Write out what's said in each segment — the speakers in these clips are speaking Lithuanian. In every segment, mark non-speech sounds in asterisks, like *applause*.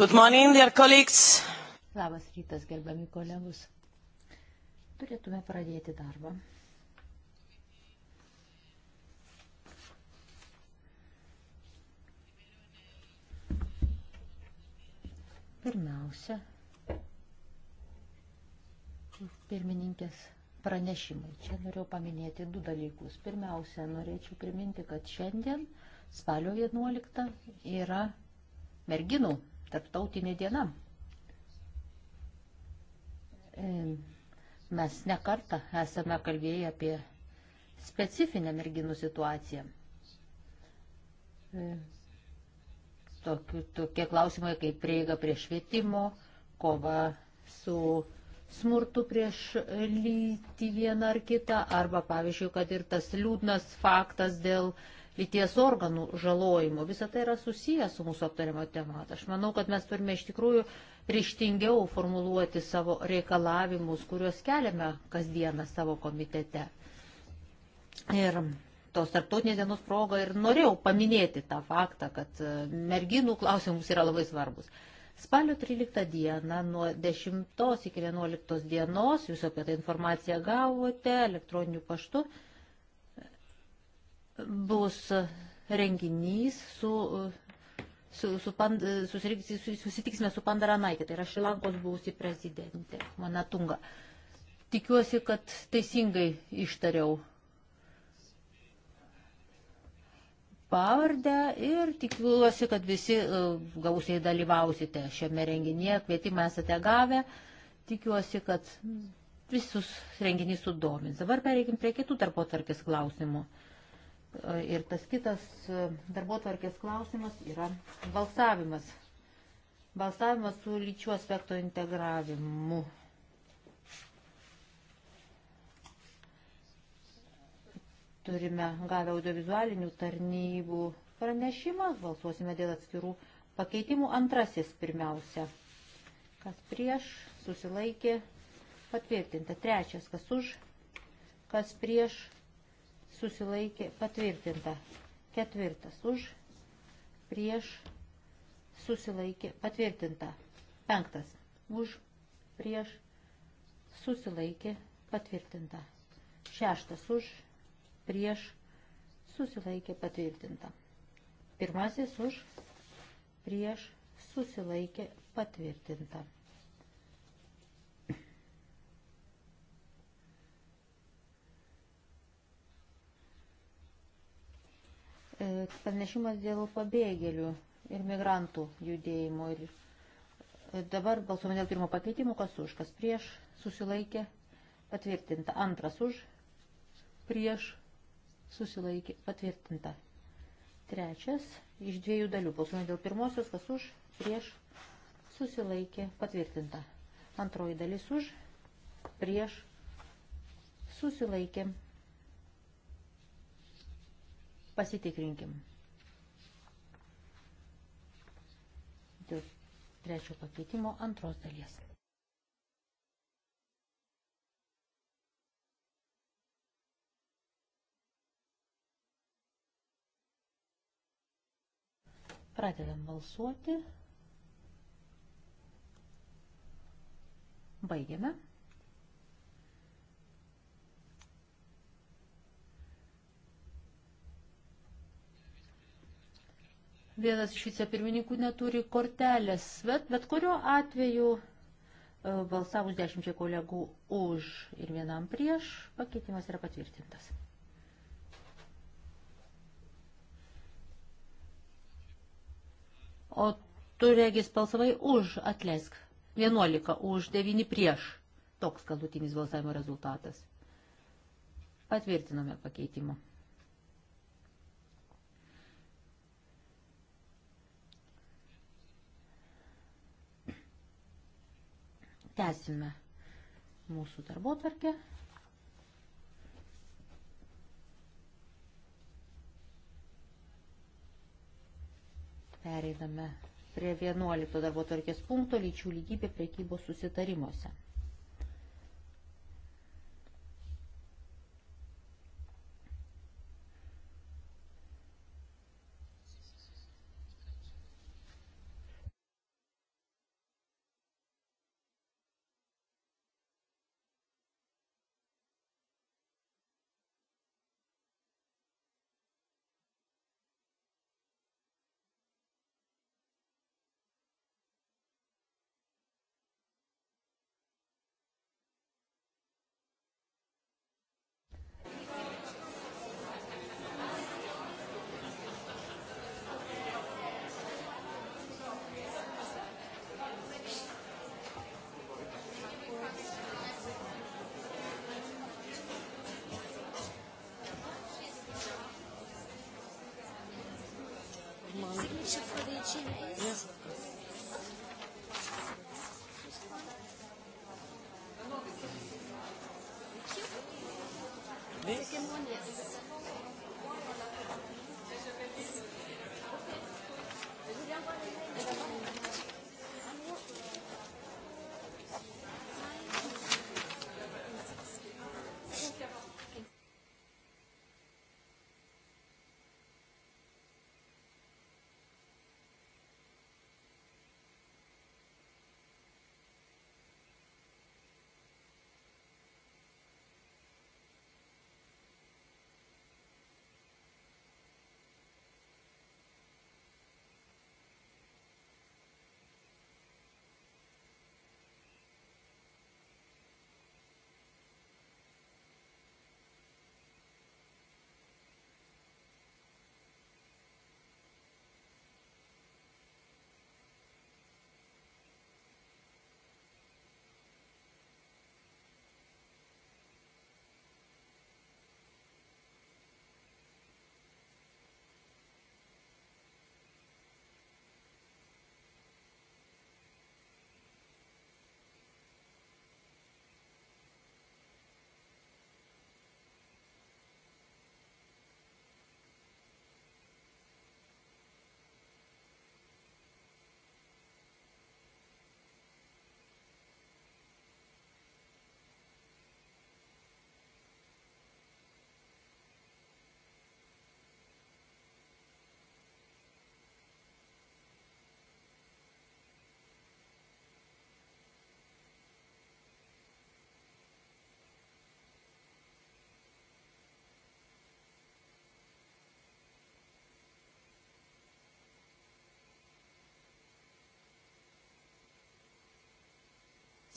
Good morning, dear colleagues. Labas rytas, gerbiami kolegus. Turėtume pradėti darbą. Pirmiausia, pirmininkės pranešimai. Čia norėjau paminėti du dalykus. Pirmiausia, norėčiau priminti, kad šiandien, spalio 11, yra merginų tarptautinė diena. E, mes nekartą esame kalbėję apie specifinę merginų situaciją. E, tokie, tokie klausimai kaip prieiga prie švietimo, kova su smurtu prieš lytį vieną ar kitą, arba pavyzdžiui, kad ir tas liūdnas faktas dėl uh, lyties organų žalojimo. Visą tai yra susijęs su mūsų aptariamo tema. Aš manau, kad mes turime iš tikrųjų ryštingiau formuluoti savo reikalavimus, kuriuos keliame kasdieną savo komitete. Ir tos tarptautinės dienos progą ir norėjau paminėti tą faktą, kad e, merginų klausimus yra labai svarbus. Spalio 13 dieną nuo 10 iki 11 dienos, jūs apie tą informaciją gavote elektroniniu paštu, bus renginys su, su, su pand, susitiksime su Pandaranaitė, tai yra Šilankos buvusi prezidentė, mana tunga. Tikiuosi, kad teisingai ištariau pavardę ir tikiuosi, kad visi e, gausiai dalyvausite šiame renginyje, kvietimą esate gavę, tikiuosi, kad visus renginys sudomins. Dabar pereikim prie kitų tarpotvarkės klausimų. Ir tas kitas e, darbotvarkės klausimas yra balsavimas. Balsavimas su lyčių aspekto integravimu. Turime gavę audiovizualinių tarnybų pranešimą, balsuosime dėl atskirų pakeitimų. Antrasis pirmiausia, kas prieš, susilaikė, patvirtinta. Trečias, kas už, kas prieš, susilaikė patvirtinta. Ketvirtas už, prieš, susilaikė patvirtinta. Penktas už, prieš, susilaikė patvirtinta. Šeštas už, prieš, susilaikė patvirtinta. Pirmasis už, prieš, susilaikė patvirtinta. pranešimas dėl pabėgėlių ir migrantų judėjimo. Ir e, dabar balsuojame dėl pirmo pakeitimo, kas už, kas prieš, susilaikė, patvirtinta. Antras už, prieš, susilaikė, patvirtinta. Trečias, iš dviejų dalių, balsuojame dėl pirmosios, kas už, prieš, susilaikė, patvirtinta. Antroji dalis už, prieš, susilaikė, patvirtinta Pasitikrinkim. Dėl trečio pakeitimo antros dalies. Pradedam balsuoti. Baigiame. Vienas iš vicepirmininkų neturi kortelės, bet, bet kuriuo atveju e, balsavus dešimčiai kolegų už ir vienam prieš, pakeitimas yra patvirtintas. O tu regis balsavai už, atleisk, 11 už, 9 prieš. Toks galutinis balsavimo rezultatas. Patvirtiname pakeitimą. Tęsime mūsų darbo tarkę. Pereidame prie 11 darbo tvarkės punkto lyčių lygybė prekybos susitarimuose.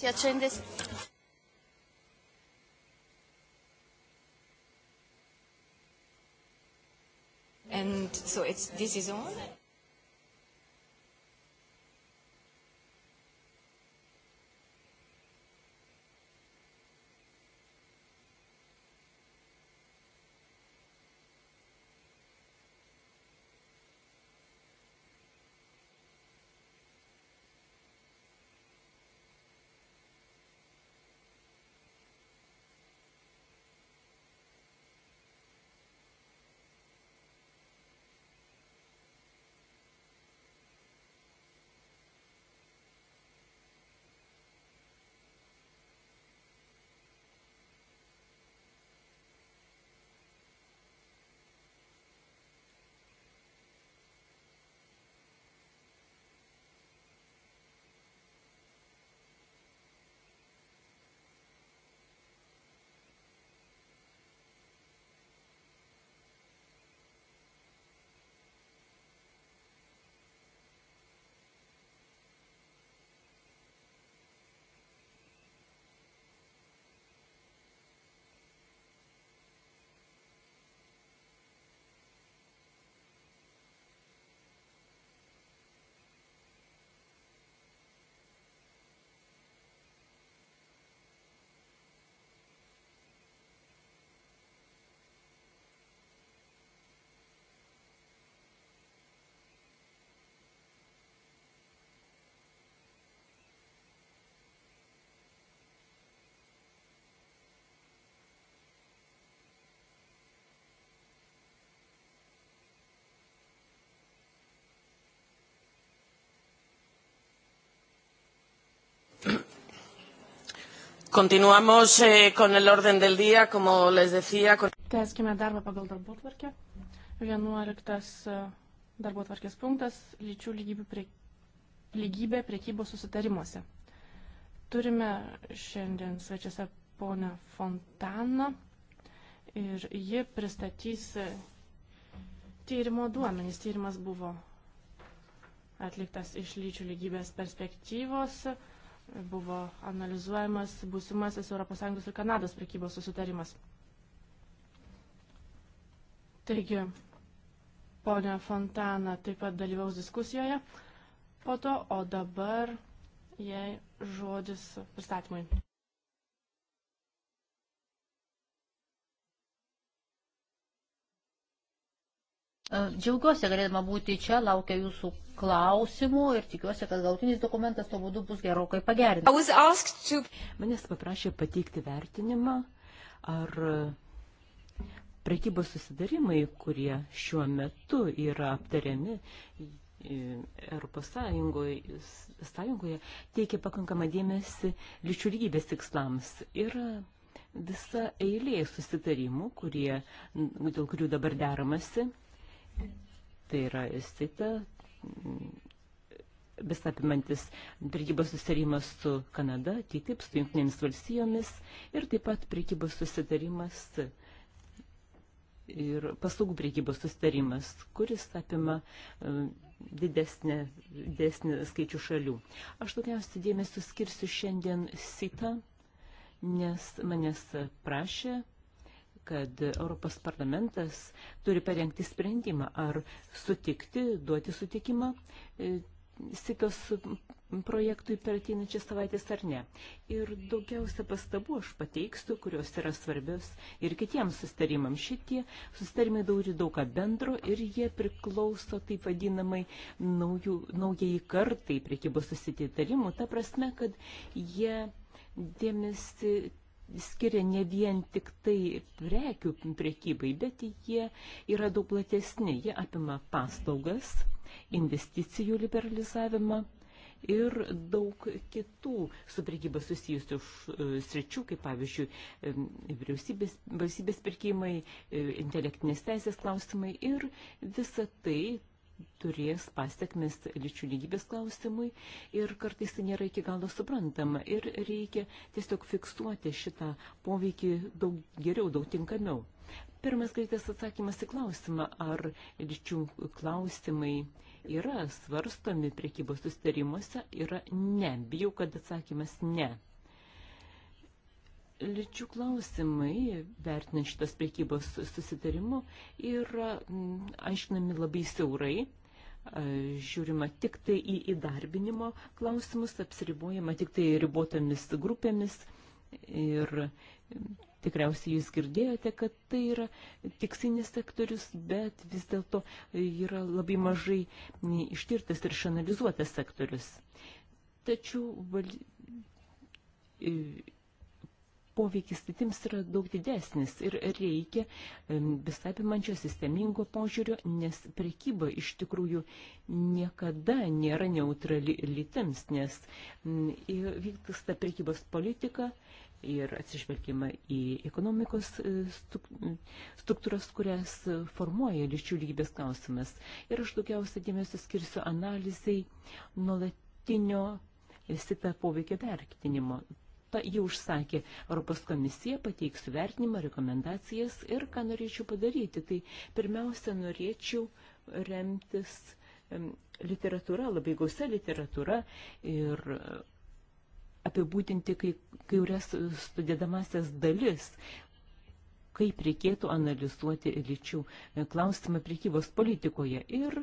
Si accende... And so it's, this is on. Continuamos eh, con el orden del día, como les decía. Con... Tęskime darbą pagal darbo tvarkę. 11 e, darbo tvarkės punktas - lyčių prie, lygybė priekybos susitarimuose. Turime šiandien svečiuose ponę Fontaną ir ji pristatys e, tyrimo duomenys. Tyrimas buvo atliktas iš lyčių lygybės perspektyvos buvo analizuojamas būsimasis ES ir Kanados prekybos susitarimas. Taigi, ponia Fontana taip pat dalyvaus diskusijoje po to, o dabar jai žodis pristatymui. E, džiaugiuosi galėdama būti čia, laukia jūsų klausimų ir tikiuosi, kad galutinis dokumentas to būdu bus gerokai pagerintas. To... Manęs paprašė pateikti vertinimą, ar prekybos susidarimai, kurie šiuo metu yra aptariami e, Europos Sąjungoje, Sąjungoje teikia pakankamą dėmesį lyčių lygybės tikslams. Ir visa eilė susitarimų, kurie, dėl kurių dabar deramasi Tai yra SITA, vis apimantis prekybos susitarimas su Kanada, TTIP, su Junktinėmis valstijomis ir taip pat prekybos susitarimas ir paslaugų priekybos sustarimas, kuris apima e, didesnį, didesnį skaičių šalių. Aš daugiausiai dėmesio skirsiu šiandien sitą, nes manęs prašė kad Europos parlamentas turi parengti sprendimą, ar sutikti, duoti sutikimą e, Sikios projektui per ateinančias savaitės ar ne. Ir daugiausia pastabų aš pateiksiu, kurios yra svarbios ir kitiems sustarimams. Šitie sustarimai dauri daug ką bendro ir jie priklauso taip vadinamai naujų, naujai kartai priekybos susitarimų, ta prasme, kad jie dėmesį skiria ne vien tik tai prekių prekybai, bet jie yra daug platesni. Jie apima paslaugas, investicijų liberalizavimą ir daug kitų su prekyba susijusių e, sričių, kaip pavyzdžiui, vyriausybės, valstybės pirkimai, e, intelektinės teisės klausimai ir visa tai turės pasiekmes lyčių lygybės klausimui ir kartais tai nėra iki galo suprantama ir reikia tiesiog fiksuoti šitą poveikį daug geriau, daug tinkamiau. Pirmas greitas atsakymas į klausimą, ar lyčių klausimai yra svarstomi priekybos sustarimuose, yra ne. Bijau, kad atsakymas ne lyčių klausimai, vertinant šitas priekybos susitarimu, yra aiškinami labai siaurai. Žiūrima tik tai į įdarbinimo klausimus, apsiribojama tik tai ribotomis grupėmis. Ir tikriausiai jūs girdėjote, kad tai yra tiksinis sektorius, bet vis dėlto yra labai mažai ištirtas ir išanalizuotas sektorius. Tačiau val poveikis kitims yra daug didesnis ir reikia visapimančio sistemingo požiūrio, nes prekyba iš tikrųjų niekada nėra neutrali lytims, nes vyksta prekybos politika ir atsižvelgima į ekonomikos e, struktūras, kurias formuoja lyčių lygybės klausimas. Ir aš daugiausia dėmesio skirsiu analizai nuolatinio e, sitą poveikio vertinimo projektą jau užsakė Europos komisija, pateiksiu vertinimą, rekomendacijas ir ką norėčiau padaryti. Tai pirmiausia, norėčiau remtis literatūra, labai gausia literatūra ir e, apibūdinti kai kurias studėdamasias dalis, kaip reikėtų analizuoti lyčių e, klausimą prekybos politikoje. Ir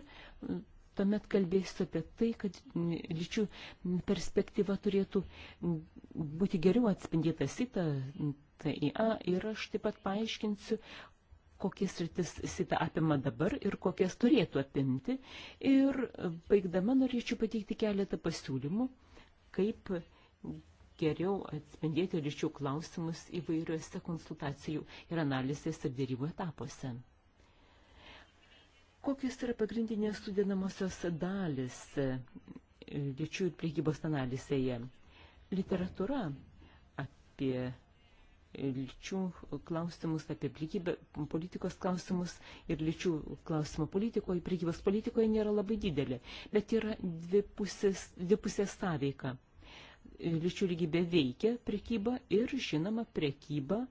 tuomet kalbės apie tai, kad lyčių perspektyva turėtų būti geriau atspindyta sita, TIA ir aš taip pat paaiškinsiu, kokias rytis sita apima dabar ir kokias turėtų apimti. Ir baigdama norėčiau pateikti keletą pasiūlymų, kaip geriau atspindėti ryčių klausimus įvairiuose konsultacijų ir analizės ir dėrybų etapuose. Kokios yra pagrindinės sudėdamosios dalis lyčių e, ir priekybos analizėje? Literatūra apie lyčių klausimus, apie plikybę, politikos klausimus ir lyčių klausimą politikoje, prekybos politikoje nėra labai didelė, bet yra dvi pusės, dvi pusės sąveika. E, lyčių lygybė veikia prekybą ir, žinoma, prekyba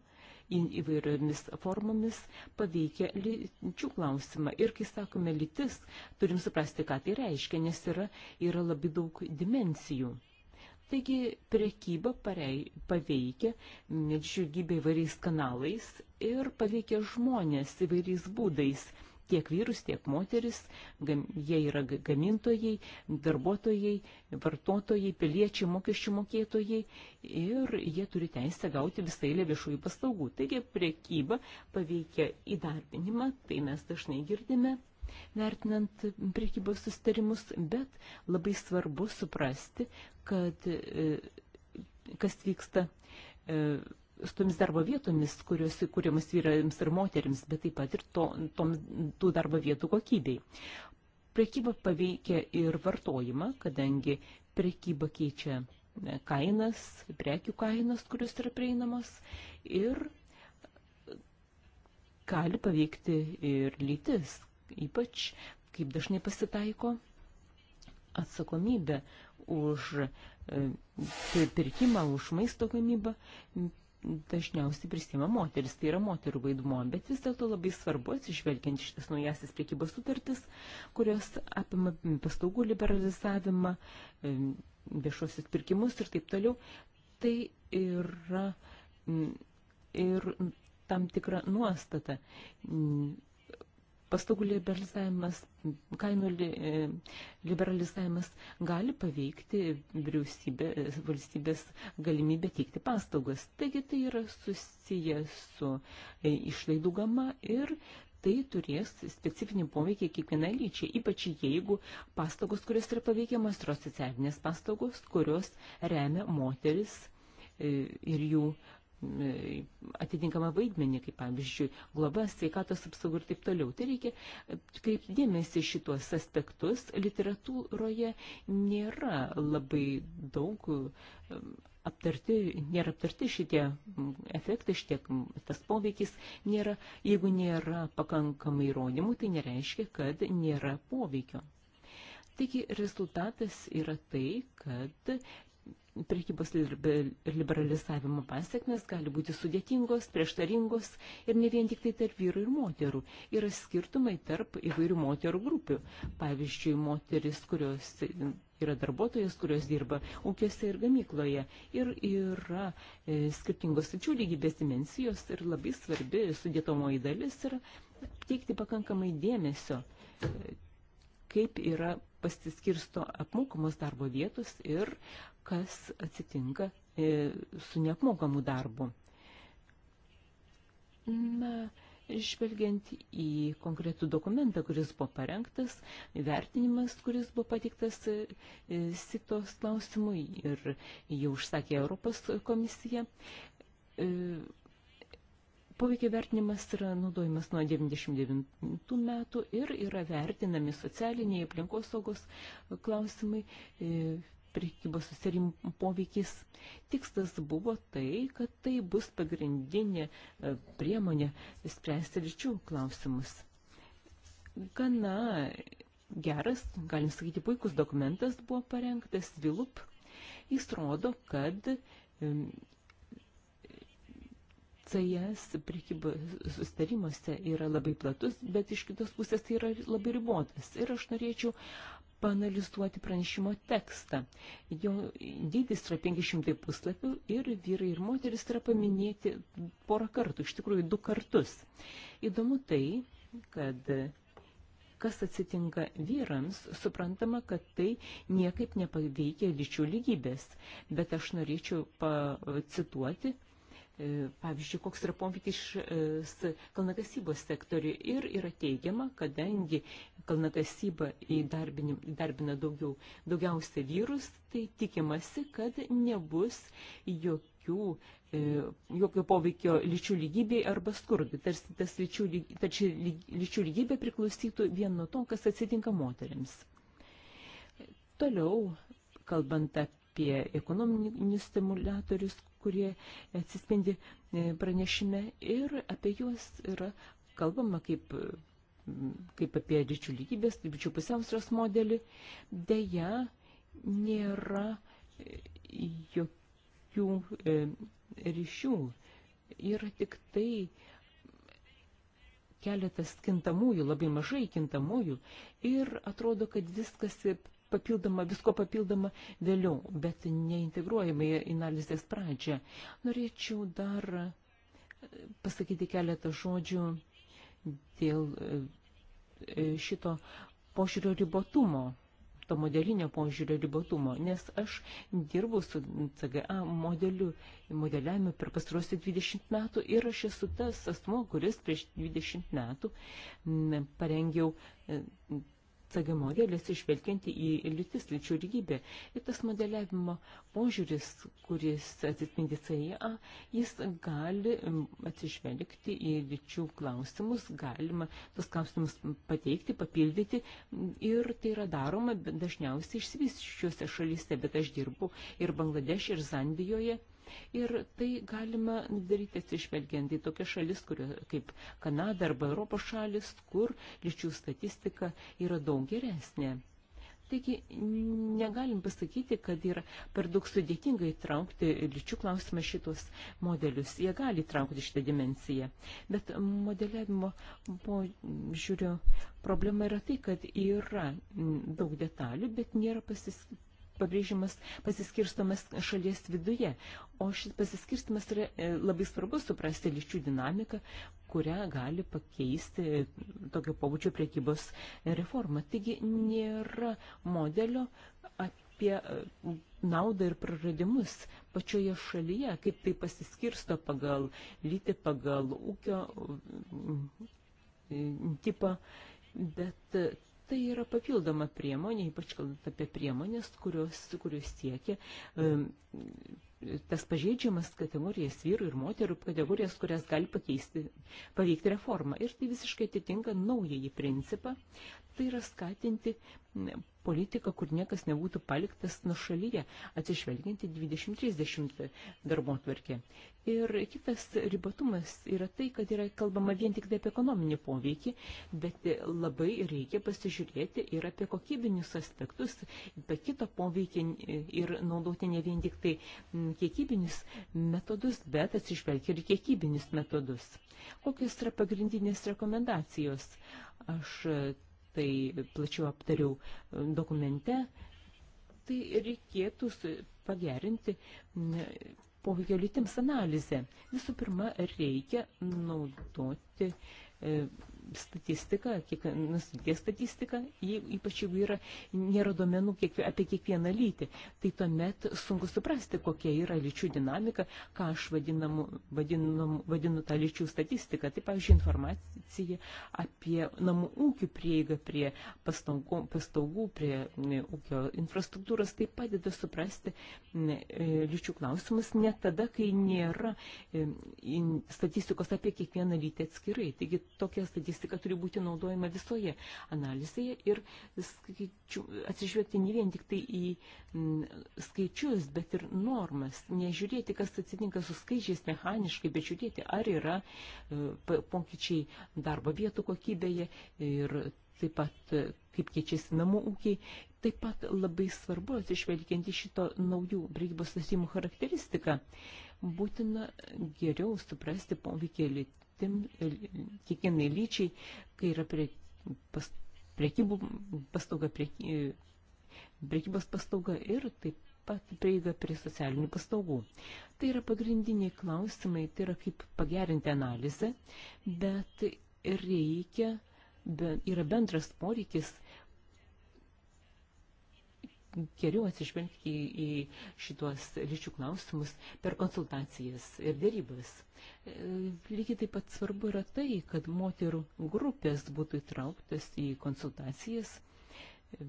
įvairiomis formomis paveikia lyčių klausimą. Ir kai sakome lytis, turim suprasti, ką tai reiškia, nes yra, yra labai daug dimensijų. Taigi prekyba parei, paveikia lyčių gybę įvairiais kanalais ir paveikia žmonės įvairiais būdais tiek vyrus, tiek moteris, gam, jie yra gamintojai, darbuotojai, vartotojai, piliečiai, mokesčių mokėtojai ir jie turi teisę gauti visą eilę viešųjų paslaugų. Taigi priekyba paveikia įdarbinimą, tai mes dažnai girdime vertinant priekybos sustarimus, bet labai svarbu suprasti, kad e, kas vyksta e, su tomis darbo vietomis, kurios įkūriamas vyrams ir moteriams, bet taip pat ir to, tom, tų darbo vietų kokybei. Prekyba paveikia ir vartojimą, kadangi prekyba keičia e, kainas, prekių kainas, kurios yra prieinamos ir gali paveikti ir lytis, ypač, kaip dažnai pasitaiko, atsakomybė už e, pirkimą, už maisto gamybą dažniausiai prisima moteris, tai yra moterų vaidmuo, bet vis dėlto labai svarbu atsižvelgiant šitas naujasis priekybos sutartis, kurios apima paslaugų liberalizavimą, viešosius pirkimus ir taip toliau, tai yra ir tam tikra nuostata paslaugų liberalizavimas, kainų li, e, liberalizavimas gali paveikti vyriausybė, valstybės galimybę teikti paslaugas. Taigi tai yra susiję su e, išlaidų gama ir tai turės specifinį poveikį kiekvienai lyčiai, ypač jeigu paslaugos, kurios yra paveikiamas, yra socialinės paslaugos, kurios remia moteris e, ir jų uh, E, atitinkamą vaidmenį, kaip pavyzdžiui, globa, sveikatos apsauga ir taip toliau. Tai reikia kreipti dėmesį šituos aspektus. Literatūroje nėra labai daug e, aptarti, nėra aptarti šitie efektai, šitie tas poveikis nėra, jeigu nėra pakankamai įrodymų, tai nereiškia, kad nėra poveikio. Taigi rezultatas yra tai, kad prekybos liberalizavimo pasiekmes gali būti sudėtingos, prieštaringos ir ne vien tik tai tarp vyrų ir moterų. Yra skirtumai tarp įvairių moterų grupių. Pavyzdžiui, moteris, kurios yra darbuotojas, kurios dirba ūkiuose ir gamykloje. Ir yra e, skirtingos sričių lygybės dimensijos ir labai svarbi sudėtomoji dalis yra teikti pakankamai dėmesio, e, kaip yra pasiskirsto apmokamos darbo vietos ir kas atsitinka e, su neapmokamu darbu. Na, žvelgiant į konkretų dokumentą, kuris buvo parengtas, vertinimas, kuris buvo patiktas e, sitos klausimui ir jau užsakė Europos komisija. E, poveikio vertinimas yra naudojimas nuo 99 metų ir yra vertinami socialiniai aplinkosaugos klausimai, prekybos susitarimų poveikis. Tikslas buvo tai, kad tai bus pagrindinė e, priemonė spręsti ryčių klausimus. Gana geras, galim sakyti, puikus dokumentas buvo parengtas Vilup. Jis rodo, kad CS prekybos sustarimuose yra labai platus, bet iš kitos pusės tai yra labai ribotas. Ir aš norėčiau panalizuoti pranešimo tekstą. Jo dydis yra 500 puslapių ir vyrai ir moteris tai yra paminėti porą kartų, iš tikrųjų du kartus. Įdomu tai, kad kas atsitinka vyrams, suprantama, kad tai niekaip nepaveikia lyčių lygybės. Bet aš norėčiau pacituoti E, pavyzdžiui, koks yra poveikis e, kalnakasybos sektoriui. Ir yra teigiama, kadangi kalnakasyba įdarbina daugiau, daugiausia vyrus, tai tikimasi, kad nebus jokių e, jokio poveikio lyčių lygybei arba skurdui. Tarsi tas lyčių, tarsi lyčių lygybė priklausytų vien nuo to, kas atsitinka moteriams. Toliau, kalbant apie ekonominius stimulatorius, kurie atsispindi e, pranešime ir apie juos yra kalbama kaip kaip apie lyčių lygybės, lyčių pusiausvėros modelį, dėja nėra e, jokių e, ryšių. Yra tik tai keletas kintamųjų, labai mažai kintamųjų ir atrodo, kad viskas papildoma, visko papildoma vėliau, bet neintegruojama į analizės pradžią. Norėčiau dar e, pasakyti keletą žodžių dėl e, e, šito požiūrio ribotumo to modelinio požiūrio ribotumo, nes aš dirbu su CGA modeliu, modeliavimu per pastaruosius 20 metų ir aš esu tas asmo, kuris prieš 20 metų parengiau atsargia modelis išvelgianti į lytis lyčių lygybę. Ir tas modeliavimo požiūris, kuris atsispindi CIA, jis gali atsižvelgti į lyčių klausimus, galima tos klausimus pateikti, papildyti ir tai yra daroma dažniausiai išsivysčiuose šalyse, bet aš dirbu ir Bangladeš, ir Zambijoje. Ir tai galima daryti atsižvelgiant į tokias šalis, kurio, kaip Kanada arba Europos šalis, kur lyčių statistika yra daug geresnė. Taigi negalim pasakyti, kad yra per daug sudėtinga įtraukti lyčių klausimą šitos modelius. Jie gali įtraukti šitą dimenciją. Bet modeliavimo požiūrio problema yra tai, kad yra daug detalių, bet nėra pasis, pabrėžimas pasiskirstomas šalies viduje. O šis pasiskirstimas yra e, labai svarbu suprasti lyčių dinamiką, kurią gali pakeisti e, tokio pobūdžio priekybos e, reforma. Taigi nėra modelio apie naudą ir praradimus pačioje šalyje, kaip tai pasiskirsto pagal lytį, pagal ūkio mm, mm, tipą, bet tai yra papildoma priemonė, ypač kalbant apie priemonės, kurios, kurios siekia um, tas pažeidžiamas kategorijas vyrų ir moterų kategorijas, kurias gali pakeisti, paveikti reformą. Ir tai visiškai atitinka naująjį principą, tai yra skatinti politiką, kur niekas nebūtų paliktas nušalyje, atsižvelginti 2030 darbo tvarkė. Ir kitas ribatumas yra tai, kad yra kalbama vien tik apie ekonominį poveikį, bet labai reikia pasižiūrėti ir apie kokybinius aspektus, apie kitą poveikį ir naudoti ne vien tik tai kiekybinius metodus, bet atsižvelgti ir kiekybinius metodus. Kokios yra pagrindinės rekomendacijos? Aš tai plačiau aptariau e, dokumente, tai reikėtų pagerinti poveikio lytims analizę. Visų pirma, reikia naudoti e, statistiką, kiek, nustatyties statistiką, ypač jeigu yra, nėra duomenų kiek, apie kiekvieną lytį, tai tuomet sunku suprasti, kokia yra lyčių dinamika, ką aš vadinamu, vadinamu, vadinu tą lyčių statistiką. Tai, pavyzdžiui, informacija apie namų ūkių prieigą prie pastangų, pastaugų, prie ūkio infrastruktūros, tai padeda suprasti e, lyčių klausimus net tada, kai nėra e, statistikos apie kiekvieną lytį atskirai. Taigi tokia statistika statistika turi būti naudojama visoje analizėje ir skaičių, atsižvelgti ne vien tik tai į m, skaičius, bet ir normas. Nežiūrėti, kas atsitinka su skaičiais mechaniškai, bet žiūrėti, ar yra e, pokyčiai darbo vietų kokybėje ir taip pat e, kaip keičiasi namų ūkiai. Taip pat labai svarbu atsižvelgiant į šito naujų prekybos susimų charakteristiką būtina geriau suprasti poveikį lytim, kiekvienai lyčiai, kai yra prie, pas, priekybų paslauga, prie, priekybos paslauga ir taip pat prieiga prie socialinių paslaugų. Tai yra pagrindiniai klausimai, tai yra kaip pagerinti analizę, bet reikia, be, yra bendras poreikis geriau atsižvelgti į šituos lyčių klausimus per konsultacijas ir dėrybas. E, lygiai taip pat svarbu yra tai, kad moterų grupės būtų įtrauktas į konsultacijas e,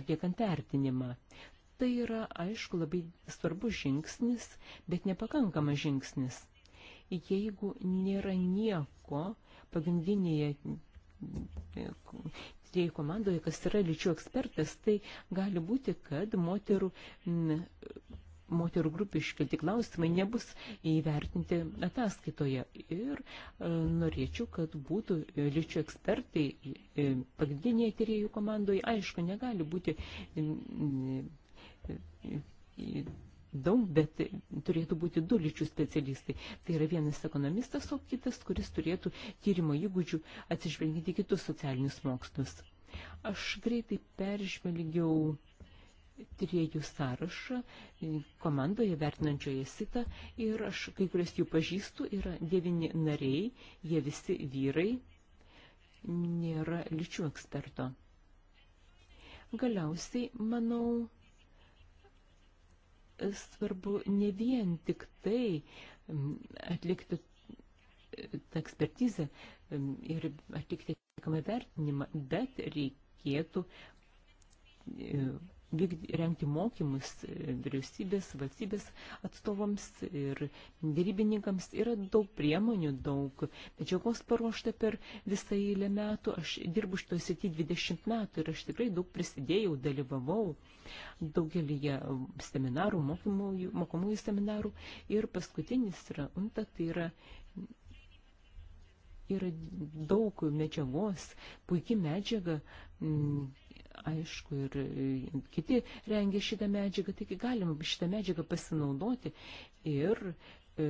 atliekant vertinimą. Tai yra, aišku, labai svarbus žingsnis, bet nepakankamas žingsnis. Jeigu nėra nieko pagrindinėje tyrėjų komandoje, kas yra lyčių ekspertas, tai gali būti, kad moterų, moterų grupių iškelti klausimai nebus įvertinti ataskaitoje. Ir e, norėčiau, kad būtų e, lyčių ekspertai e, pagrindinėje tyrėjų komandoje. Aišku, negali būti daug, bet turėtų būti du lyčių specialistai. Tai yra vienas ekonomistas, o kitas, kuris turėtų tyrimo įgūdžių atsižvelginti kitus socialinius mokslus. Aš greitai peržvelgiau tyrėjų sąrašą komandoje vertinančioje sitą ir aš kai kurias jų pažįstu, yra devini nariai, jie visi vyrai, nėra lyčių eksperto. Galiausiai, manau, svarbu ne vien tik tai atlikti e, tą ekspertizę ir atlikti tinkamą vertinimą, bet reikėtų e, rengti mokymus e, vyriausybės, valstybės atstovams ir dėrybininkams. Yra daug priemonių, daug medžiagos paruošta per visą eilę metų. Aš dirbu šitoje srity 20 metų ir aš tikrai daug prisidėjau, dalyvavau daugelį seminarų, mokymųjų, mokomųjų seminarų. Ir paskutinis yra UNTA, tai yra yra daug medžiagos, puikiai medžiaga, aišku, ir e, kiti rengia šitą medžiagą, taigi galima šitą medžiagą pasinaudoti ir e,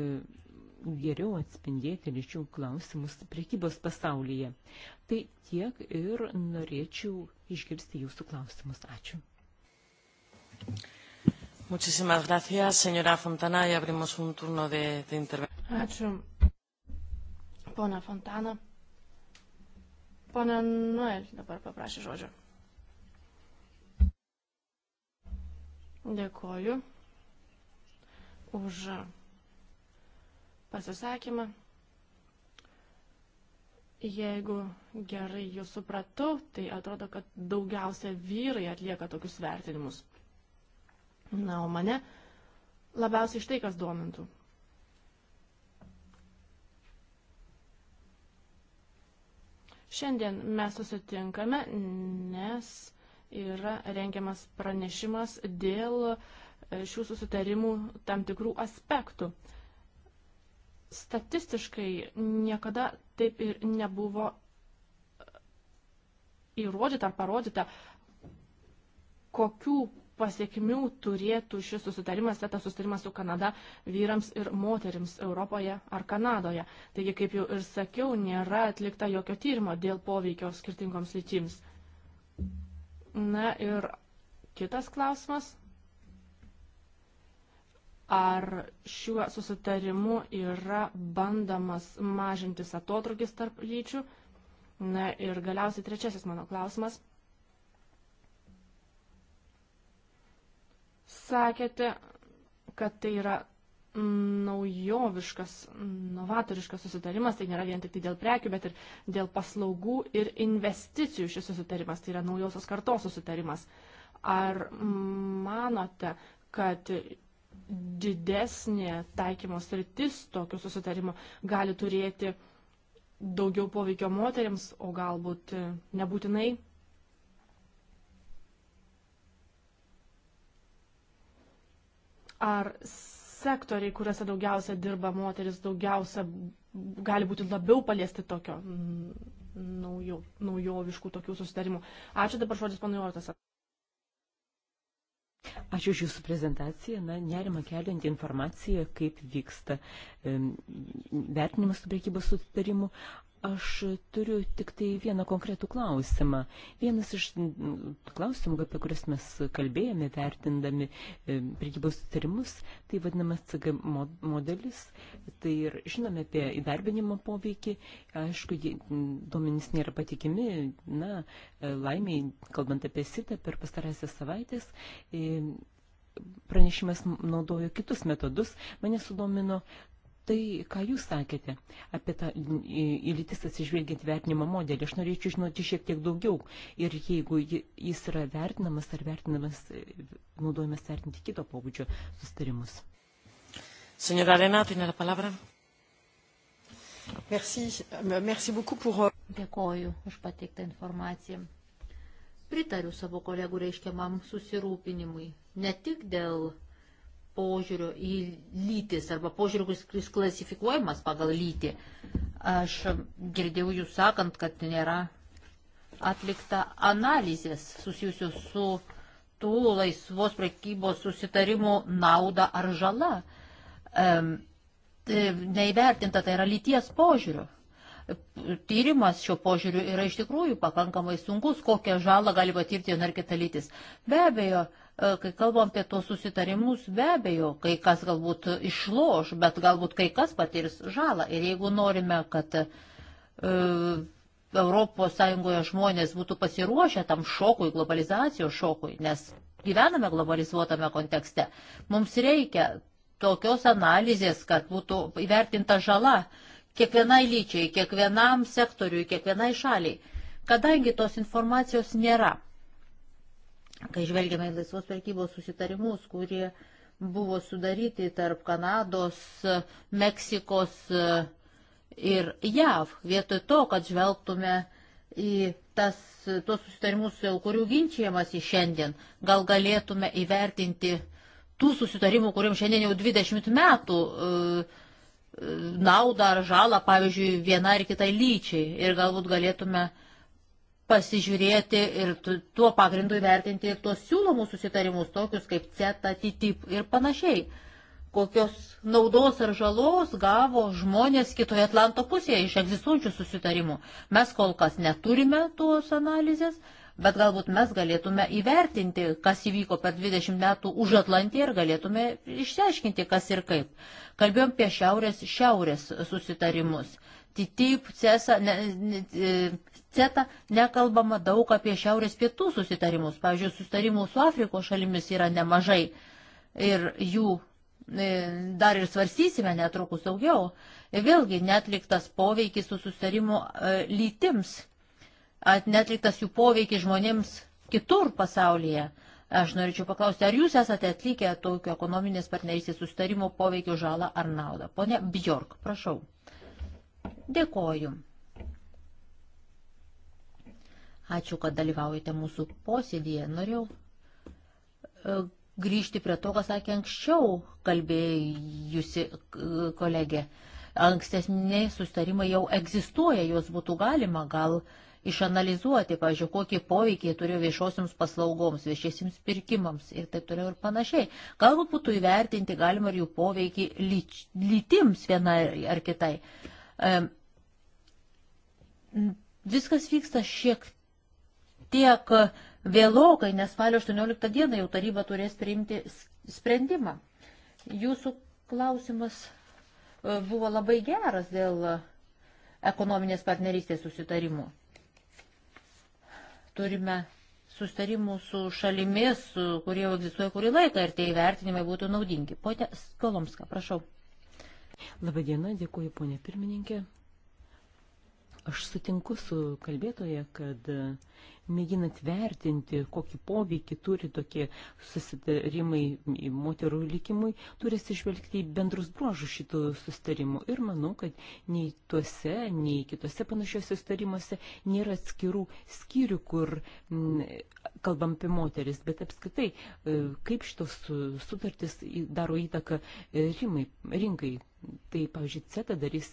geriau atspindėti lyčių klausimus priekybos pasaulyje. Tai tiek ir norėčiau išgirsti jūsų klausimus. Ačiū. Muchísimas gracias, señora Fontana, y abrimos un turno de, de intervención. Ačiū, ponia Fontana. Pone Noel dabar paprašė žodžio. Dėkoju už pasisakymą. Jeigu gerai jūs supratau, tai atrodo, kad daugiausia vyrai atlieka tokius vertinimus. Na, o mane labiausiai štai kas domintų. Šiandien mes susitinkame, nes yra rengiamas pranešimas dėl e, šių susitarimų tam tikrų aspektų. Statistiškai niekada taip ir nebuvo e, įrodyta ar parodyta, kokių pasiekmių turėtų šis susitarimas, tas susitarimas su Kanada vyrams ir moterims Europoje ar Kanadoje. Taigi, kaip jau ir sakiau, nėra atlikta jokio tyrimo dėl poveikio skirtingoms lytims. Na ir kitas klausimas. Ar šiuo susitarimu yra bandamas mažintis atotrukis tarp lyčių? Na ir galiausiai trečiasis mano klausimas. Sakėte, kad tai yra naujoviškas, novatoriškas susitarimas, tai nėra vien tik tai dėl prekių, bet ir dėl paslaugų ir investicijų šis susitarimas, tai yra naujosios kartos susitarimas. Ar manote, kad didesnė taikymo sritis tokio susitarimo gali turėti daugiau poveikio moteriams, o galbūt nebūtinai? Ar sektoriai, kuriuose daugiausia dirba moteris, daugiausia gali būti labiau paliesti tokio naujo, naujoviškų tokių susitarimų. Ačiū dabar žodis panui Ortas. Ačiū už Jūsų prezentaciją. Na, nerima kelianti informacija, kaip vyksta e, vertinimas su priekybos sutarimu. Aš turiu tik tai vieną konkretų klausimą. Vienas iš klausimų, apie kurias mes kalbėjome, vertindami e, prekybos sutarimus, tai vadinamas CG modelis. Tai ir žinome apie įdarbinimo poveikį. Aišku, duomenys nėra patikimi. Na, e, laimiai, kalbant apie sitą, per pastarąsias savaitės e, pranešimas naudojo kitus metodus. Mane sudomino tai, ką jūs sakėte apie tą lytis atsižvelgiant vertinimo modelį. Aš norėčiau žinoti šiek tiek daugiau. Ir jeigu jis yra vertinamas ar vertinamas, e, naudojamas vertinti kito pobūdžio sustarimus. Senora Arena, tiene la palabra. Merci. Merci beaucoup pour... Euh, Dėkoju už pateiktą informaciją. Pritariu savo kolegų reiškiamam susirūpinimui. Ne tik dėl požiūrio į lytis arba požiūrio, kuris klasifikuojamas pagal lytį. Aš girdėjau jūs sakant, kad nėra atlikta analizės susijusios su tų laisvos prekybos susitarimų nauda ar žala. Um, e, neįvertinta tai yra lyties požiūriu. Tyrimas šio požiūriu yra iš tikrųjų pakankamai sunkus, kokią žalą gali patirti viena ar kita lytis. Be abejo, uh, E, kai kalbam apie tos susitarimus, be abejo, kai kas galbūt išloš, bet galbūt kai kas patirs žalą. Ir jeigu norime, kad e, ES žmonės būtų pasiruošę tam šokui, globalizacijos šokui, nes gyvename globalizuotame kontekste, mums reikia tokios analizės, kad būtų įvertinta žala kiekvienai lyčiai, kiekvienam sektoriui, kiekvienai šaliai, kadangi tos informacijos nėra kai žvelgiame į laisvos prekybos susitarimus, kurie buvo sudaryti tarp Kanados, Meksikos e, ir JAV, vietoj to, kad žvelgtume į tas, tuos susitarimus, dėl kurių ginčiamasi šiandien, gal galėtume įvertinti tų susitarimų, kuriems šiandien jau 20 metų e, e, naudą ar žalą, pavyzdžiui, vienai ar kitai lyčiai. Ir galbūt galėtume uh, pasižiūrėti ir tuo pagrindu įvertinti ir tuos siūlomus susitarimus, tokius kaip CETA, TTIP ir panašiai. Kokios naudos ar žalos gavo žmonės kitoje Atlanto pusėje iš egzistuojančių susitarimų. Mes kol kas neturime tos analizės, bet galbūt mes galėtume įvertinti, kas įvyko per 20 metų už Atlantį ir galėtume išsiaiškinti, kas ir kaip. Kalbėjom apie šiaurės-šiaurės susitarimus. TTIP, CESA, ne, ne, e, CETA nekalbama daug apie šiaurės pietų susitarimus. Pavyzdžiui, susitarimų su Afrikos šalimis yra nemažai ir jų e, dar ir svarstysime netrukus daugiau. Ir vėlgi netliktas poveikis su susitarimu e, lytims, netliktas jų poveikis žmonėms kitur pasaulyje. Aš norėčiau paklausti, ar jūs esate atlikę tokio ekonominės partnerystės susitarimo poveikio žalą ar naudą? Pone Bjork, prašau. Dėkoju. Ačiū, kad dalyvaujate mūsų posėdėje. Norėjau e, grįžti prie to, ką sakė anksčiau kalbėjusi e, kolegė. Ankstesni sustarimai jau egzistuoja, juos būtų galima gal išanalizuoti, pavyzdžiui, kokį poveikį turėjo viešosiams paslaugoms, viešiesiams pirkimams ir taip toliau ir panašiai. Galbūt būtų įvertinti galima ir jų poveikį lytims vienai ar kitai. Uh, Viskas vyksta šiek tiek vėlokai, nes spalio 18 dieną jau taryba turės priimti sprendimą. Jūsų klausimas e, buvo labai geras dėl ekonominės partnerystės susitarimų. Turime sustarimų su šalimis, kurie jau egzistuoja kurį laiką ir tie įvertinimai būtų naudingi. Pote Skolomska, prašau. Labadiena, dėkuoju ponė pirmininkė. Aš sutinku su kalbėtoje, kad e, mėginant vertinti, kokį poveikį turi tokie susitarimai moterų likimui, turi atsižvelgti į bendrus bruožus šitų susitarimų. Ir manau, kad nei tuose, nei kitose panašiuose susitarimuose nėra atskirų skyrių, kur kalbam apie moteris, bet apskritai, e, kaip šitos sutartys daro įtaką e, rimai, rinkai. Tai, pavyzdžiui, CETA darys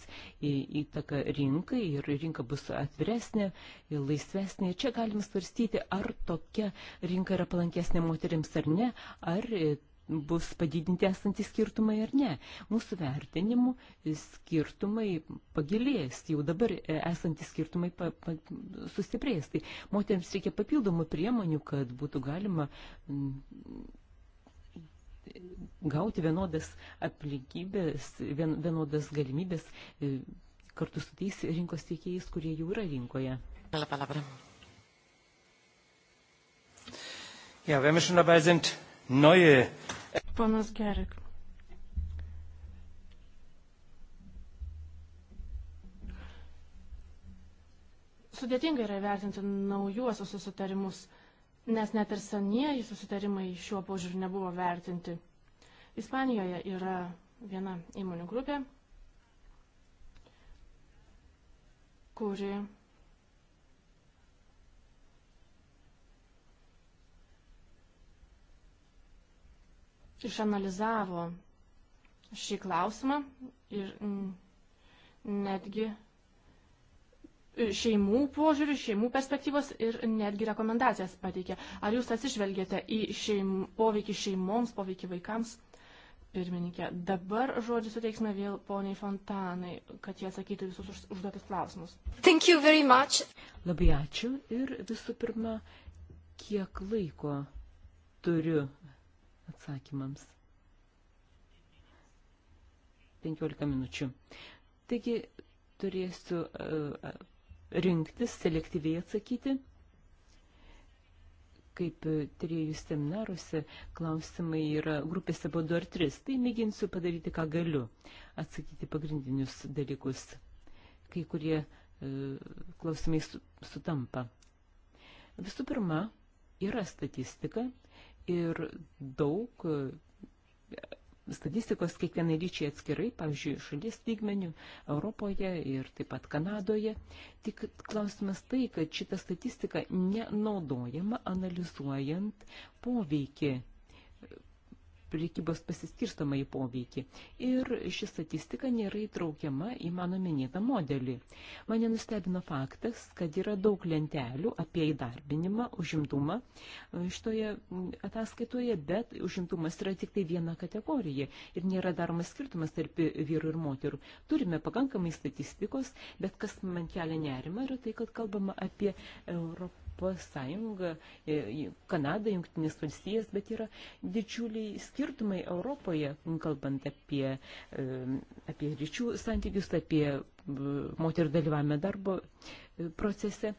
įtaką rinkai ir rinka bus atviresnė, laisvesnė. Čia galim svarstyti, ar tokia rinka yra palankesnė moteriams ar ne, ar e, bus padidinti esantys skirtumai ar ne. Mūsų vertinimu skirtumai pagilės, jau dabar e, esantys skirtumai pa, pa, sustiprės. Tai moteriams reikia papildomų priemonių, kad būtų galima mm, gauti vienodas aplinkybės, vien, vienodas galimybės e, kartu su tais rinkos teikėjais, kurie jau yra rinkoje. La palabra. Ja, wenn wir schon dabei sind, neue Ponas Gerik. Sudėtinga yra vertinti naujuosius susitarimus, nes net ir senieji susitarimai šiuo požiūriu nebuvo vertinti. Ispanijoje yra viena įmonių grupė, kuri išanalizavo šį klausimą ir netgi šeimų požiūrį, šeimų perspektyvas ir netgi rekomendacijas pateikė. Ar jūs atsižvelgėte į šeim, poveikį šeimoms, poveikį vaikams? Pirmininkė, dabar žodžiu suteiksime vėl poniai Fontanai, kad jie atsakytų visus už, užduotus klausimus. Thank you very much. Labai ačiū ir visų pirma, kiek laiko turiu atsakymams. 15 minučių. Taigi turėsiu uh, rinktis, selektyviai atsakyti, kaip e, trijų seminaruose klausimai yra grupėse po du ar tris. Tai mėginsiu padaryti, ką galiu, atsakyti pagrindinius dalykus. Kai kurie uh, klausimai su, sutampa. Visų pirma, yra statistika, ir daug e, statistikos kiekvienai ryčiai atskirai, pavyzdžiui, šalies lygmenių Europoje ir taip pat Kanadoje. Tik klausimas tai, kad šita statistika nenaudojama analizuojant poveikį prekybos pasiskirstamą į poveikį. Ir ši statistika nėra įtraukiama į mano minėtą modelį. Mane nustebino faktas, kad yra daug lentelių apie įdarbinimą, užimtumą e, šitoje ataskaitoje, bet užimtumas yra tik tai viena kategorija ir nėra daromas skirtumas tarp vyrų ir moterų. Turime pakankamai statistikos, bet kas man kelia nerima yra tai, kad kalbama apie Europą Europos Sąjunga, e, Kanada, Junktinės valstijas, bet yra didžiuliai skirtumai Europoje, kalbant apie, e, apie ryčių santykius, apie e, moterų dalyvavimą darbo procese,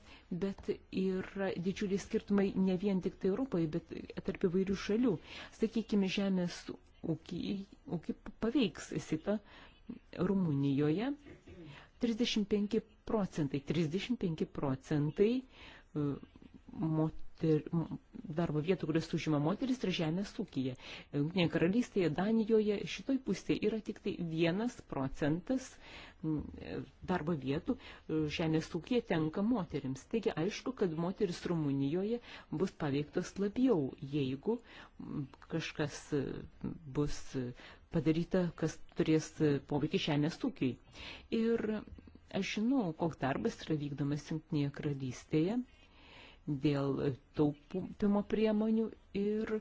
bet yra didžiuliai skirtumai ne vien tik tai Europoje, bet tarp įvairių šalių. Sakykime, žemės ūkį, ūkį paveiks sitą Rumunijoje. 35 procentai, 35 procentai moter, darbo vietų, kurias užima moteris, yra žemės ūkija. Jungtinėje karalystėje, Danijoje, šitoj pusėje yra tik tai vienas procentas darbo vietų e, žemės ūkija tenka moterims. Taigi aišku, kad moteris Rumunijoje bus paveiktos labiau, jeigu kažkas e, bus padaryta, kas turės e, poveikį žemės ūkiai. Ir aš žinau, koks darbas yra vykdomas Junktinėje karalystėje dėl taupimo priemonių ir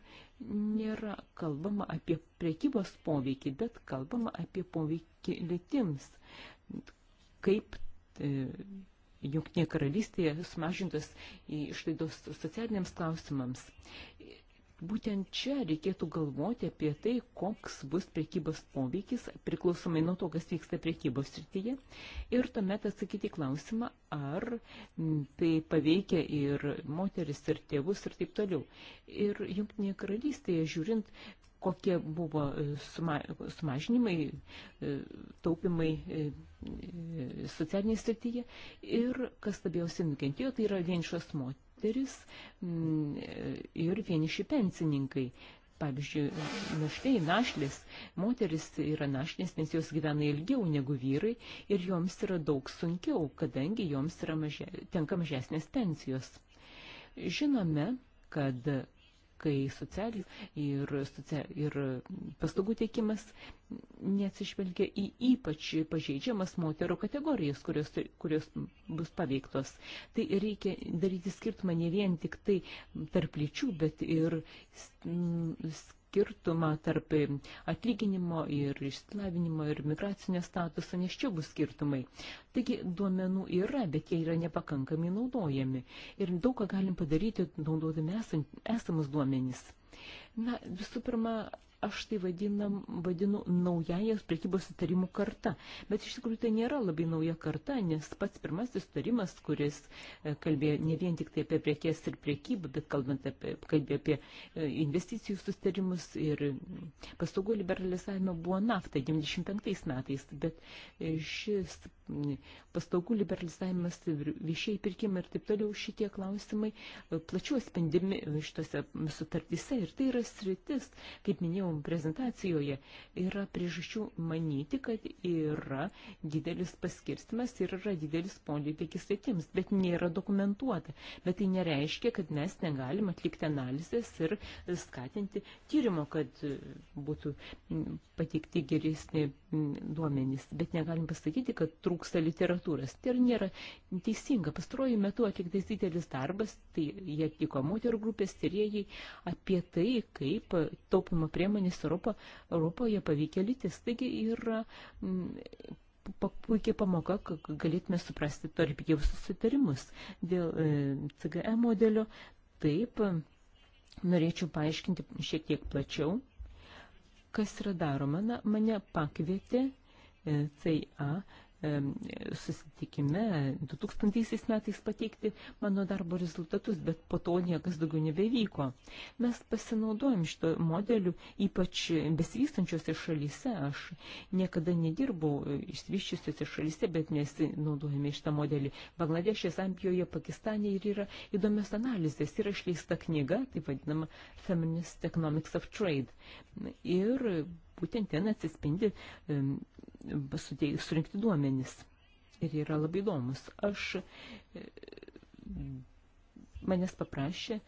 nėra kalbama apie priekybos poveikį, bet kalbama apie poveikį lėtims. Kaip e, Junktinė karalystėje sumažintas išlaidos socialiniams klausimams būtent čia reikėtų galvoti apie tai, koks bus prekybos poveikis priklausomai nuo to, kas vyksta prekybos srityje. Ir tuomet atsakyti klausimą, ar tai paveikia ir moteris, ir tėvus, ir taip toliau. Ir Junktinėje karalystėje žiūrint, kokie buvo e, suma, sumažinimai, e, taupimai e, socialinėje srityje ir kas labiausiai nukentėjo, tai yra vienišos moteris moteris mm, ir vieniši pensininkai. Pavyzdžiui, naštai našlės, moteris yra našlės, nes jos gyvena ilgiau negu vyrai ir joms yra daug sunkiau, kadangi joms mažia, tenka mažesnės pensijos. Žinome, kad kai social ir, social, ir paslaugų teikimas neatsižvelgia į ypač pažeidžiamas moterų kategorijas, kurios, kurios bus paveiktos. Tai reikia daryti skirtumą ne vien tik tai tarp lyčių, bet ir skirtumą tarp atlyginimo ir išsilavinimo ir migracinio statuso, nes čia bus skirtumai. Taigi duomenų yra, bet jie yra nepakankamai naudojami. Ir daug ką galim padaryti naudodami esamus duomenys. Na, visų pirma, aš tai vadinam, vadinu naująją prekybos sutarimų kartą. Bet iš tikrųjų tai nėra labai nauja karta, nes pats pirmasis sutarimas, kuris e, kalbėjo ne vien tik tai apie prekės ir priekybą, bet kalbant apie, kalbėjo apie e, investicijų sutarimus ir paslaugų liberalizavimą, buvo nafta 95 metais. Bet e, šis paslaugų liberalizavimas, viešiai pirkimai ir taip toliau šitie klausimai e, plačiau spendimi šitose sutartyse. Ir tai yra sritis, kaip minėjau prezentacijoje, yra priežasčių manyti, kad yra didelis paskirstimas ir yra didelis polikis sritims, bet nėra dokumentuota. Bet tai nereiškia, kad mes negalim atlikti analizės ir skatinti tyrimo, kad e, būtų pateikti geresni duomenys. Bet negalim pasakyti, kad trūksta trūksta literatūros. Tai nėra teisinga. Pastaruoju metu atliktas didelis darbas, tai jie atliko moterų grupės tyrėjai apie tai, kaip taupimo priemonės Europo, Europoje paveikia lytis. Taigi yra mm, puikiai pamoka, galėtume suprasti tarp jau susitarimus dėl e, CGE modelio. Taip, norėčiau paaiškinti šiek tiek plačiau, kas yra daroma. Na, mane pakvietė e, CA susitikime 2000 metais pateikti mano darbo rezultatus, bet po to niekas daugiau nebevyko. Mes pasinaudojom šito modeliu, ypač besivystančiose šalyse. Aš niekada nedirbau išsivyščiusiose šalyse, bet nesinaudojame šitą modelį. Bangladešė, Zambijoje, Pakistane ir yra įdomios analizės. Yra išleista knyga, taip vadinama Feminist Economics of Trade. Ir būtent ten atsispindi surinkti duomenis. Ir jie yra labai įdomus. Aš e, manęs paprašė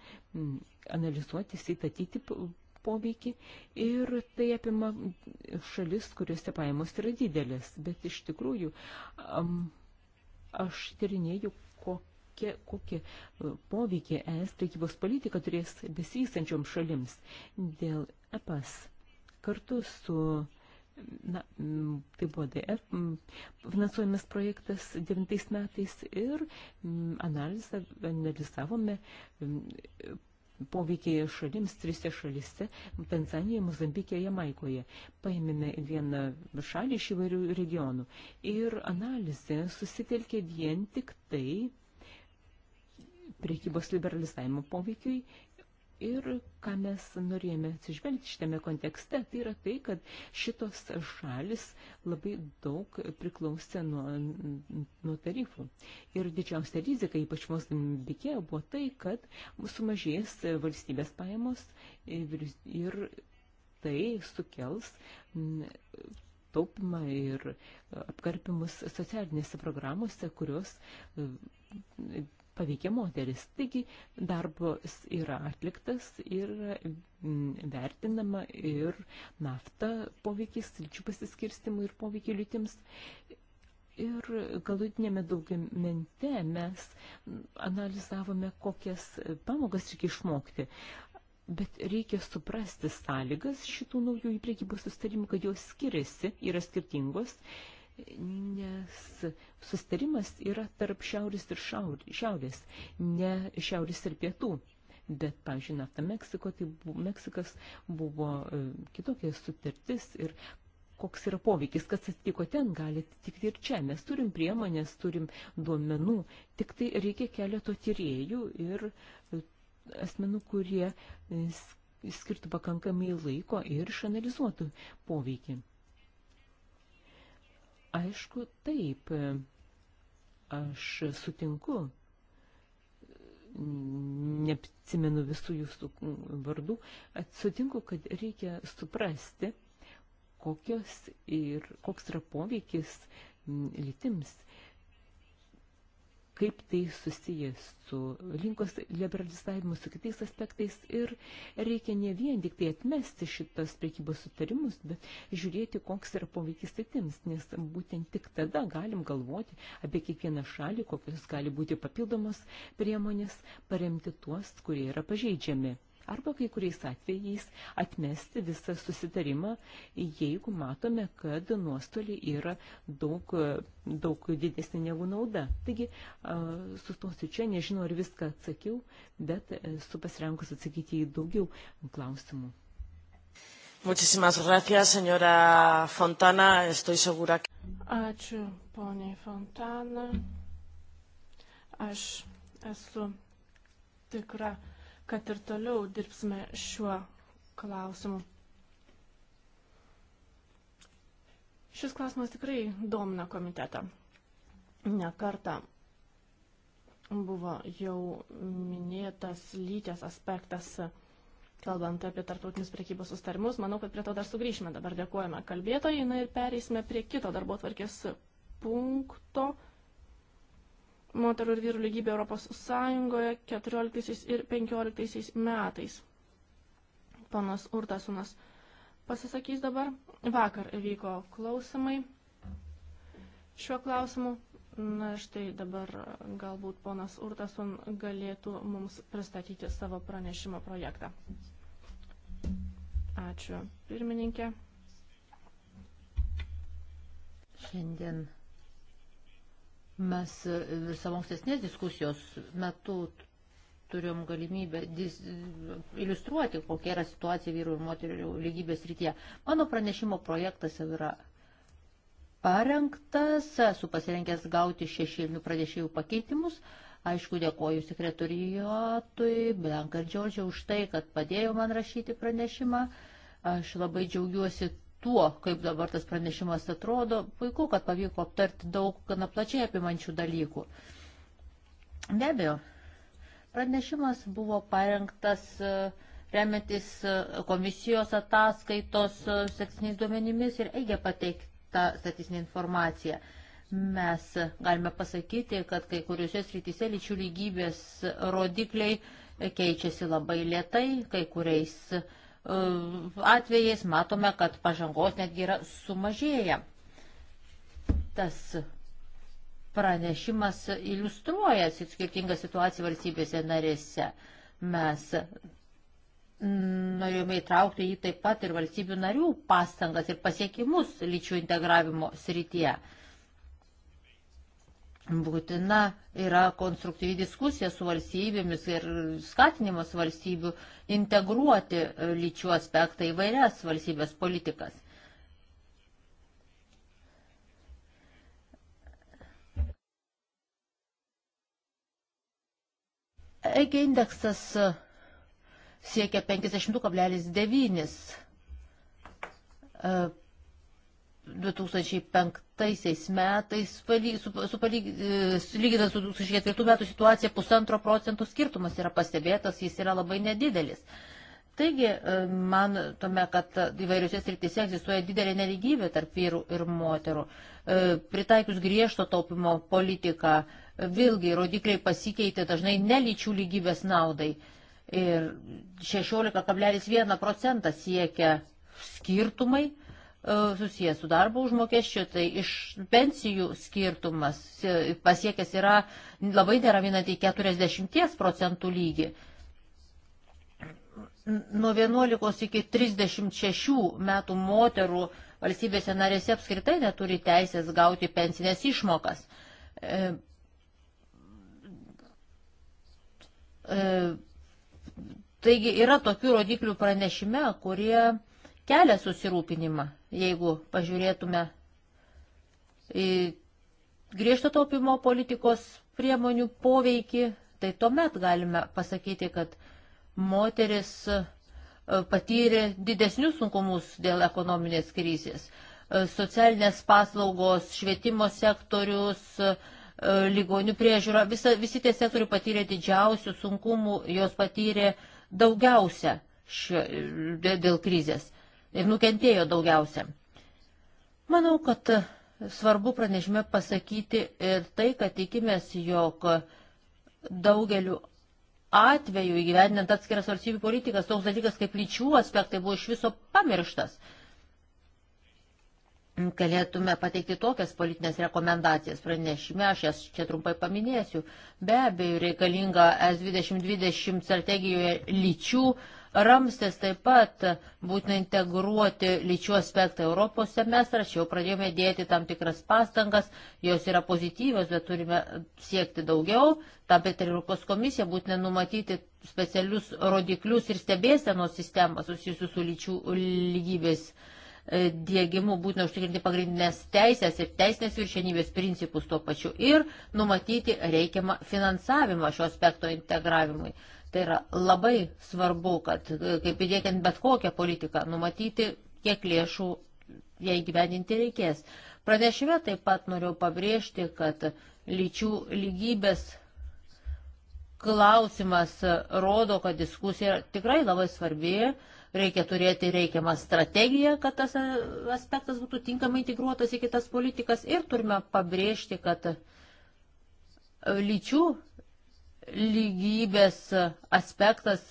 analizuoti įsitatyti poveikį ir tai apima šalis, kuriuose pajamos yra didelės, bet iš tikrųjų aš tyrinėjau, kokie, kokie e, poveikiai ES prekybos politika turės besivystančiom šalims dėl EPAS kartu su na, tai buvo DF, finansuojamas projektas 9 metais ir analizą, analizavome poveikiai šalims, trise šalise - Tanzanijoje, Mozambikėje, Jamaikoje. Paėmėme vieną šalį iš įvairių regionų ir analizė susitelkė vien tik tai priekybos liberalizavimo poveikiui Ir ką mes norėjome atsižvelgti šitame kontekste, tai yra tai, kad šitos šalis labai daug priklausė nuo, nuo tarifų. Ir didžiausia rizika, ypač Mozambike, buvo tai, kad sumažės valstybės pajamos ir, ir tai sukels mm, taupimą ir apkarpimus socialinėse programuose, kurios paveikia moteris. Taigi darbas yra atliktas ir mm, vertinama ir nafta poveikis lyčių pasiskirstimui ir poveikį lytims. Ir galutinėme daugiamente mes analizavome, kokias pamokas reikia išmokti. Bet reikia suprasti sąlygas šitų naujųjų priekybos sustarimų, kad jos skiriasi, yra skirtingos nes sustarimas yra tarp šiaurės ir šiaurės, ne šiaurės ir pietų. Bet, pavyzdžiui, nafta Meksiko, tai bu, Meksikas buvo e, kitokia sutartis ir koks yra poveikis, kas atsitiko ten, gali atsitikti ir čia. Mes turim priemonės, turim duomenų, tik tai reikia keleto tyriejų ir e, asmenų, kurie e, skirtų pakankamai laiko ir išanalizuotų poveikį. Aišku, taip, aš sutinku, neatsimenu visų jūsų vardų, sutinku, kad reikia suprasti, kokios ir koks yra poveikis lytims kaip tai susijęs su rinkos liberalizavimu, su kitais aspektais ir reikia ne vien tik tai atmesti šitas priekybos sutarimus, bet žiūrėti, koks yra poveikis kitims, nes būtent tik tada galim galvoti apie kiekvieną šalį, kokios gali būti papildomos priemonės paremti tuos, kurie yra pažeidžiami arba kai kuriais atvejais atmesti visą susitarimą, jeigu matome, kad nuostoliai yra daug, daug didesnė negu nauda. Taigi, sustosiu čia, nežinau, ar viską atsakiau, bet esu pasirenkus atsakyti į daugiau klausimų. Muchísimas gracias, señora Fontana. Estoy segura que. Ačiū, poniai Fontana. Aš esu tikra, kad ir toliau dirbsime šiuo klausimu. Šis klausimas tikrai domina komitetą. Nekarta buvo jau minėtas lytės aspektas, kalbant apie tarptautinius priekybos sustarimus. Manau, kad prie to dar sugrįšime. Dabar dėkojame kalbėtojai na, ir pereisime prie kito darbo tvarkės punkto moterų ir vyrų lygybė Europos Sąjungoje 14 ir 15 metais. Panas Urtasunas pasisakys dabar. Vakar vyko klausimai šiuo klausimu. Na štai dabar galbūt ponas Urtasun galėtų mums pristatyti savo pranešimo projektą. Ačiū pirmininkė. Šiandien Mes savo ankstesnės diskusijos metu turim galimybę dis, iliustruoti, kokia yra situacija vyrų ir moterių lygybės rytyje. Mano pranešimo projektas jau yra parengtas, esu pasirengęs gauti šešėlinių pranešėjų pakeitimus. Aišku, dėkoju sekretorijatui, Blanka ir Džiordžiai už tai, kad padėjo man rašyti pranešimą. Aš labai džiaugiuosi tuo, kaip dabar tas pranešimas atrodo. Puiku, kad pavyko aptarti daug gana plačiai apimančių dalykų. Be abejo, pranešimas buvo parengtas e, remiantis e, komisijos ataskaitos e, statistiniais duomenimis ir eigia pateikta statistinė informacija. Mes galime pasakyti, kad kai kuriuose srityse lyčių lygybės rodikliai keičiasi labai lietai, kai kuriais uh, E, atvejais matome, kad pažangos netgi yra sumažėję. Tas pranešimas iliustruoja skirtingą situaciją valstybėse narėse. Mes norėjome įtraukti jį taip pat ir valstybių narių pastangas ir pasiekimus lyčių integravimo srityje būtina yra konstruktyvi diskusija su valstybėmis ir skatinimas valstybių integruoti lyčių aspektą į vairias valstybės politikas. Eigi indeksas siekia 50,9 2005 2004 metais, sulyginant su 2004 e, metų situacija, pusantro procentų skirtumas yra pastebėtas, jis yra labai nedidelis. Taigi, e, man tome, kad įvairiuose srityse egzistuoja didelė neligybė tarp vyrų ir moterų. E, pritaikius griežto taupimo politiką, vėlgi rodikliai pasikeitė dažnai nelyčių lygybės naudai. Ir 16,1 procentą siekia skirtumai E, susijęs su darbo užmokesčiu, tai iš pensijų skirtumas e, pasiekęs yra labai neraminantį 40 procentų lygį. Nuo 11 iki 36 metų moterų valstybėse narėse apskritai neturi teisės gauti pensinės išmokas. E, e, taigi yra tokių rodiklių pranešime, kurie kelia susirūpinimą, jeigu pažiūrėtume į griežto taupimo politikos priemonių poveikį, tai tuomet galime pasakyti, kad moteris e, patyrė didesnius sunkumus dėl ekonominės krizės. E, socialinės paslaugos, švietimo sektorius, e, ligonių priežiūra, visa, visi tie sektoriai patyrė didžiausių sunkumų, jos patyrė daugiausia šio, dėl krizės ir nukentėjo daugiausia. Manau, kad svarbu pranešime pasakyti ir tai, kad tikimės, jog daugeliu atveju įgyvendinant atskiras valstybių politikas, toks dalykas kaip lyčių aspektai buvo iš viso pamirštas. Galėtume pateikti tokias politinės rekomendacijas pranešime, aš jas čia trumpai paminėsiu. Be abejo, reikalinga S2020 strategijoje lyčių uh, Ramstis taip pat būtina integruoti lyčių aspektą Europos semestrą, čia jau pradėjome dėti tam tikras pastangas, jos yra pozityvios, bet turime siekti daugiau, tam bet ir Europos komisija būtina numatyti specialius rodiklius ir stebėsenos sistemą susijusių su lyčių lygybės e, dėgymu būtina užtikrinti pagrindinės teisės ir teisinės viršenybės principus tuo pačiu ir numatyti reikiamą finansavimą šio aspekto integravimui. Tai yra labai svarbu, kad kaip įdėkiant bet kokią politiką, numatyti, kiek lėšų jai gyveninti reikės. Pranešime taip pat noriu pabrėžti, kad lyčių lygybės klausimas rodo, kad diskusija tikrai labai svarbi reikia turėti reikiamą strategiją, kad tas aspektas būtų tinkamai integruotas į kitas politikas ir turime pabrėžti, kad lyčių lygybės aspektas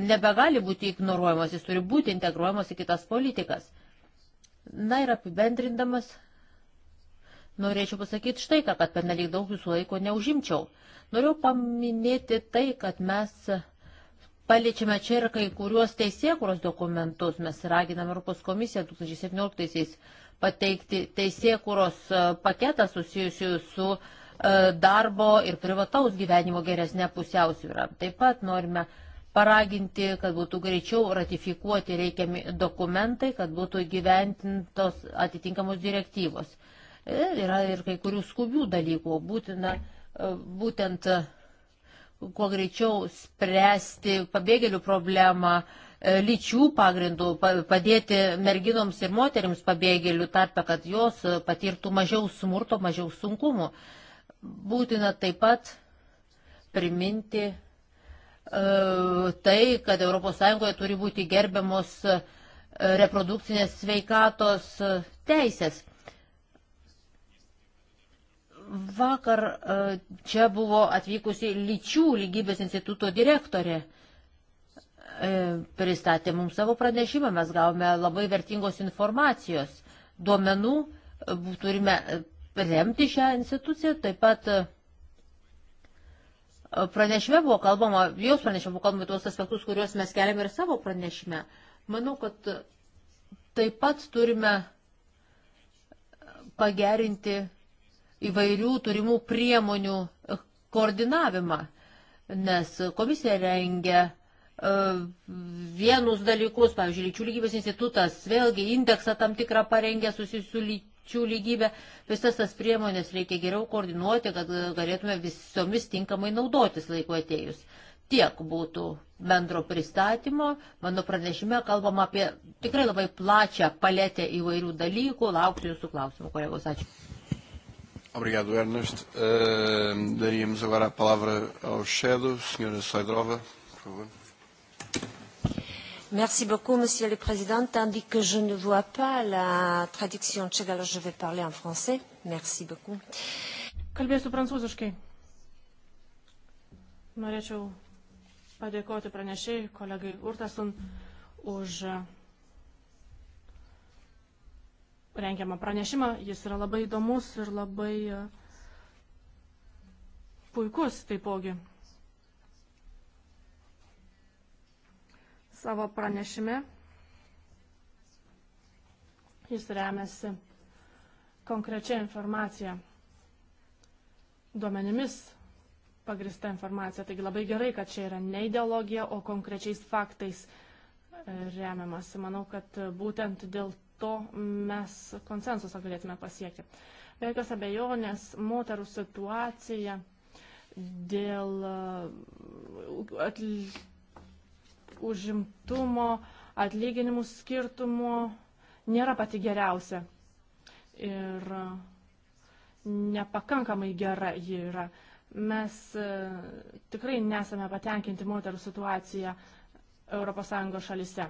nebegali būti ignoruojamas, jis turi būti integruojamas į kitas politikas. Na ir apibendrindamas, norėčiau pasakyti štai ką, kad per nelik daug jūsų laiko neužimčiau. Noriu paminėti tai, kad mes paliečiame čia ir kai kuriuos teisėkuros dokumentus. Mes raginame Europos komisiją 2017 pateikti teisėkuros e, paketą susijusiu su uh, E, darbo ir privataus gyvenimo geresnė pusiausvyrą. Taip pat norime paraginti, kad būtų greičiau ratifikuoti reikiami dokumentai, kad būtų gyventintos atitinkamos direktyvos. E, yra ir kai kurių skubių dalykų, būtina e, būtent kuo greičiau spręsti pabėgėlių problemą, lyčių pagrindų, padėti merginoms ir moteriams pabėgėlių tarpe, kad jos patirtų mažiau smurto, mažiau sunkumų. Būtina taip pat priminti e, tai, kad ES turi būti gerbiamos e, reprodukcinės sveikatos e, teisės. Vakar e, čia buvo atvykusi lyčių lygybės instituto direktorė. Pristatė mums savo pranešimą, mes gavome labai vertingos informacijos, duomenų, turime remti šią instituciją. Taip pat e, pranešime buvo kalbama, jos pranešime buvo kalbama tuos aspektus, kuriuos mes keliame ir savo pranešime. Manau, kad taip pat turime pagerinti įvairių turimų priemonių koordinavimą, nes komisija rengia e, vienus dalykus, pavyzdžiui, lyčių lygybės institutas, vėlgi indeksą tam tikrą parengė susijusių lyčių lygybę. Visas tas priemonės reikia geriau koordinuoti, kad galėtume visomis tinkamai naudotis laiko atėjus. Tiek būtų bendro pristatymo. Mano pranešime kalbam apie tikrai labai plačią paletę įvairių dalykų. Lauksiu jūsų klausimų, kolegos. Ačiū. Obrigado, Ernest. Uh, daríamos agora a palavra ao Shadow, Sra. Saidrova, por favor. Merci beaucoup, Monsieur le Président. Tandis que je ne vois pas la traduction tchèque, alors je vais parler en français. Merci beaucoup. Kalbėsiu prancūziškai. Norėčiau padėkoti pranešėjai kolegai Urtasun už uh, rengiamą pranešimą. Jis yra labai įdomus ir labai uh, puikus taipogi. savo pranešime. Jis remiasi konkrečia informacija, duomenimis pagrista informacija. Taigi labai gerai, kad čia yra ne ideologija, o konkrečiais faktais e, remiamasi. Manau, kad būtent dėl to mes konsensusą galėtume pasiekti. Be jokios abejonės, moterų situacija dėl e, atlikimo užimtumo, atlyginimų skirtumų nėra pati geriausia. Ir nepakankamai gera ji yra. Mes e, tikrai nesame patenkinti moterų situaciją ES šalise.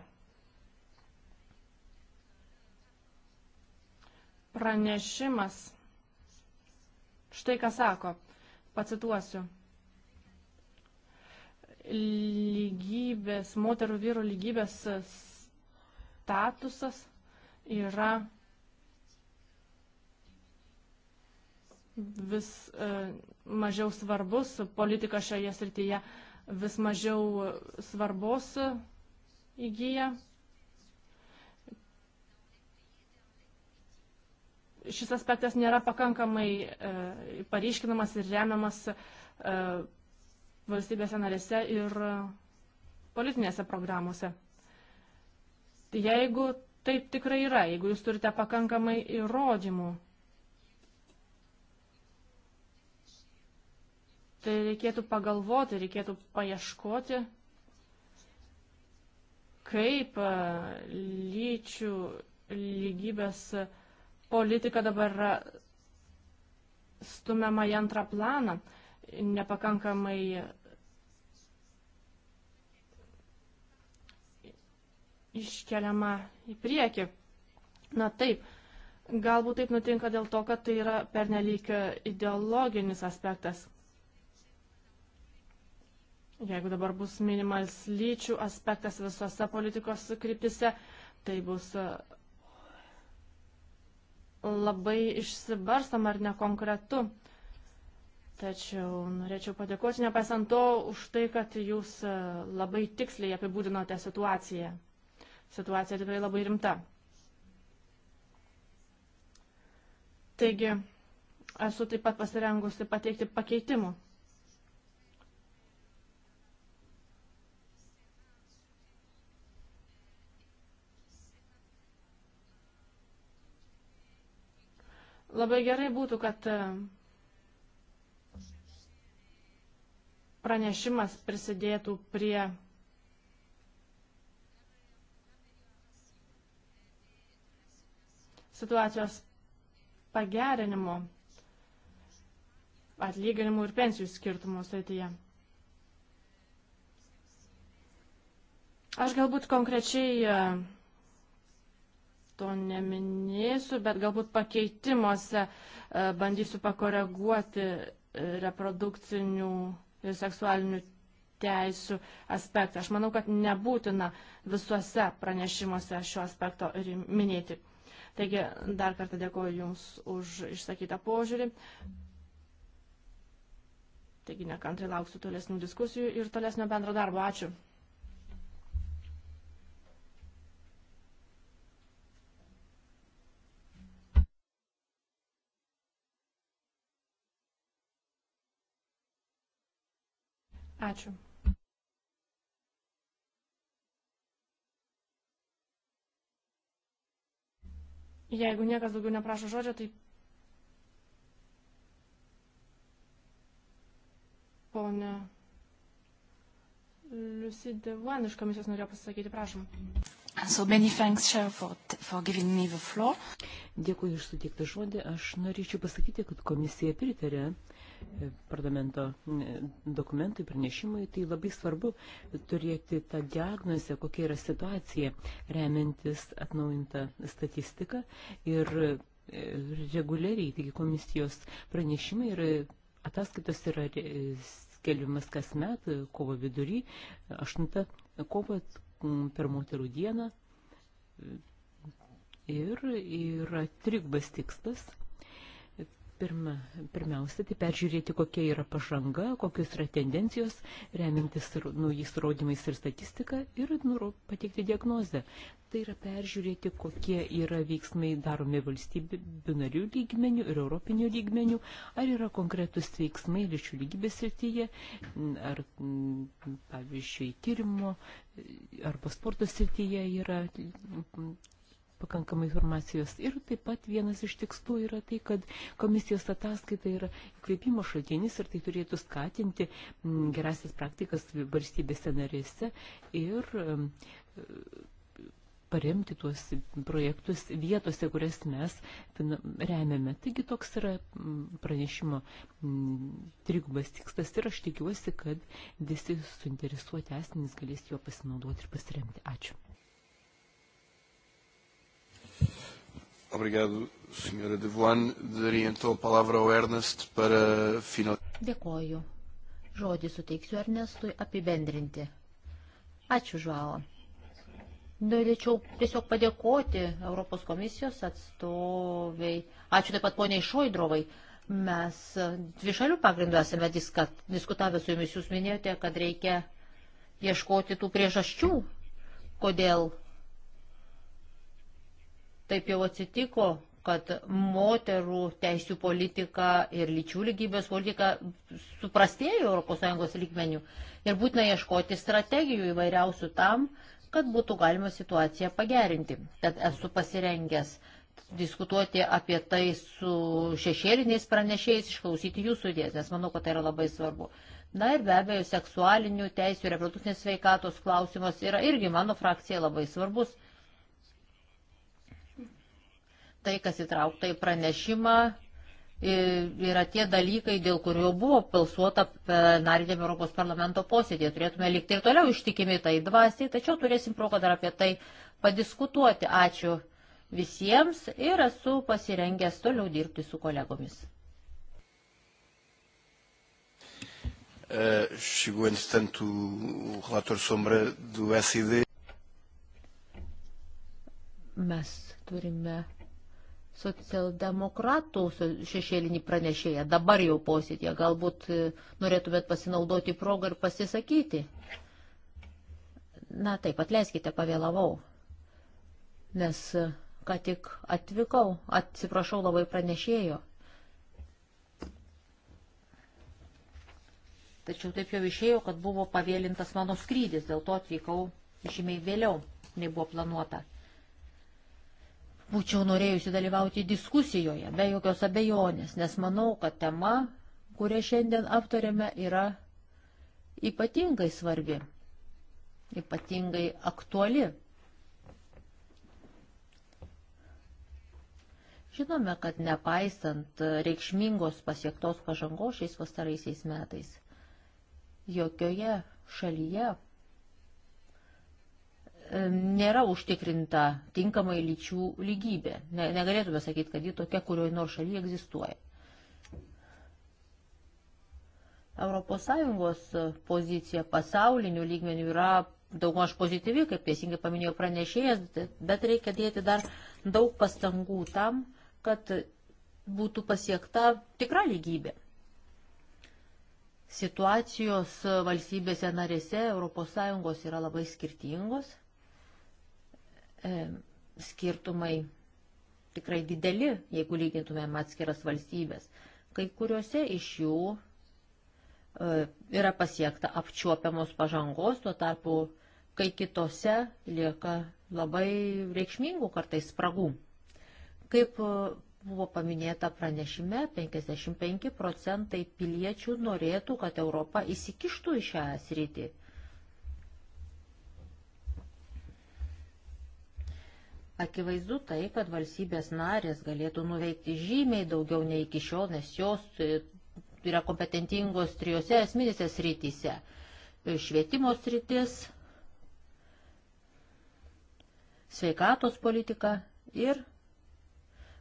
Pranešimas. Štai ką sako. Pacituosiu lygybės, moterų vyrų lygybės statusas yra vis e, mažiau svarbus, politika šioje srityje vis mažiau svarbos įgyja. Šis aspektas nėra pakankamai e, paryškinamas ir remiamas e, valstybėse narėse ir politinėse programuose. Tai jeigu taip tikrai yra, jeigu jūs turite pakankamai įrodymų, tai reikėtų pagalvoti, reikėtų paieškoti, kaip e, lyčių lygybės politika dabar yra stumiama į antrą planą, nepakankamai iškeliama į priekį. Na taip, galbūt taip nutinka dėl to, kad tai yra pernelyg ideologinis aspektas. Jeigu dabar bus minimas lyčių aspektas visose politikos kryptise, tai bus e, labai išsibarstam ar nekonkretu. Tačiau norėčiau padėkoti nepaisant to už tai, kad jūs e, labai tiksliai apibūdinote situaciją situacija tikrai labai rimta. Taigi, esu taip pat pasirengusi pateikti pakeitimų. Labai gerai būtų, kad e, pranešimas prisidėtų prie situacijos pagerinimu atlyginimų ir pensijų skirtumų srityje. Aš galbūt konkrečiai e, to neminėsiu, bet galbūt pakeitimuose e, bandysiu pakoreguoti e, reprodukcinių ir seksualinių teisų aspektą. Aš manau, kad nebūtina visuose pranešimuose šio aspekto minėti. Taigi, dar kartą dėkoju Jums už išsakytą požiūrį. Taigi, nekantrai lauksiu tolesnių diskusijų ir tolesnio bendro darbo. Ačiū. Ačiū. Jeigu niekas daugiau neprašo žodžio, tai ponia Lucy Devan iš komisijos norėjo pasisakyti, prašom. So many thanks, Chair, for, for giving me the floor. Dėkui iš sutiktą žodį. Aš norėčiau pasakyti, kad komisija pritarė uh, parlamento e, dokumentai, pranešimai, tai labai svarbu turėti tą diagnozę, kokia yra situacija, remiantis atnaujintą statistiką ir e, reguliariai, taigi komisijos pranešimai ir ataskaitos yra e, skelbimas kasmet, kovo vidury, 8 kovo per moterų dieną. Ir yra trikbas tikslas Pirma, pirmiausia, tai peržiūrėti, kokia yra pažanga, kokios yra tendencijos, remintis naujais rodymais ir statistika ir nuro, pateikti diagnozę. Tai yra peržiūrėti, kokie yra veiksmai daromi valstybių narių lygmenių ir europinių lygmenių, ar yra konkretus veiksmai lyčių lygybės srityje, ar pavyzdžiui tyrimo arba sporto srityje yra pakankamai informacijos. Ir taip pat vienas iš tikslų yra tai, kad komisijos ataskaita yra įkvėpimo šaltinis ir tai turėtų skatinti gerasias praktikas valstybėse narėse ir paremti tuos projektus vietose, kurias mes remiame. Taigi toks yra pranešimo trigubas tikslas ir aš tikiuosi, kad visi suinteresuoti asmenys galės juo pasinaudoti ir pasiremti. Ačiū. Obrigado, senhora Devoan. Daria então a palavra ao Ernest para finalizar. Dėkoju. Žodį suteiksiu Ernestui apibendrinti. Ačiū, Žuao. Norėčiau tiesiog padėkoti Europos komisijos atstoviai. Ačiū taip pat poniai Šoidrovai. Mes dvišalių pagrindų esame diskat, diskutavę su jumis. Jūs minėjote, kad reikia ieškoti tų priežasčių, kodėl Taip jau atsitiko, kad moterų teisų politika ir lyčių lygybės politika suprastėjo ES lygmenių ir būtina ieškoti strategijų įvairiausių tam, kad būtų galima situaciją pagerinti. Tad esu pasirengęs diskutuoti apie tai su šešėliniais pranešėjais, išklausyti jūsų idėjas, nes manau, kad tai yra labai svarbu. Na ir be abejo, seksualinių teisų ir reprodukcinės sveikatos klausimas yra irgi mano frakcija labai svarbus tai, kas įtraukta į pranešimą, yra tie dalykai, dėl kurio buvo balsuota plenarinėme Europos parlamento posėdėje. Turėtume likti ir toliau ištikimi tai dvasiai, tačiau turėsim progą dar apie tai padiskutuoti. Ačiū visiems ir esu pasirengęs toliau dirbti su kolegomis. Uh, chegou, entretanto, o relator sombra do SID. Mes turime socialdemokratų šešėlinį pranešėją dabar jau posėdėje. Galbūt e, norėtumėt pasinaudoti progą ir pasisakyti. Na taip, atleiskite, pavėlavau, nes e, ką tik atvykau, atsiprašau labai pranešėjo. Tačiau taip jau išėjo, kad buvo pavėlintas mano skrydis, dėl to atvykau žymiai vėliau, nei buvo planuota būčiau norėjusi dalyvauti diskusijoje, be jokios abejonės, nes manau, kad tema, kurią šiandien aptarėme, yra ypatingai svarbi, ypatingai aktuali. Žinome, kad nepaisant reikšmingos pasiektos pažangos šiais pastaraisiais metais, jokioje šalyje nėra užtikrinta tinkamai lyčių lygybė. Ne, negalėtume sakyti, kad ji tokia, kurioje nors šalyje egzistuoja. ES pozicija pasaulinių lygmenių yra daugmaž pozityvi, kaip teisingai paminėjo pranešėjas, bet reikia dėti dar daug pastangų tam, kad būtų pasiekta tikra lygybė. Situacijos valstybėse narėse ES yra labai skirtingos. E, skirtumai tikrai dideli, jeigu lygintumėm atskiras valstybės. Kai kuriuose iš jų e, yra pasiekta apčiuopiamos pažangos, tuo tarpu, kai kitose lieka labai reikšmingų kartais spragų. Kaip e, buvo paminėta pranešime, 55 procentai piliečių norėtų, kad Europa įsikištų į šią sritį. Akivaizdu tai, kad valstybės narės galėtų nuveikti žymiai daugiau nei iki šiol, nes jos e, yra kompetentingos trijose esminėse srityse. E, švietimo sritis, sveikatos politika ir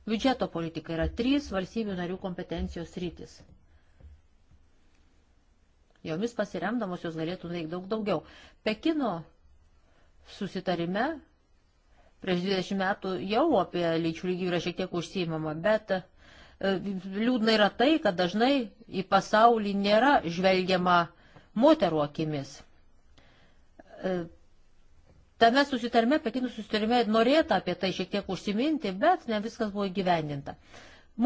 biudžeto politika yra trys valstybių narių kompetencijos sritis. Jomis pasiremdamos jos galėtų nuveikti daug daugiau. Pekino susitarime Prieš 20 metų jau apie lyčių lygių yra šiek tiek užsimama, bet e, liūdna yra tai, kad dažnai į pasaulį nėra žvelgiama moterų akimis. E, tame susitarime, Pekinų susitarime norėta apie tai šiek tiek užsiminti, bet ne viskas buvo įgyvendinta.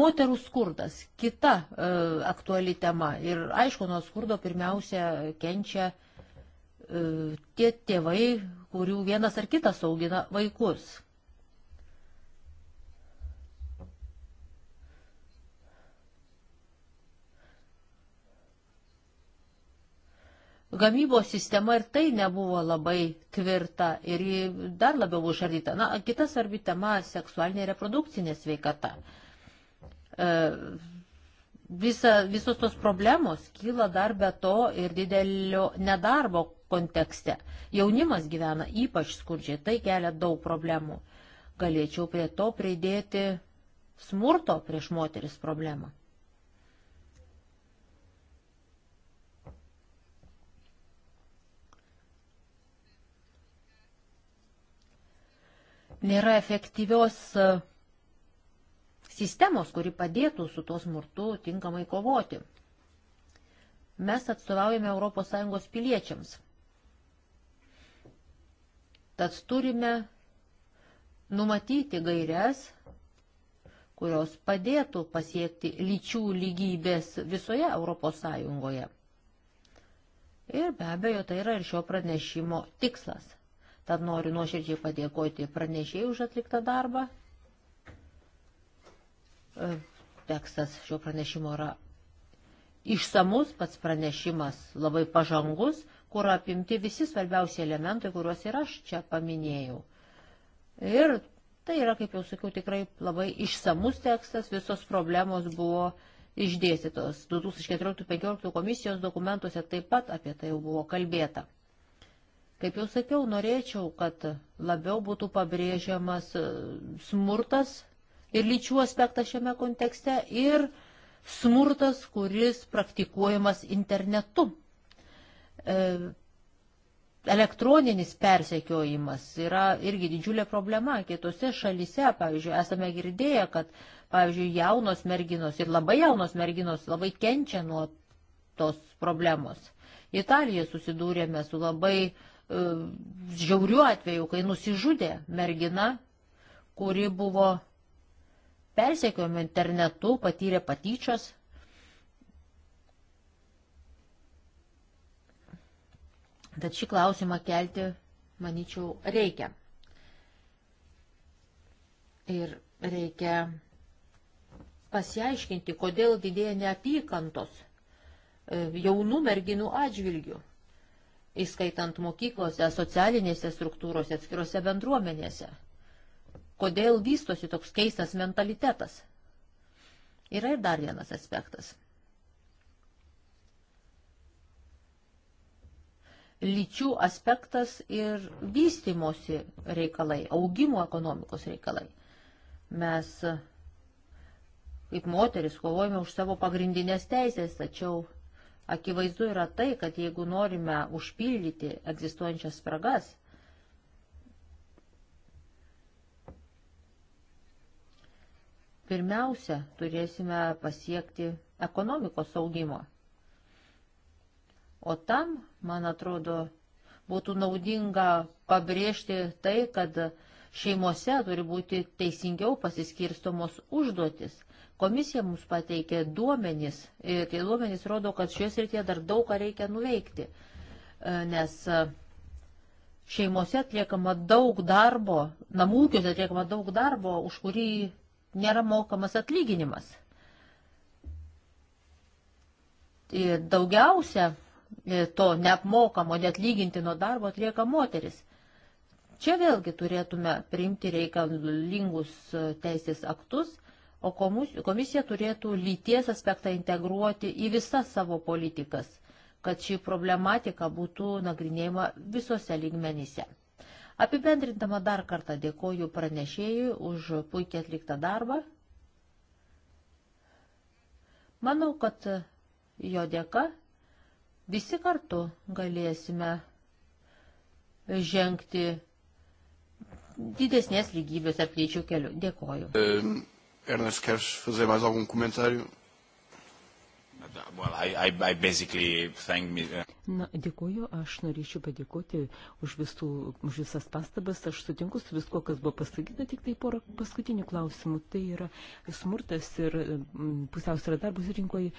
Moterų skurdas - kita e, aktuali tema. Ir aišku, nuo skurdo pirmiausia kenčia e, E, tie tėvai, kurių vienas ar kitas augina vaikus. Gamybos sistema ir tai nebuvo labai tvirta ir ji dar labiau buvo užardyta. Na, kita svarbi tema - seksualinė reprodukcinė sveikata. E, visa, visos tos problemos kyla dar be to ir didelio nedarbo, kontekste. Jaunimas gyvena ypač skurdžiai, tai kelia daug problemų. Galėčiau prie to pridėti smurto prieš moteris problemą. Nėra efektyvios e, sistemos, kuri padėtų su to smurtu tinkamai kovoti. Mes atstovaujame ES piliečiams. Tad turime numatyti gairias, kurios padėtų pasiekti lyčių lygybės visoje Europos Sąjungoje. Ir be abejo, tai yra ir šio pranešimo tikslas. Tad noriu nuoširdžiai padėkoti pranešėjai už atliktą darbą. E, tekstas šio pranešimo yra išsamus, pats pranešimas labai pažangus kur apimti visi svarbiausi elementai, kuriuos ir aš čia paminėjau. Ir tai yra, kaip jau sakiau, tikrai labai išsamus tekstas, visos problemos buvo išdėstytos. 2014-2015 komisijos dokumentuose taip pat apie tai jau buvo kalbėta. Kaip jau sakiau, norėčiau, kad labiau būtų pabrėžiamas e, smurtas ir lyčių aspektas šiame kontekste ir smurtas, kuris praktikuojamas internetu. E, elektroninis persekiojimas yra irgi didžiulė problema. Kitose šalise, pavyzdžiui, esame girdėję, kad, pavyzdžiui, jaunos merginos ir labai jaunos merginos labai kenčia nuo tos problemos. Italijoje susidūrėme su labai uh, žiauriu atveju, kai nusižudė mergina, kuri buvo persekiojama internetu, patyrė patyčias Tad šį klausimą kelti, manyčiau, reikia. Ir reikia pasiaiškinti, kodėl didėja neapykantos e, jaunų merginų atžvilgių, įskaitant mokyklose, socialinėse struktūrose, atskirose bendruomenėse. Kodėl vystosi toks keistas mentalitetas? Yra ir dar vienas aspektas. lyčių aspektas ir vystimosi reikalai, augimo ekonomikos reikalai. Mes kaip moteris kovojame už savo pagrindinės teisės, tačiau akivaizdu yra tai, kad jeigu norime užpildyti egzistuojančias spragas, pirmiausia, turėsime pasiekti ekonomikos augimo. O tam Man atrodo, būtų naudinga pabrėžti tai, kad šeimose turi būti teisingiau pasiskirstomos užduotis. Komisija mums pateikė duomenys ir tie duomenys rodo, kad šioje srityje dar daug ką reikia nuveikti, e, nes e, šeimose atliekama daug darbo, namų ūkiuose atliekama daug darbo, už kurį nėra mokamas atlyginimas. Ir daugiausia E, to neapmokamo, net lygintino darbo atlieka moteris. Čia vėlgi turėtume priimti reikalingus e, teisės aktus, o komisija turėtų lyties aspektą integruoti į visas savo politikas, kad ši problematika būtų nagrinėjama visose lygmenyse. Apibendrintama dar kartą dėkoju pranešėjui už puikiai atliktą darbą. Manau, kad jo dėka visi kartu galėsime žengti didesnės lygybės tarp lyčių keliu. Dėkoju. Ehm, Ernest, queres fazer mais algum comentário? Well, I, I, I basically thank me. Uh, Na, dėkuoju, aš norėčiau padėkoti už, visų, už visas pastabas, aš sutinku su visko, kas buvo pasakyta, tik tai porą paskutinių klausimų. Tai yra smurtas ir mm, pusiausvėra darbus rinkoje,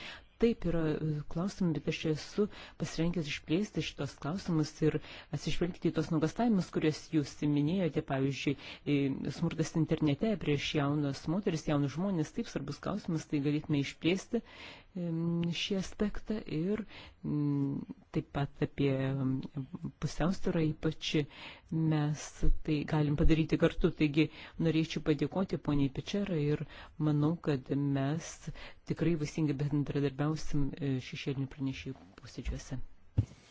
Taip yra e, klausimų, bet aš esu pasirengęs išplėsti šitos klausimus ir atsižvelgti į tos nugastavimus, kuriuos jūs minėjote, pavyzdžiui, e, smurtas internete prieš jaunas moteris, jaunus žmonės, taip svarbus klausimas, tai galėtume išplėsti šį aspektą ir mm, taip pat apie pusiausvyrą ypač mes tai galim padaryti kartu. Taigi norėčiau padėkoti poniai Pečerą ir manau, kad mes tikrai vaisingai bendradarbiausim e, šešėlinių pranešėjų posėdžiuose.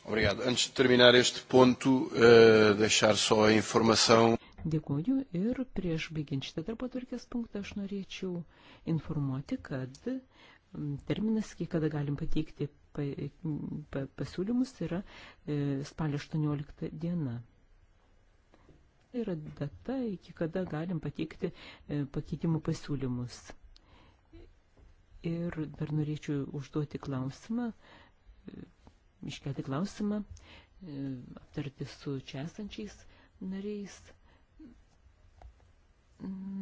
Obrigado. Antes de terminar este ponto, uh, deixar só a informação. Dėkuoju ir prieš baigiant šitą darbo turkės punktą aš norėčiau informuoti, kad uh, terminas, kai kada galim pateikti pasiūlymus, tai yra e, spalio 18 diena. Tai yra data, iki kada galim pateikti e, pakeitimų pasiūlymus. Ir dar norėčiau užduoti klausimą, e, iškelti klausimą, aptarti su čia esančiais nariais.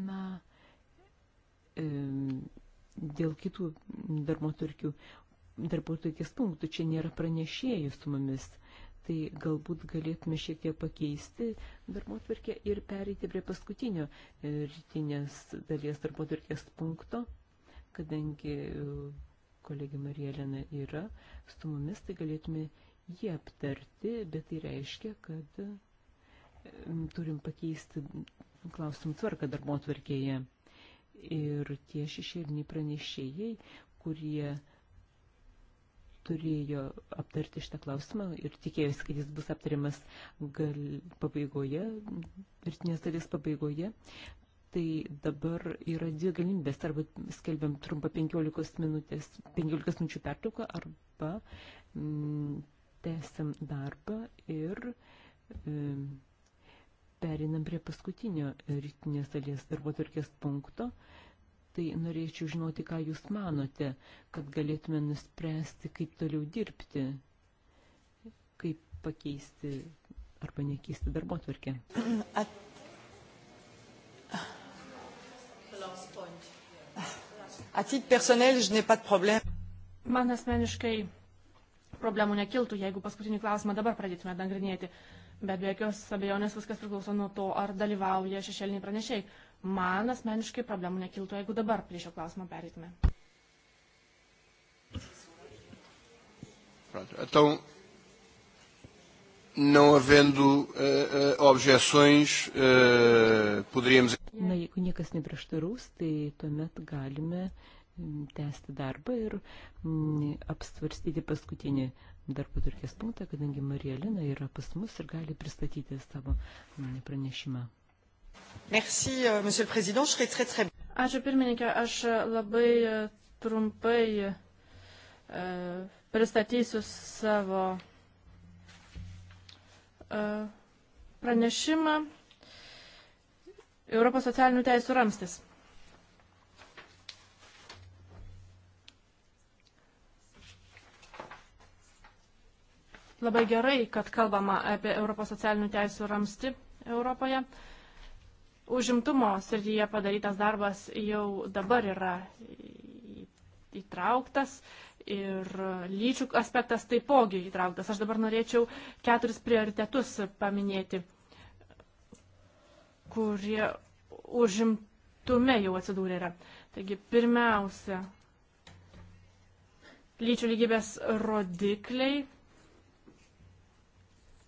Na, e, dėl kitų darbotvarkių darbotvarkės punktų. Čia nėra pranešėjų su mumis. Tai galbūt galėtume šiek tiek pakeisti darbotvarkę ir pereiti prie paskutinio e, rytinės dalies darbotvarkės punkto, kadangi e, kolegė Marija Elena yra su mumis, tai galėtume jį aptarti, bet tai reiškia, kad e, turim pakeisti klausimų tvarką darbotvarkėje ir tie šešėliniai pranešėjai, kurie turėjo aptarti šitą klausimą ir tikėjosi, kad jis bus aptariamas gal pabaigoje, rytinės dalies pabaigoje. Tai dabar yra dvi galimybės, arba skelbiam trumpą 15 minutės, 15 minučių pertrauką, arba mm, tęsiam darbą ir mm, Perinam prie paskutinio rytinės dalies darbo tvarkės punkto. Tai norėčiau žinoti, ką Jūs manote, kad galėtume nuspręsti, kaip toliau dirbti, kaip pakeisti arba nekeisti darbo tvarkę. At... Man asmeniškai problemų nekiltų, jeigu paskutinį klausimą dabar pradėtume nagrinėti. Bet be jokios abejonės viskas priklauso nuo to, ar dalyvauja šešėliniai pranešiai. Man asmeniškai problemų nekiltų, jeigu dabar prie šio klausimo pereitume. Pronto. Então, não havendo uh, uh, objeções, uh, poderíamos. Na, jeigu niekas neprieštaraus, tai tuomet galime uh, tęsti darbą ir apsvarstyti paskutinį darbo turkės punktą, kadangi Marija Lina yra pas mus ir gali pristatyti savo pranešimą. Merci, euh, monsieur le président, je serai très très. Ačiū pirmininkė, aš e, labai e, trumpai e, pristatysiu savo pranešimą Europos socialinių teisų ramstis. Labai gerai, kad kalbama apie Europos socialinių teisų ramsti Europoje. Užimtumo srityje padarytas darbas jau dabar yra įtrauktas ir lyčių aspektas taipogi įtrauktas. Aš dabar norėčiau keturis prioritetus paminėti, kurie užimtume jau atsidūrė yra. Taigi, pirmiausia, lyčių lygybės rodikliai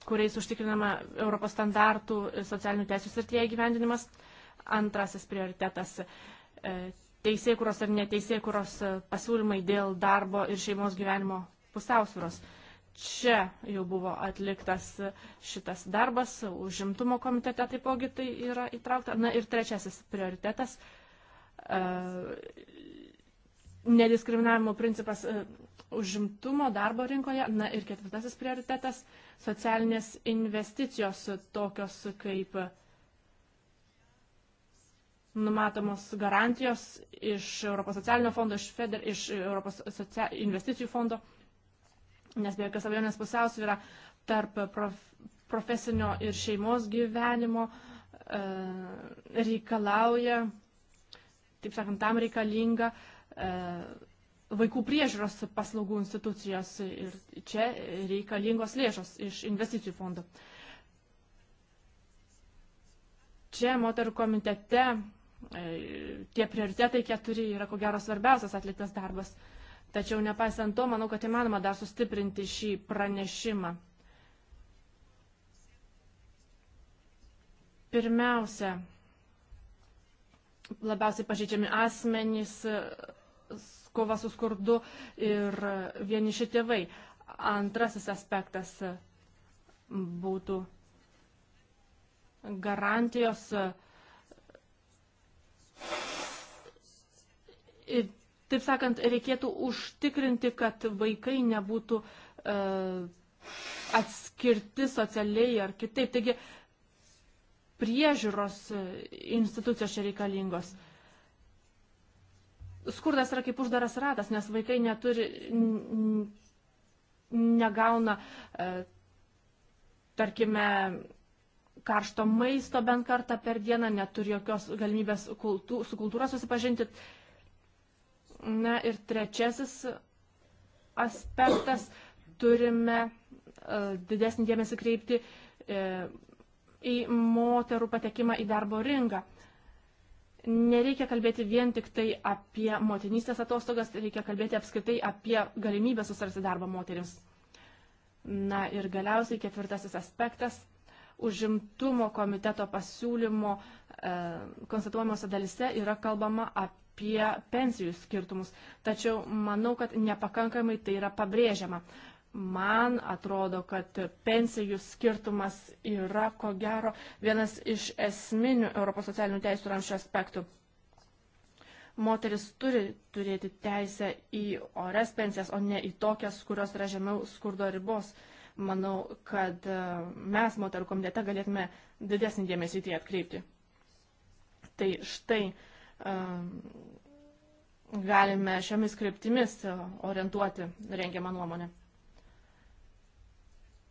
kuriais užtikrinama Europos standartų socialinių teisų srityje įgyvendinimas. Antrasis prioritetas e, - teisėkuros ar neteisėkuros e, pasiūlymai dėl darbo ir šeimos gyvenimo pusiausvyros. Čia jau buvo atliktas šitas darbas, užimtumo komitete taipogi tai yra įtraukta. Na ir trečiasis prioritetas e, nediskriminavimo principas užimtumo darbo rinkoje. Na ir ketvirtasis prioritetas - socialinės investicijos tokios kaip numatomos garantijos iš Europos socialinio fondo, iš FEDER, iš Europos socia... investicijų fondo, nes be jokios abejonės pusiausvyra tarp prof, profesinio ir šeimos gyvenimo e, reikalauja, taip sakant, tam reikalinga e, vaikų priežiūros paslaugų institucijos ir čia reikalingos lėšos iš investicijų fondų. Čia moterų komitete e, tie prioritetai keturi yra ko gero svarbiausias atliktas darbas. Tačiau nepaisant to, manau, kad įmanoma dar sustiprinti šį pranešimą. Pirmiausia, labiausiai pažeidžiami asmenys kova su skurdu ir vieniši tėvai. Antrasis aspektas būtų garantijos ir, taip sakant, reikėtų užtikrinti, kad vaikai nebūtų e, atskirti socialiai ar kitaip. Taigi priežiūros institucijos čia reikalingos. Mm skurdas yra kaip uždaras ratas, nes vaikai neturi, negauna, e, tarkime, karšto maisto bent kartą per dieną, neturi jokios galimybės kultū, su kultūra susipažinti. Na ir trečiasis aspektas - turime e, didesnį dėmesį kreipti e, į moterų patekimą į darbo rinką nereikia kalbėti vien tik tai apie motinystės atostogas, reikia kalbėti apskritai apie galimybę susirasti darbą moteriams. Na ir galiausiai ketvirtasis aspektas. Užimtumo komiteto pasiūlymo e, konstatuojamosi dalise yra kalbama apie pensijų skirtumus. Tačiau manau, kad nepakankamai tai yra pabrėžiama man atrodo, kad pensijų skirtumas yra, ko gero, vienas iš esminių Europos socialinių teisų ramščių aspektų. Moteris turi turėti teisę į ores pensijas, o ne į tokias, kurios yra žemiau skurdo ribos. Manau, kad e, mes moterų komitete galėtume didesnį dėmesį į tai atkreipti. Tai štai e, galime šiomis kryptimis e, orientuoti rengiamą nuomonę.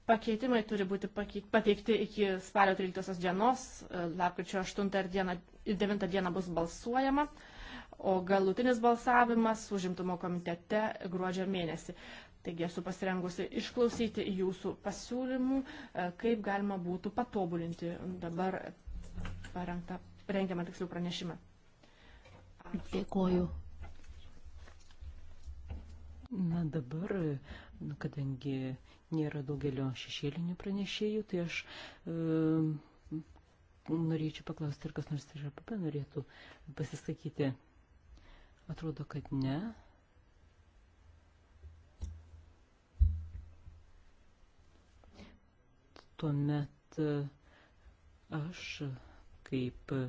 Pakeitimai turi būti pateikti iki spalio 13 dienos, e, lapkričio 8 dieną, 9 dieną bus balsuojama, o galutinis balsavimas užimtumo komitete gruodžio mėnesį. Taigi esu pasirengusi išklausyti jūsų pasiūlymų, e, kaip galima būtų patobulinti dabar parengtą, rengiamą tikslių pranešimą. Dėkoju. Na dabar, kadangi nėra daugelio šešėlinių pranešėjų, tai aš e, norėčiau paklausti, ar kas nors iš APP norėtų pasisakyti. Atrodo, kad ne. Tuomet e, aš kaip e,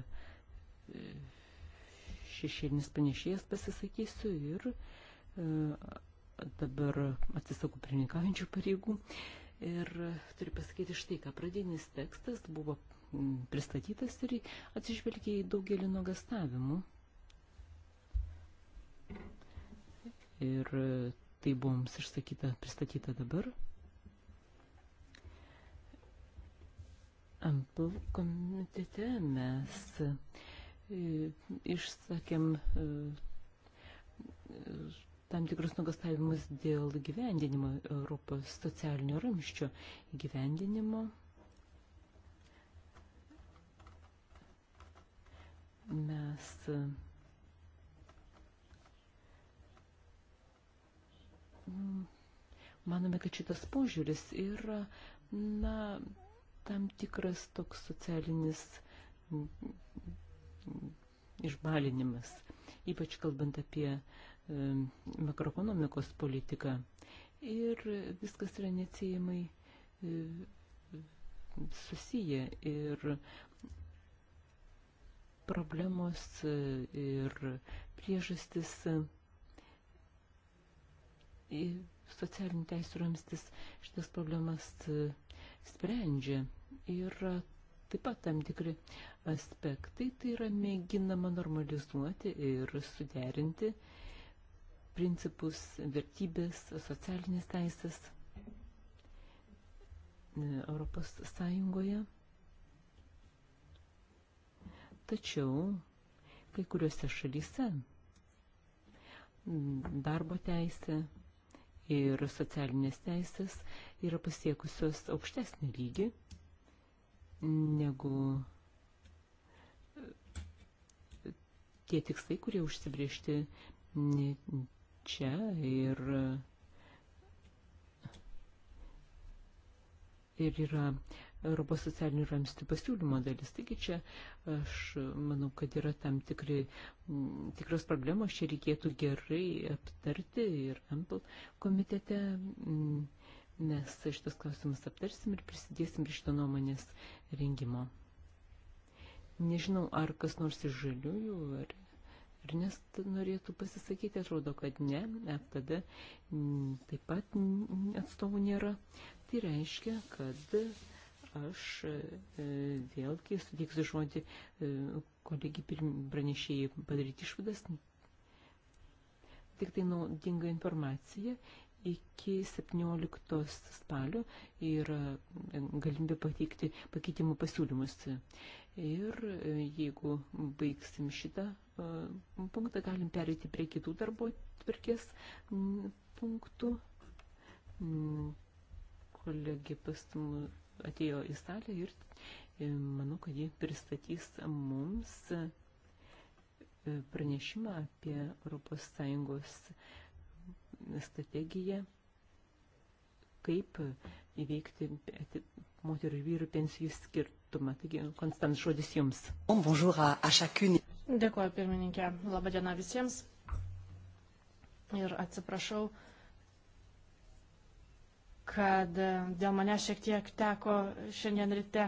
šešėlinis panešėjas pasisakysiu ir e, dabar atsisakau pirmininkaujančių pareigų. Ir turiu pasakyti štai, ką pradinis tekstas buvo pristatytas ir atsižvelgia į daugelį nuogastavimų. Ir tai buvo mums išsakyta, pristatyta dabar. Ampl komitete mes e, išsakėm e, tam tikrus nugastavimus dėl gyvendinimo Europos socialinio ramščio gyvendinimo. Mes mm, manome, kad šitas požiūris yra, na, tam tikras toks socialinis mm, mm, išbalinimas, ypač kalbant apie uh, makroekonomikos politiką. Ir viskas yra neatsijimai e, susiję ir problemos e, ir priežastis e, socialinių teisų ramstis šitas problemas sprendžia. Ir taip pat tam tikri aspektai tai yra mėginama normalizuoti ir suderinti principus, vertybės, socialinės teisės e, Europos Sąjungoje. Tačiau kai kuriuose šalyse darbo teisė ir socialinės teisės yra pasiekusios aukštesnį lygį negu e, tie tikslai, kurie užsibriežti čia ir, ir yra Europos socialinių ramstų pasiūlymo dalis. Taigi čia aš manau, kad yra tam tikri, tikros problemos, čia reikėtų gerai aptarti ir Ample komitete. Mes šitas klausimus aptarsim ir prisidėsim prie šito nuomonės rengimo. Nežinau, ar kas nors iš žaliųjų, ar Ernest norėtų pasisakyti, atrodo, kad ne, FTD taip pat atstovų nėra. Tai reiškia, kad aš e, vėlgi sutiksiu žodį e, kolegi pranešėjai padaryti išvadas. Tik tai naudinga informacija iki 17 spalio yra galimybė pateikti pakeitimų pasiūlymus. Ir e, jeigu baigsim šitą E, punktą, galim perėti prie kitų darbo tvarkės punktų. Kolegė pas atėjo į salę ir e, manau, kad ji pristatys mums e, pranešimą apie Europos Sąjungos strategiją, kaip įveikti moterų ir vyrų pensijų skirtumą. Taigi, Konstant, žodis jums. Bonjour à chacune. Dėkuoju, pirmininkė. Labadiena visiems. Ir atsiprašau, kad dėl mane šiek tiek teko šiandien ryte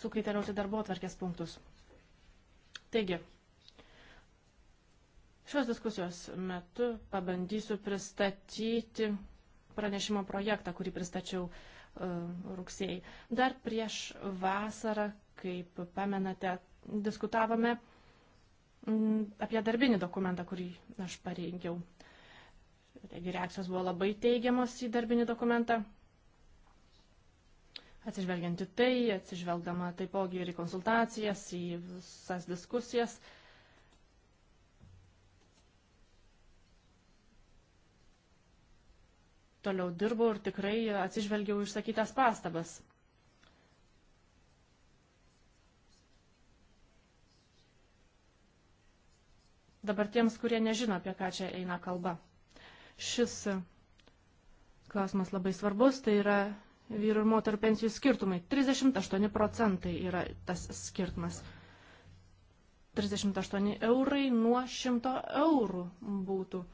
sukaitėliauti darbo atvarkės punktus. Taigi, šios diskusijos metu pabandysiu pristatyti pranešimo projektą, kurį pristačiau uh, rugsėjai. Dar prieš vasarą, kaip pamenate, diskutavome uh, Mm, apie darbinį dokumentą, kurį aš parengiau. Taigi reakcijos buvo labai teigiamos į darbinį dokumentą. Atsižvelgiant į tai, atsižvelgdama taipogi ir į konsultacijas, į visas diskusijas. Toliau dirbau ir tikrai atsižvelgiau išsakytas pastabas. Dabar tiems, kurie nežino, apie ką čia eina kalba. Šis klausimas labai svarbus, tai yra vyrų ir moterų pensijų skirtumai. 38 procentai yra tas skirtumas. 38 eurai nuo 100 eurų būtų.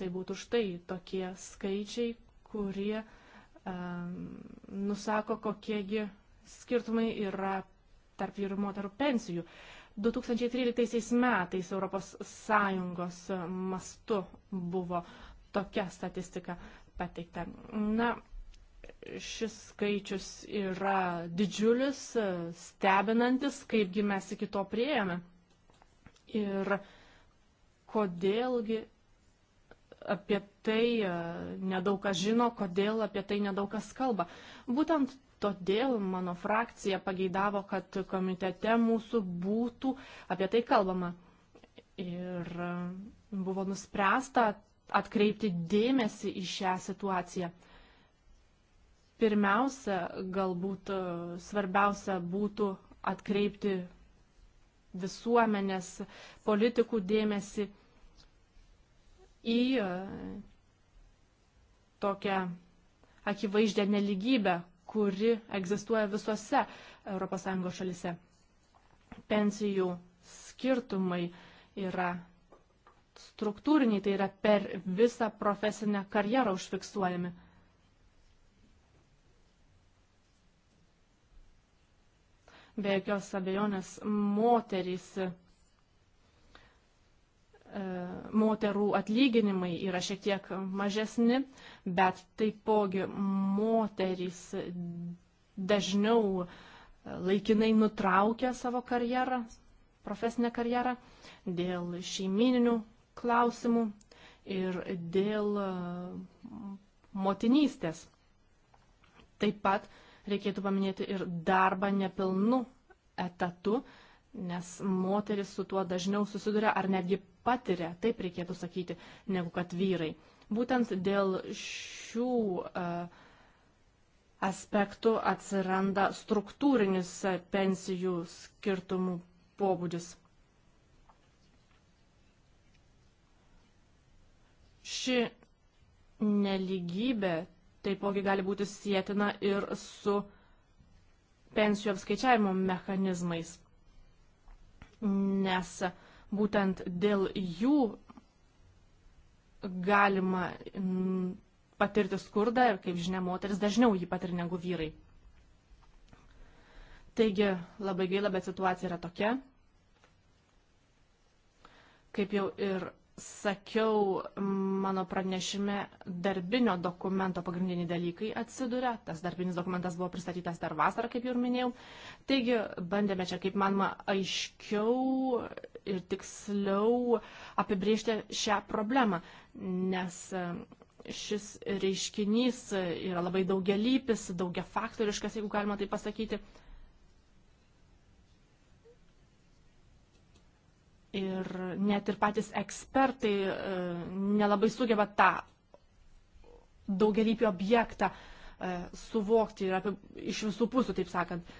Tai būtų štai tokie skaičiai, kurie um, nusako, kokiegi skirtumai yra tarp vyrų ir moterų pensijų. Uh, 2013 metais ES mastu buvo tokia statistika pateikta. Na, šis skaičius yra didžiulis, stebinantis, kaipgi mes iki to prieėmė. Ir kodėlgi apie tai nedaug kas žino, kodėl apie tai nedaug kas kalba. Būtent Todėl mano frakcija pageidavo, kad komitete mūsų būtų apie tai kalbama. Ir e, buvo nuspręsta atkreipti dėmesį į šią situaciją. Pirmiausia, galbūt e, svarbiausia būtų atkreipti visuomenės politikų dėmesį į e, tokią akivaizdžią neligybę, kuri egzistuoja visose ES šalise. Pensijų skirtumai yra struktūriniai, tai yra per visą profesinę karjerą užfiksuojami. Be jokios abejonės moterys E, moterų atlyginimai yra šiek tiek mažesni, bet taipogi moterys dažniau e, laikinai nutraukia savo karjerą, profesinę karjerą dėl šeimininių klausimų ir dėl e, motinystės. Taip pat reikėtų paminėti ir darbą nepilnu etatu, nes moteris su tuo dažniau susiduria ar netgi patiria, taip reikėtų sakyti, negu kad vyrai. Būtent dėl šių uh, aspektų atsiranda struktūrinis pensijų skirtumų pobūdis. Ši neligybė taipogi gali būti sėtina ir su pensijų apskaičiavimo mechanizmais nes būtent dėl jų galima patirti skurdą ir, kaip žinia, moteris dažniau jį patiria negu vyrai. Taigi, labai gaila, bet situacija yra tokia. Kaip jau ir sakiau mano pranešime, darbinio dokumento pagrindiniai dalykai atsiduria. Tas darbinis dokumentas buvo pristatytas dar vasarą, kaip jau ir minėjau. Taigi bandėme čia, kaip manoma, aiškiau ir tiksliau apibriežti šią problemą, nes e, šis reiškinys yra labai daugialypis, daugiafaktoriškas, jeigu galima tai pasakyti. Ir net ir patys ekspertai e, nelabai sugeba tą daugelįpį objektą e, suvokti ir apie, iš visų pusių, taip sakant.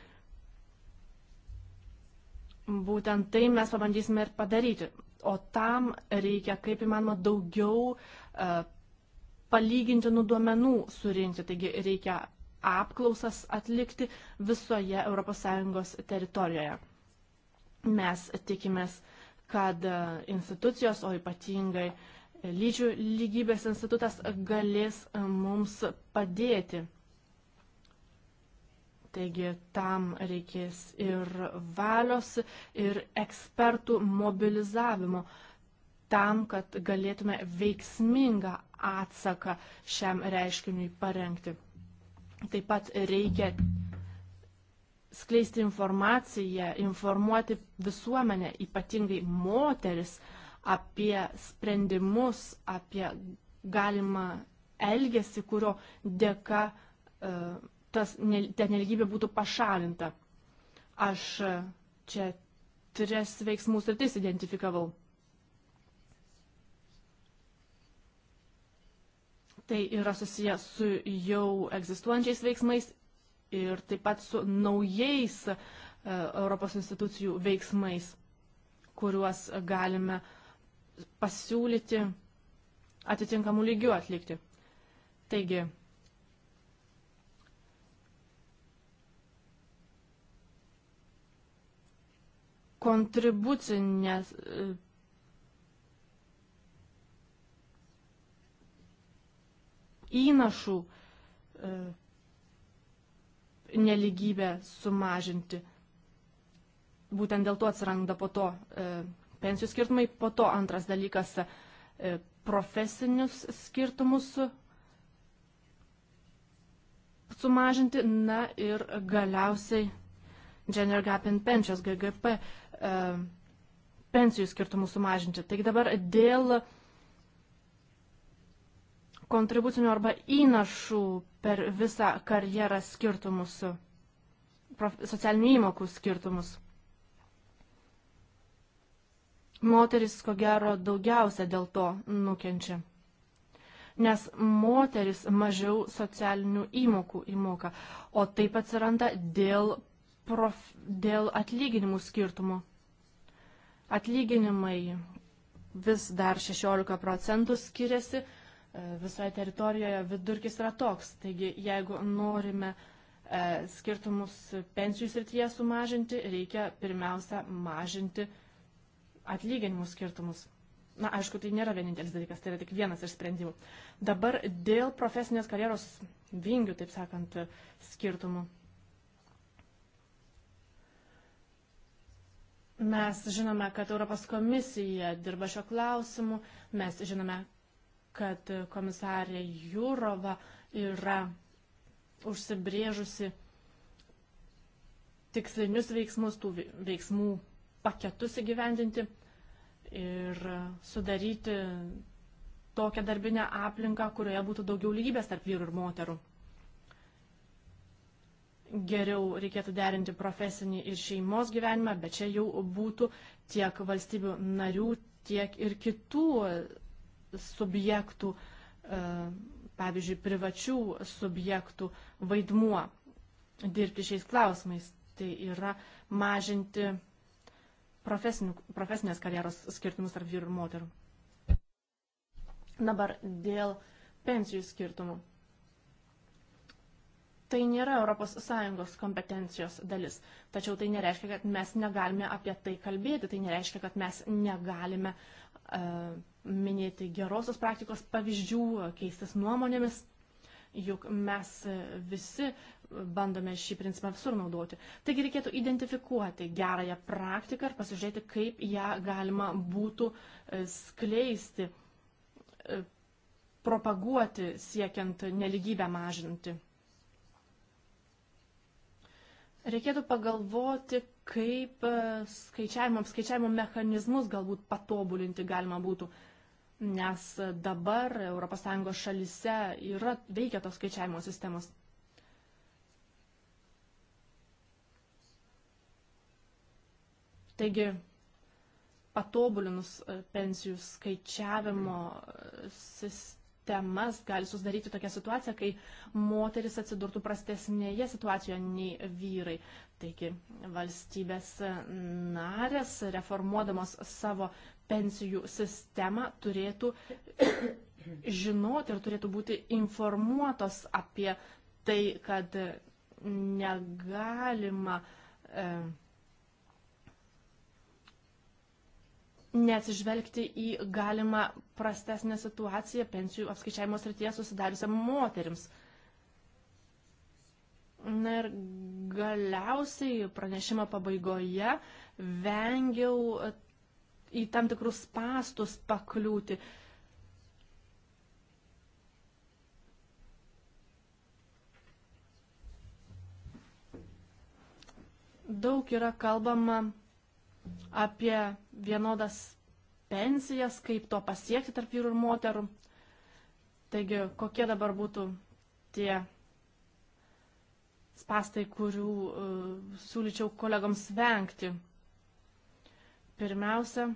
Būtent tai mes pabandysime ir padaryti. O tam reikia, kaip įmanoma, daugiau e, palygintinų duomenų surinkti. Taigi reikia apklausas atlikti visoje ES teritorijoje. Mes tikimės uh, kad e, institucijos, o ypatingai e, lyčių lygybės institutas galės e, mums padėti. Taigi tam reikės ir valios, ir ekspertų mobilizavimo tam, kad galėtume veiksmingą atsaką šiam reiškiniui parengti. Taip pat reikia skleisti informaciją, informuoti visuomenę, ypatingai moteris, apie sprendimus, apie galimą elgesį, kurio dėka e, tas, ta neligybė būtų pašalinta. Aš e, čia tris veiksmų sritis identifikavau. Tai yra susijęs su jau egzistuojančiais veiksmais ir taip pat su naujais e, Europos institucijų veiksmais, kuriuos galime pasiūlyti atitinkamų lygių atlikti. Taigi, kontribucinės e, įnašų e, neligybę sumažinti. Būtent dėl to atsiranda po to e, pensijų skirtumai, po to antras dalykas e, profesinius skirtumus sumažinti, na ir galiausiai Gender Gap in Pensions, GGP, e, pensijų skirtumų sumažinti. Taigi dabar dėl e, kontribucinių arba įnašų per visą karjerą skirtumus, socialinių įmokų skirtumus. Moteris, ko gero, daugiausia dėl to nukenčia. Nes moteris mažiau socialinių įmokų įmoka, o taip atsiranda dėl, prof, dėl atlyginimų skirtumų. Atlyginimai vis dar 16 procentų skiriasi visoje teritorijoje vidurkis yra toks. Taigi, jeigu norime e, skirtumus pensijų srityje sumažinti, reikia pirmiausia mažinti atlyginimų skirtumus. Na, aišku, tai nėra vienintelis dalykas, tai yra tik vienas iš sprendimų. Dabar dėl profesinės karjeros vingių, taip sakant, skirtumų. Mes žinome, kad Europos komisija dirba šio klausimu, mes žinome, kad komisarė Jūrova yra užsibrėžusi tikslinius veiksmus, tų veiksmų paketus įgyvendinti ir sudaryti tokią darbinę aplinką, kurioje būtų daugiau lygybės tarp vyrų ir moterų. Geriau reikėtų derinti profesinį ir šeimos gyvenimą, bet čia jau būtų tiek valstybių narių, tiek ir kitų subjektų, e, pavyzdžiui, privačių subjektų vaidmuo dirbti šiais klausimais. Tai yra mažinti profesinės karjeros skirtumus tarp vyrų ir moterų. Dabar dėl pensijų skirtumų. Tai nėra ES kompetencijos dalis, tačiau tai nereiškia, kad mes negalime apie tai kalbėti, tai nereiškia, kad mes negalime uh, E, minėti gerosios praktikos pavyzdžių, keistis nuomonėmis, juk mes visi bandome šį principą visur naudoti. Taigi reikėtų identifikuoti gerąją praktiką ir pasižiūrėti, kaip ją galima būtų e, skleisti, e, propaguoti, siekiant neligybę mažinti. Reikėtų pagalvoti, kaip e, skaičiavimo, apskaičiavimo mechanizmus galbūt patobulinti galima būtų, nes dabar ES šalise yra, veikia tos skaičiavimo sistemos. Taigi, patobulinus e, pensijų skaičiavimo e, sistemą, temas gali susidaryti tokia situacija, kai moteris atsidurtų prastesnėje situacijoje nei vyrai. Taigi valstybės narės, reformuodamos savo pensijų sistemą, turėtų *coughs* žinoti ir turėtų būti informuotos apie tai, kad negalima e, neatsižvelgti į galimą prastesnę situaciją pensijų apskaičiavimo srityje susidariusią moterims. Na ir galiausiai pranešimo pabaigoje vengiau e, į tam tikrus pastus pakliūti. Daug yra kalbama apie vienodas pensijas, kaip to pasiekti tarp vyrų ir moterų. Taigi, kokie dabar būtų tie spastai, kurių uh, siūlyčiau kolegoms vengti. Pirmiausia,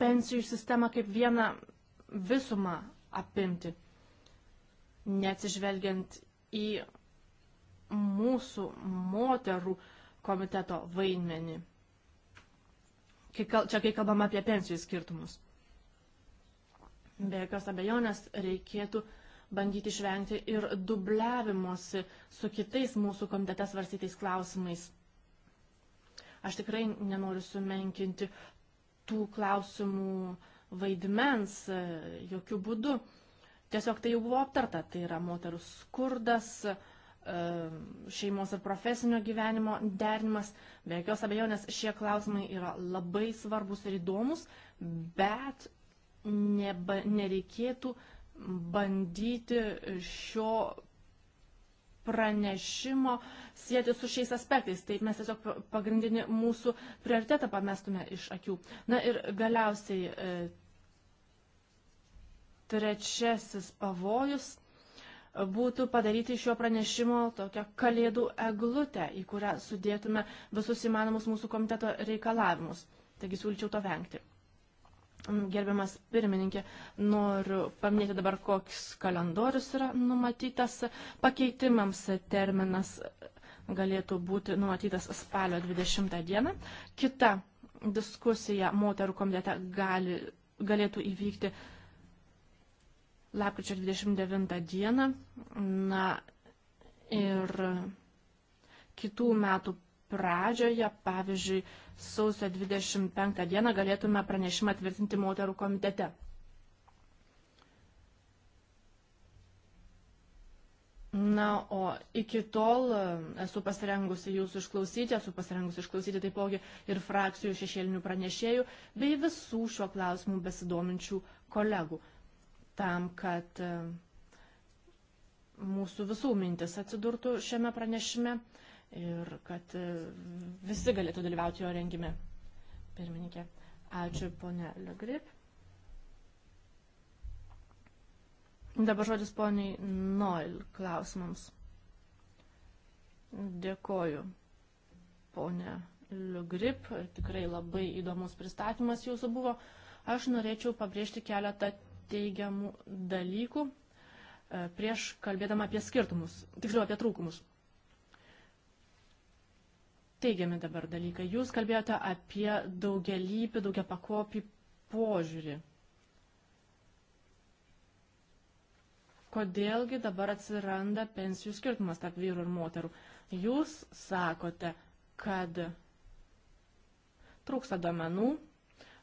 pensijų sistemą kaip vieną visumą apimti neatsižvelgiant į mūsų moterų komiteto vaidmenį. Kai kal, čia kai kalbam apie pensijų skirtumus. Be jokios abejonės reikėtų bandyti išvengti ir dubliavimuose su kitais mūsų komitete svarstytais klausimais. Aš tikrai nenoriu sumenkinti tų klausimų vaidmens e, jokių būdų Tiesiog tai jau buvo aptarta, tai yra moterų skurdas, šeimos ir profesinio gyvenimo derinimas. Be jokios abejonės šie klausimai yra labai svarbus ir įdomus, bet neba, nereikėtų bandyti šio pranešimo sieti su šiais aspektais. Taip mes tiesiog pagrindinį mūsų prioritetą pamestume iš akių. Na ir galiausiai e, trečiasis pavojus būtų padaryti iš šio pranešimo tokią kalėdų eglutę, į kurią sudėtume visus įmanomus mūsų komiteto reikalavimus. Taigi siūlyčiau to vengti. Gerbiamas pirmininkė, noriu paminėti dabar, koks kalendorius yra numatytas. Pakeitimams terminas galėtų būti numatytas spalio 20 dieną. Kita diskusija moterų komitete gali, galėtų įvykti lapkričio 29 dieną. Na ir kitų metų pradžioje, pavyzdžiui, sausio 25 dieną galėtume pranešimą tvirtinti moterų komitete. Na, o iki tol esu pasirengusi jūsų išklausyti, esu pasirengusi išklausyti taipogi ir frakcijų šešėlinių pranešėjų bei visų šiuo klausimu besidominčių kolegų tam, kad e, mūsų visų mintis atsidurtų šiame pranešime ir kad e, visi galėtų dalyvauti jo rengime. Pirmininkė, ačiū ponė Legrip. Dabar žodis poniai Noil klausimams. Dėkoju, ponė Legrip. Tikrai labai įdomus pristatymas jūsų buvo. Aš norėčiau pabrėžti keletą teigiamų dalykų e, prieš kalbėdama apie skirtumus, tiksliau apie trūkumus. Teigiami dabar dalykai. Jūs kalbėjote apie daugialypį, daugia pakopį požiūrį. Kodėlgi dabar atsiranda pensijų skirtumas tarp vyrų ir moterų? Jūs sakote, kad trūksta domenų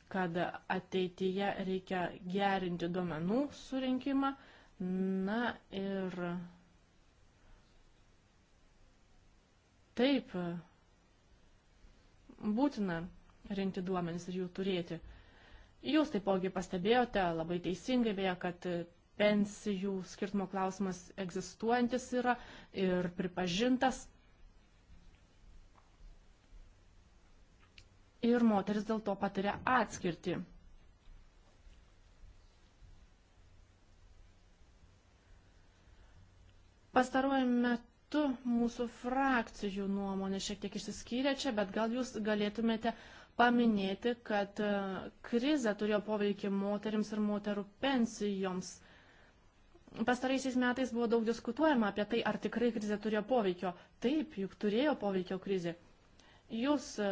kad ateityje reikia gerinti duomenų surinkimą. Na ir taip, būtina rinkti duomenis ir jų turėti. Jūs taipogi pastebėjote, labai teisingai beje, kad pensijų skirtumo klausimas egzistuojantis yra ir pripažintas ir moteris dėl to patiria atskirtį. Pastaruoju metu mūsų frakcijų nuomonė šiek tiek išsiskyrė čia, bet gal jūs galėtumėte paminėti, kad e, krize turėjo poveikį moterims ir moterų pensijoms. Pastaraisiais metais buvo daug diskutuojama apie tai, ar tikrai krize turėjo poveikio. Taip, juk turėjo poveikio krizė. Jūs e,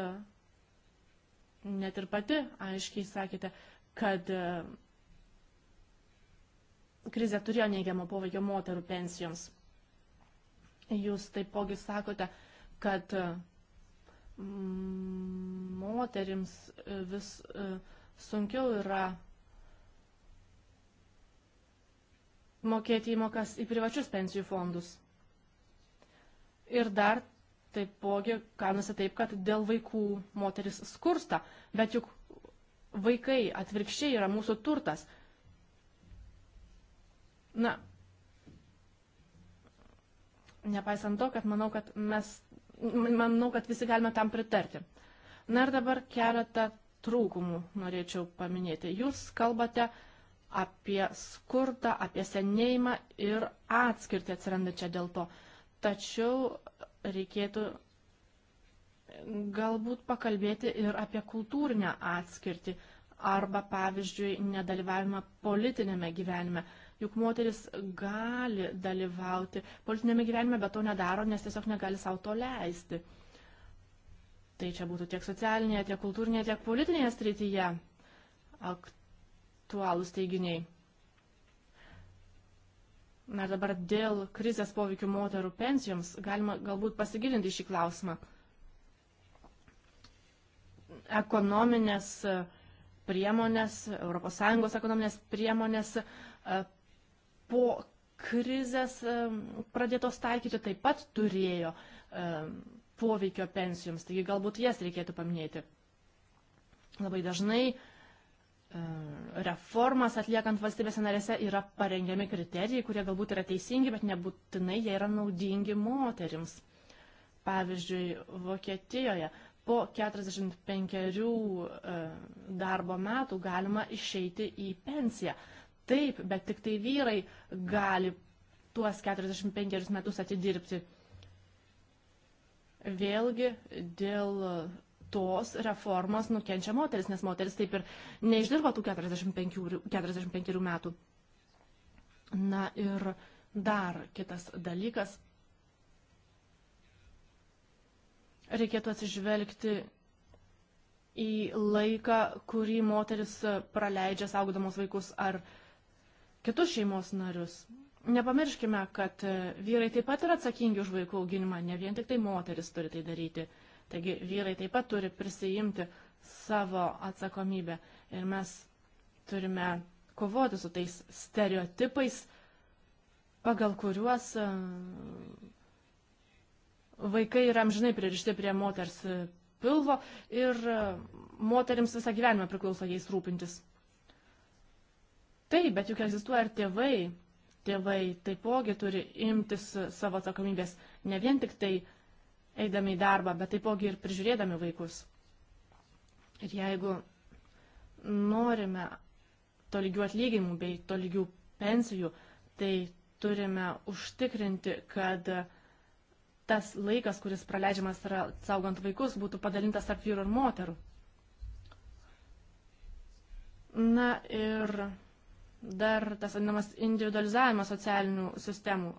net ir pati aiškiai sakėte, kad e, krizė turėjo neigiamą poveikio moterų pensijoms. Jūs taipogi sakote, kad e, moterims e, vis sunkiau yra mokėti įmokas į privačius pensijų fondus. Ir dar Taipogi, ganasi taip, kad dėl vaikų moteris skursta, bet juk vaikai atvirkščiai yra mūsų turtas. Na, nepaisant to, kad manau, kad mes, manau, kad visi galime tam pritarti. Na ir dabar keletą trūkumų norėčiau paminėti. Jūs kalbate apie skurdą, apie senėjimą ir atskirtį atsirandančią dėl to. Tačiau reikėtų galbūt pakalbėti ir apie kultūrinę atskirtį arba, pavyzdžiui, nedalyvavimą politinėme gyvenime. Juk moteris gali dalyvauti politinėme gyvenime, bet to nedaro, nes tiesiog negali savo to leisti. Tai čia būtų tiek socialinėje, tiek kultūrinėje, tiek politinėje srityje aktualūs teiginiai. Na ir dabar dėl krizės poveikių moterų pensijoms galima galbūt pasigilinti šį klausimą. Ekonominės e, priemonės, ES ekonominės priemonės e, po krizės e, pradėtos taikyti taip pat turėjo poveikio pensijoms, taigi galbūt jas reikėtų paminėti. Labai dažnai uh, reformas atliekant valstybėse narėse yra parengiami kriterijai, kurie galbūt yra teisingi, bet nebūtinai jie yra naudingi moterims. Pavyzdžiui, Vokietijoje po 45 e, darbo metų galima išeiti į pensiją. Taip, bet tik tai vyrai gali tuos 45 metus atidirbti. Vėlgi dėl tos reformos nukenčia moteris, nes moteris taip ir neišdirba tų 45, 45 metų. Na ir dar kitas dalykas. Reikėtų atsižvelgti į laiką, kurį moteris praleidžia saugodamos vaikus ar kitus šeimos narius. Nepamirškime, kad vyrai taip pat yra atsakingi už vaikų auginimą, ne vien tik tai moteris turi tai daryti. Taigi vyrai taip pat turi prisijimti savo atsakomybę ir mes turime kovoti su tais stereotipais, pagal kuriuos e, vaikai yra amžinai pririšti prie moters pilvo ir e, moteriams visą gyvenimą priklauso jais rūpintis. Taip, bet juk egzistuoja ir tėvai. Tėvai taipogi turi imtis savo atsakomybės ne vien tik tai eidami į darbą, bet taipogi ir prižiūrėdami vaikus. Ir jeigu norime tolygių atlyginimų bei tolygių pensijų, tai turime užtikrinti, kad tas laikas, kuris praleidžiamas yra saugant vaikus, būtų padalintas tarp vyrų ir moterų. Na ir dar tas vadinamas individualizavimas socialinių sistemų.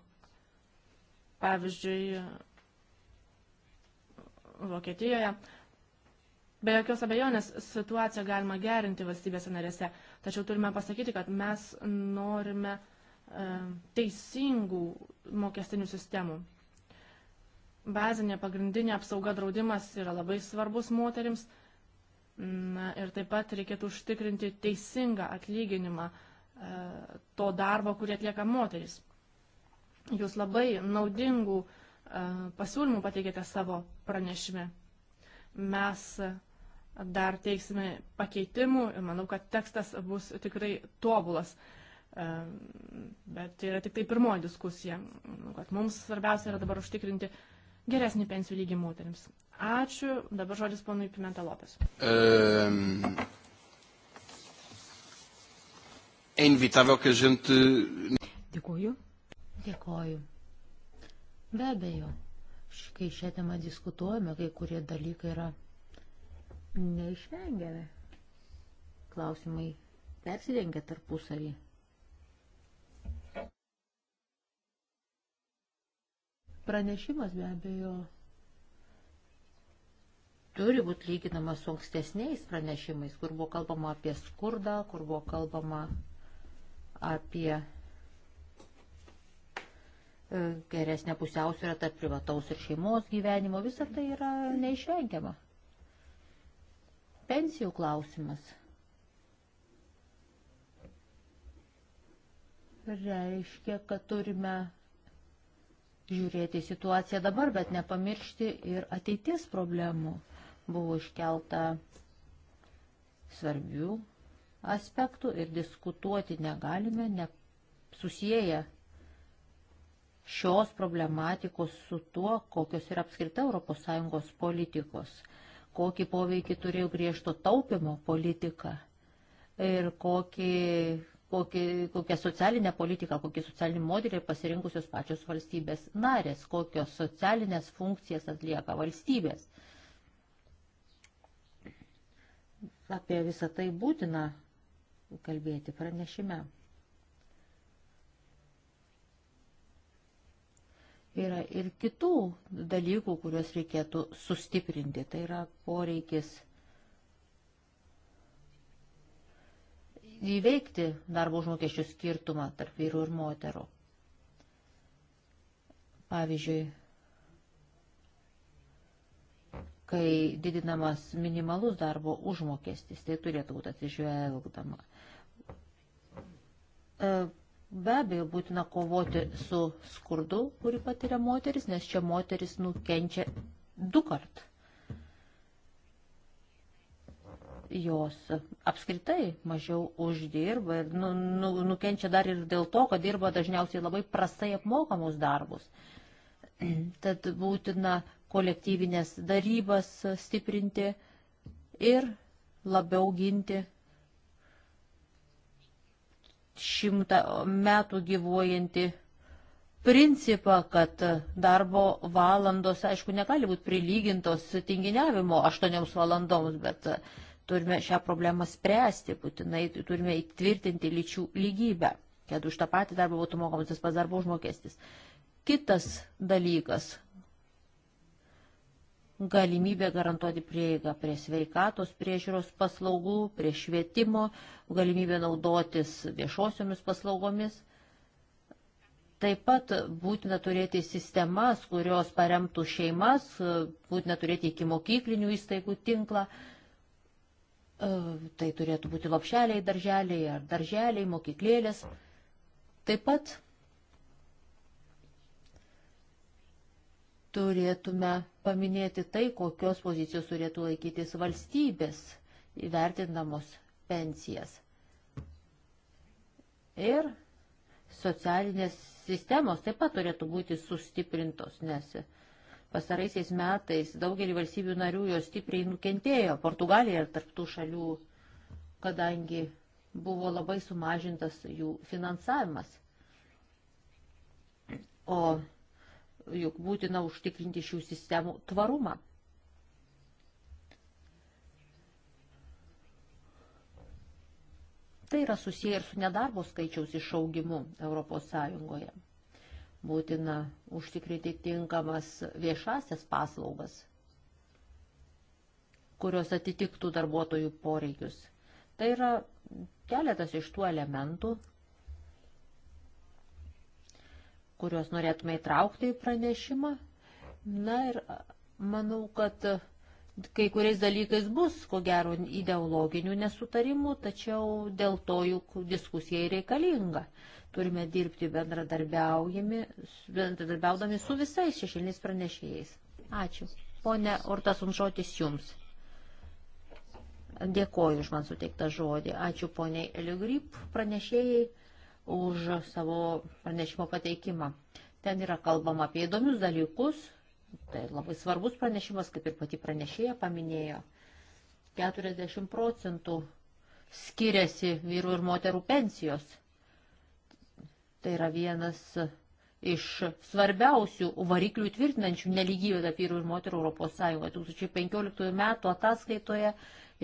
Pavyzdžiui, Vokietijoje. Be jokios abejonės situaciją galima gerinti valstybėse narėse, tačiau turime pasakyti, kad mes norime e, teisingų mokestinių sistemų. Bazinė pagrindinė apsauga draudimas yra labai svarbus moterims na, ir taip pat reikėtų užtikrinti teisingą atlyginimą e, to darbo, kurį atlieka moteris. Jūs labai naudingų e, E, pasiūlymų pateikėte savo pranešime. Mes dar teiksime pakeitimų ir manau, kad tekstas bus tikrai tobulas. E, bet tai yra tik tai pirmoji diskusija, kad mums svarbiausia yra dabar užtikrinti geresnį pensijų lygį moteriams. Ačiū. Dabar žodis ponui Pimenta Lopes. Um, ehm, é inevitável que a gente. Dėkuoju. Dėkuoju. Be abejo, kai šią temą diskutuojame, kai kurie dalykai yra neišvengiami. Klausimai persidengia tarpusavį. Pranešimas be abejo turi būti lyginamas su ankstesniais pranešimais, kur buvo kalbama apie skurdą, kur buvo kalbama apie E, geresnė pusiausvyrą tarp privataus ir šeimos gyvenimo, visa tai yra neišvengiama. Pensijų klausimas. Reiškia, kad turime žiūrėti situaciją dabar, bet nepamiršti ir ateities problemų. Buvo iškelta svarbių aspektų ir diskutuoti negalime, ne, susiję šios problematikos su tuo, kokios yra apskritai ES politikos, kokį poveikį turėjo griežto taupimo politika ir kokį, kokį, kokią socialinę politiką, kokį socialinį modelį pasirinkusios pačios valstybės narės, kokios socialinės funkcijas atlieka valstybės. Apie visą tai būtina kalbėti pranešime. Yra ir kitų dalykų, kuriuos reikėtų sustiprinti. Tai yra poreikis įveikti darbo užmokesčių skirtumą tarp vyrų ir moterų. Pavyzdžiui, kai didinamas minimalus darbo užmokestis, tai turėtų būti atsižvelgdama. E, Be abejo, būtina kovoti su skurdu, kurį patiria moteris, nes čia moteris nukenčia du kart. Jos apskritai mažiau uždirba ir nu, nu, nukenčia dar ir dėl to, kad dirba dažniausiai labai prastai apmokamus darbus. *clears throat* Tad būtina kolektyvinės darybas stiprinti ir labiau ginti šimtą metų gyvuojantį principą, kad darbo valandos, aišku, negali būti prilygintos tinginiavimo aštuonioms valandoms, bet turime šią problemą spręsti, būtinai turime įtvirtinti lyčių lygybę, kad už tą patį darbą būtų mokamas tas pats darbo užmokestis. Kitas dalykas galimybė garantuoti prieigą prie sveikatos priežiūros paslaugų, prie švietimo, galimybė naudotis viešosiomis paslaugomis. Taip pat būtina turėti sistemas, kurios paremtų šeimas, būtina turėti iki mokyklinių įstaigų tinklą. E, tai turėtų būti lopšeliai, darželiai ar darželiai, mokyklėlės. Taip pat turėtume paminėti tai, kokios pozicijos turėtų laikytis valstybės įvertindamos pensijas. Ir socialinės sistemos taip pat turėtų būti sustiprintos, nes pasaraisiais metais daugelį valstybių narių jos stipriai nukentėjo. Portugalija ir tarptų šalių, kadangi buvo labai sumažintas jų finansavimas. O juk būtina užtikrinti šių sistemų tvarumą. Tai yra susiję ir su nedarbo skaičiaus išaugimu ES. Būtina užtikrinti tinkamas viešasias paslaugas, kurios atitiktų darbuotojų poreikius. Tai yra keletas iš tų elementų, kuriuos norėtume įtraukti į pranešimą. Na ir manau, kad kai kuriais dalykais bus, ko gero, ideologinių nesutarimų, tačiau dėl to juk diskusija reikalinga. Turime dirbti bendradarbiaudami su visais šešėliniais pranešėjais. Ačiū. Pone Ortas Unšotis jums. Dėkoju už man suteiktą žodį. Ačiū poniai Eligrip pranešėjai už savo pranešimo pateikimą. Ten yra kalbama apie įdomius dalykus, tai labai svarbus pranešimas, kaip ir pati pranešėja paminėjo. 40 procentų skiriasi vyrų ir moterų pensijos. Tai yra vienas iš svarbiausių variklių tvirtinančių neligybę tarp vyrų ir moterų Europos Sąjungoje. 2015 metų ataskaitoje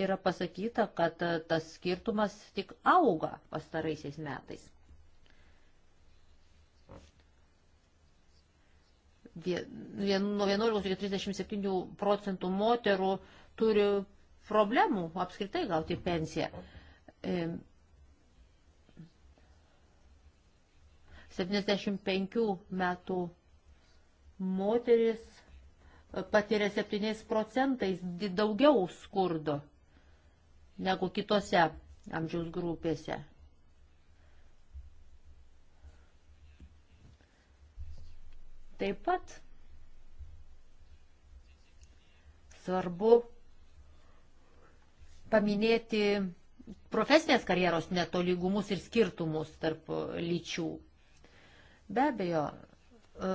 yra pasakyta, kad tas skirtumas tik auga pastaraisiais metais. vien, nuo 11 iki 37 procentų moterų turi problemų apskritai gauti pensiją. 75 metų moteris e, patiria 7 procentais daugiau skurdo negu kitose amžiaus grupėse. Taip pat svarbu paminėti profesinės karjeros netolygumus ir skirtumus tarp lyčių. Be abejo, e,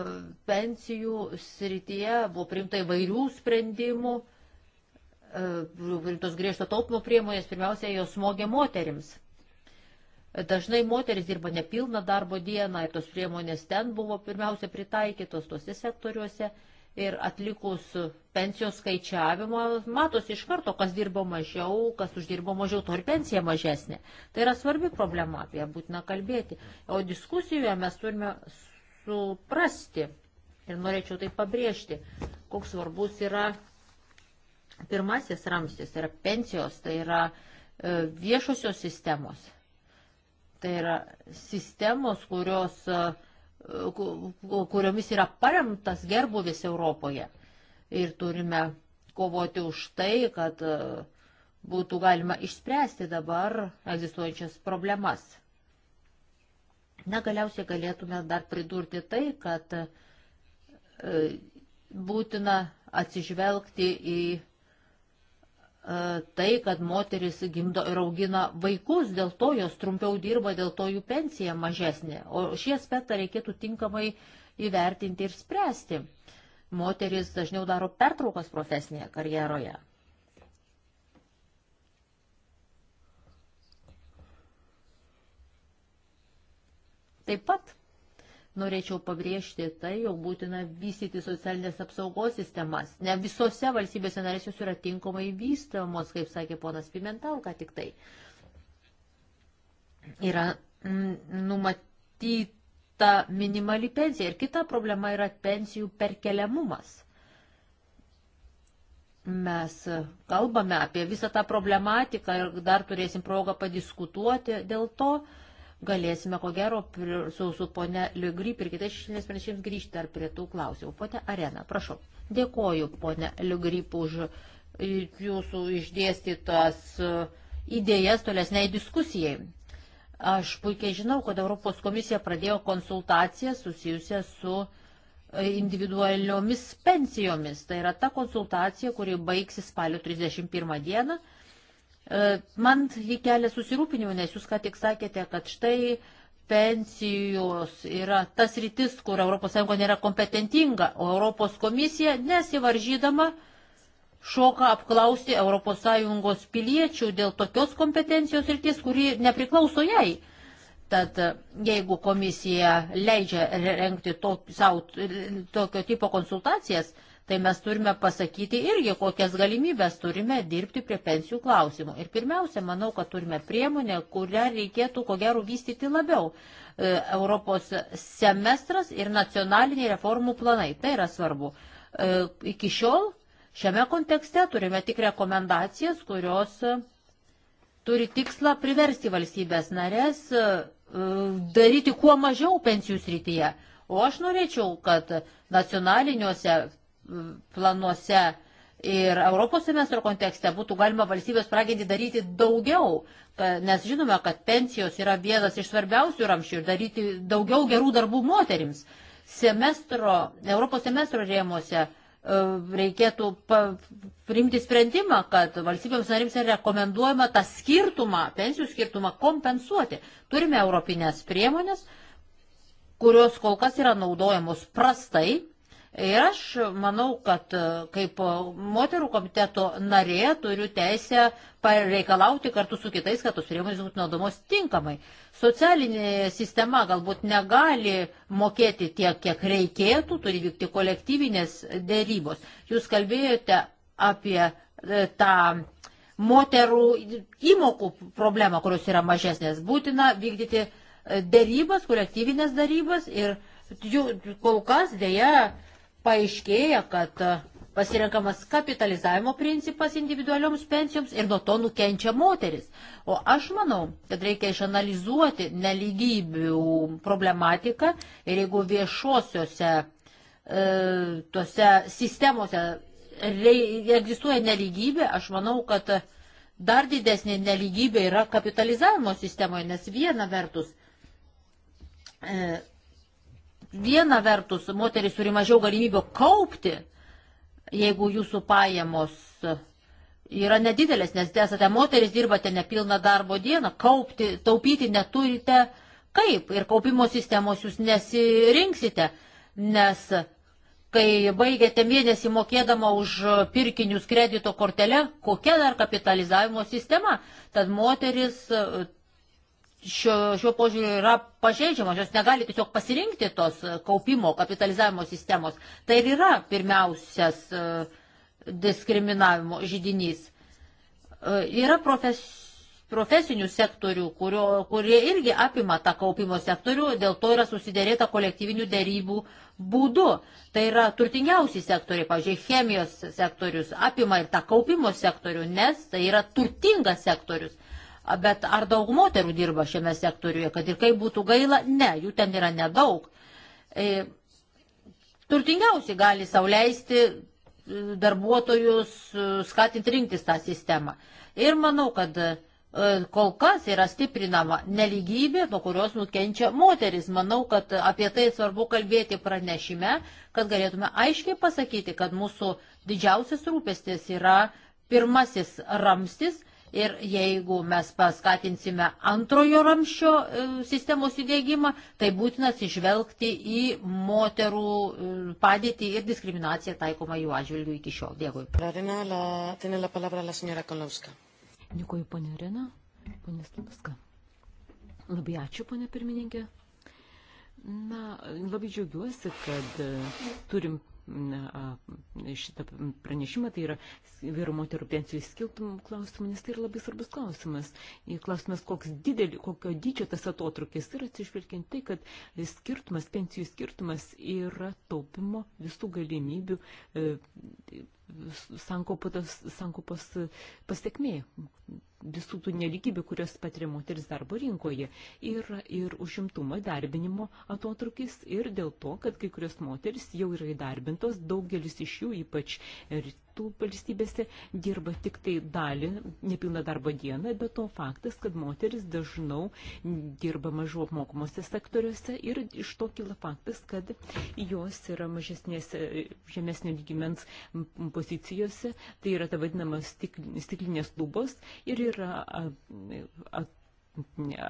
pensijų srityje buvo priimta įvairių sprendimų, e, rimtos griežto taupimo priemonės, pirmiausia, jos smogė moterims. Dažnai moteris dirba nepilną darbo dieną ir tos priemonės ten buvo pirmiausia pritaikytos tuose sektoriuose ir atlikus pensijos skaičiavimą matosi iš karto, kas dirbo mažiau, kas uždirbo mažiau, to ir pensija mažesnė. Tai yra svarbi problema, apie ją būtina kalbėti. O diskusijoje mes turime suprasti ir norėčiau tai pabrėžti, koks svarbus yra pirmasis ramstis, tai yra pensijos, tai yra e, viešosios sistemos Tai yra sistemos, kurios, e, kuriomis yra paremtas gerbuvis Europoje. Ir turime kovoti už tai, kad e, būtų galima išspręsti dabar egzistuojančias problemas. Na, galiausiai galėtume dar pridurti tai, kad e, būtina atsižvelgti į E, tai, kad moteris gimdo ir augina vaikus, dėl to jos trumpiau dirba, dėl to jų pensija mažesnė. O šį aspektą reikėtų tinkamai įvertinti ir spręsti. Moteris dažniau daro pertraukas profesinėje karjeroje. Taip pat norėčiau pabrėžti tai, jog būtina vystyti socialinės apsaugos sistemas. Ne visose valstybėse narės jos yra tinkamai vystamos, kaip sakė ponas Pimental, ką tik tai. Yra mm, numatyta minimali pensija ir kita problema yra pensijų perkeliamumas. Mes kalbame apie visą tą problematiką ir dar turėsim progą padiskutuoti dėl to, uh, galėsime, ko gero, su, su ponia Liugryp ir kitais šešėlės pranešėjams grįžti dar prie tų klausimų. Pone Arena, prašau. Dėkoju, ponia Liugryp, už jūsų išdėstytas e, idėjas tolesniai diskusijai. Aš puikiai žinau, kad Europos komisija pradėjo konsultaciją susijusią su e, individualiomis pensijomis. Tai yra ta konsultacija, kuri baigsi spalio 31 dieną E, man jį kelia susirūpinimų, nes jūs ką tik sakėte, kad štai pensijos yra tas rytis, kur ES nėra kompetentinga, o Europos komisija nesivaržydama šoka apklausti ES piliečių dėl tokios kompetencijos rytis, kuri nepriklauso jai. Tad e, jeigu komisija leidžia renkti to, savo, tokio tipo konsultacijas, tai mes turime pasakyti irgi, kokias galimybės turime dirbti prie pensijų klausimų. Ir pirmiausia, manau, kad turime priemonę, kurią reikėtų ko gero vystyti labiau. E, Europos semestras ir nacionaliniai reformų planai. Tai yra svarbu. E, iki šiol šiame kontekste turime tik rekomendacijas, kurios e, turi tikslą priversti valstybės narės e, daryti kuo mažiau pensijų srityje. O aš norėčiau, kad nacionaliniuose planuose ir Europos semestro kontekste būtų galima valstybės praginti daryti daugiau, nes žinome, kad pensijos yra vienas iš svarbiausių ramščių ir daryti daugiau gerų darbų moterims. Semestro, Europos semestro rėmose e, reikėtų priimti sprendimą, kad valstybėms narims rekomenduojama tą skirtumą, pensijų skirtumą kompensuoti. Turime europinės priemonės, kurios kol kas yra naudojamos prastai Ir aš manau, kad e, kaip moterų komiteto narė turiu teisę pareikalauti kartu su kitais, kad tos priemonės būtų naudomos tinkamai. Socialinė sistema galbūt negali mokėti tiek, kiek reikėtų, turi vykti kolektyvinės dėrybos. Jūs kalbėjote apie e, tą moterų įmokų problemą, kurios yra mažesnės. Būtina vykdyti e, dėrybas, kolektyvinės dėrybas ir kol kas dėja paaiškėja, kad e, pasirenkamas kapitalizavimo principas individualioms pensijoms ir nuo to nukenčia moteris. O aš manau, kad reikia išanalizuoti neligybių problematiką ir jeigu viešosiuose e, tose sistemose rei, egzistuoja neligybė, aš manau, kad dar didesnė neligybė yra kapitalizavimo sistemoje, nes viena vertus e, viena vertus moteris turi mažiau galimybių kaupti, jeigu jūsų pajamos yra nedidelės, nes esate moteris, dirbate nepilną darbo dieną, kaupti, taupyti neturite kaip ir kaupimo sistemos jūs nesirinksite, nes kai baigėte mėnesį mokėdama už pirkinius kredito kortelę, kokia dar kapitalizavimo sistema, tad moteris šio, šio požiūriu yra pažeidžiamos, jos negali tiesiog pasirinkti tos e, kaupimo, kapitalizavimo sistemos. Tai ir yra pirmiausias e, diskriminavimo žydinys. E, yra profes, profesinių sektorių, kurio, kurie irgi apima tą kaupimo sektorių, dėl to yra susidėrėta kolektyvinių dėrybų būdu. Tai yra turtingiausi sektoriai, pavyzdžiui, chemijos sektorius apima ir tą kaupimo sektorių, nes tai yra turtingas sektorius Bet ar daug moterų dirba šiame sektoriuje, kad ir kaip būtų gaila, ne, jų ten yra nedaug. E, turtingiausi gali sauliaisti e, darbuotojus, e, skatinti rinktis tą sistemą. Ir manau, kad e, kol kas yra stiprinama neligybė, nuo kurios nukenčia moteris. Manau, kad apie tai svarbu kalbėti pranešime, kad galėtume aiškiai pasakyti, kad mūsų didžiausias rūpestis yra pirmasis ramstis, Ir jeigu mes paskatinsime antrojo ramščio e, sistemos įdėgymą, tai būtinas išvelgti į moterų e, padėtį ir diskriminaciją taikomą jų atžvilgių iki šiol. Dėkui. Dėkui, ponė Rena. Ponė Slavska. Labai ačiū, ponė pirmininkė. Na, labai džiaugiuosi, kad e, turim šitą pranešimą, tai yra vyru moterų pensijų skiltumų klausimų, nes tai yra labai svarbus klausimas. Klausimas, koks didelį, kokio dydžio tas atotrukis yra atsižvelgiant tai, kad skirtumas, pensijų skirtumas yra taupimo visų galimybių e, sankopos pasiekmė visų tų neligybių, kurios patiria moteris darbo rinkoje. Ir, ir užimtumo darbinimo atotrukis ir dėl to, kad kai kurios moteris jau yra įdarbintos, daugelis iš jų, ypač pietų valstybėse dirba tik tai dalį, nepilną darbo dieną, bet to faktas, kad moteris dažnau dirba mažu apmokomose sektoriuose ir iš to kila faktas, kad jos yra mažesnės, e, žemesnio lygimens pozicijose, tai yra ta vadinama stiklinės lubos ir yra at,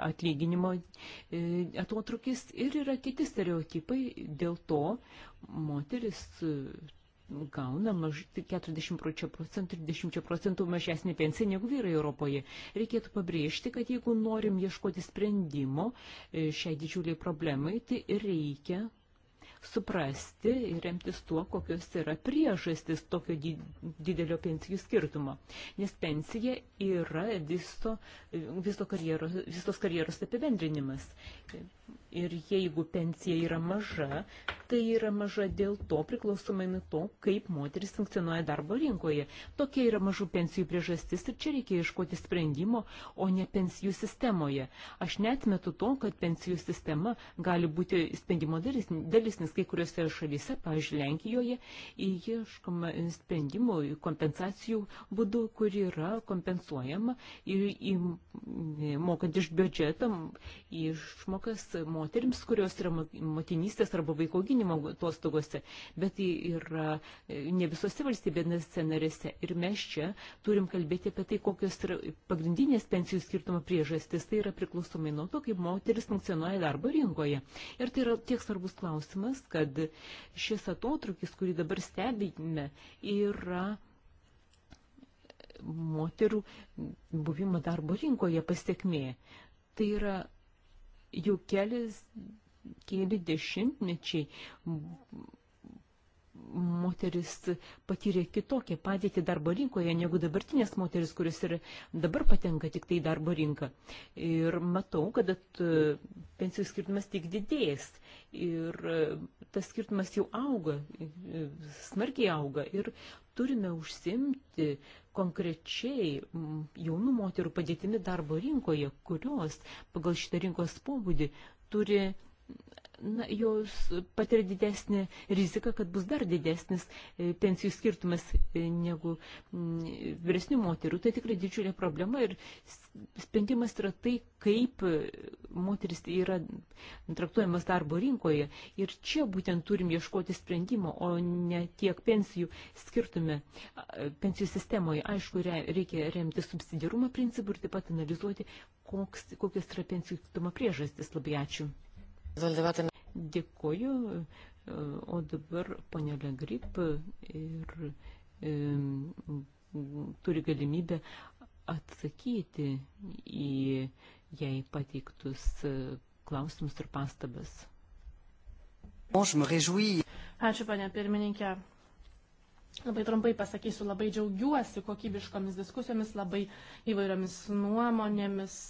atlyginimo e, atotrukis ir yra kiti stereotipai, dėl to moteris gauna maž, 40 procentų, 30 procentų mažesnį pensiją negu vyrai Europoje. Reikėtų pabrėžti, kad jeigu norim ieškoti sprendimo e, šiai didžiuliai problemai, tai reikia suprasti ir remtis tuo, kokios yra priežastis tokio didelio pensijų skirtumo. Nes pensija yra viso, e, viso karjeros, visos karjeros apibendrinimas. Ir jeigu pensija yra maža, tai yra maža dėl to priklausomai nuo to, kaip moteris funkcionuoja darbo rinkoje. Tokia yra mažų pensijų priežastis ir čia reikia ieškoti sprendimo, o ne pensijų sistemoje. Aš netmetu to, kad pensijų sistema gali būti sprendimo dalis, dalis nes kai kuriuose šalyse, pavyzdžiui, Lenkijoje, ieškoma sprendimų kompensacijų būdu, kur yra kompensuojama ir, ir mokant iš biudžeto išmokas moterims, kurios yra motinystės arba vaiko gynimo atostogose, bet tai yra e, ne visose valstybėse narėse. Ir mes čia turim kalbėti apie tai, kokios yra pagrindinės pensijų skirtumo priežastis. Tai yra priklausomai nuo to, kaip moteris funkcionuoja darbo rinkoje. Ir tai yra tiek svarbus klausimas, kad šis atotrukis, kurį dabar stebime, yra moterų buvimo darbo rinkoje pasiekmė. Tai yra jau kelias, keli dešimtmečiai moteris patyrė kitokią padėtį darbo rinkoje negu dabartinės moteris, kuris ir dabar patenka tik tai darbo rinką. Ir matau, kad pensijų skirtumas tik didės. Ir tas skirtumas jau auga, smarkiai auga. Ir turime užsimti konkrečiai jaunų moterų padėtimi darbo rinkoje, kurios pagal šitą rinkos pobūdį turi na, jos patiria didesnį riziką, kad bus dar didesnis e, pensijų skirtumas e, negu vyresnių moterų. Tai tikrai didžiulė problema ir sprendimas yra tai, kaip e, moteris yra traktuojamas darbo rinkoje. Ir čia būtent turim ieškoti sprendimo, o ne tiek pensijų skirtume pensijų sistemoje. Aišku, reikia remti subsidiarumo principų ir taip pat analizuoti, koks, kokios yra pensijų skirtumo priežastis. Labai ačiū. Dėkuoju, o dabar ponė Legrip ir e, turi galimybę atsakyti į jai pateiktus klausimus ir pastabas. Ačiū, ponė pirmininkė. Labai trumpai pasakysiu, labai džiaugiuosi kokybiškomis diskusijomis, labai įvairiomis nuomonėmis,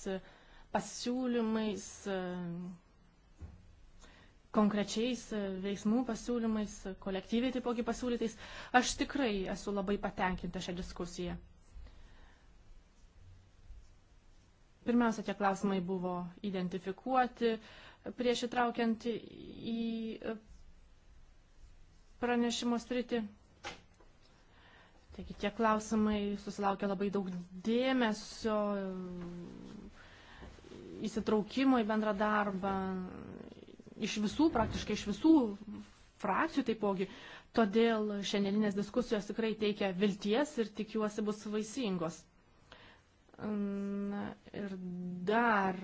pasiūlymais, konkrečiais e, veiksmų pasiūlymais, e, kolektyviai taipogi pasiūlytais, aš tikrai esu labai patenkinta šią diskusiją. Pirmiausia, tie klausimai buvo identifikuoti prieš įtraukiant į e, pranešimo sritį. Taigi tie klausimai susilaukia labai daug dėmesio, įsitraukimo į bendrą darbą, iš visų, praktiškai iš visų frakcijų taipogi. Todėl šiandieninės diskusijos tikrai teikia vilties ir tikiuosi bus vaisingos. Na, ir dar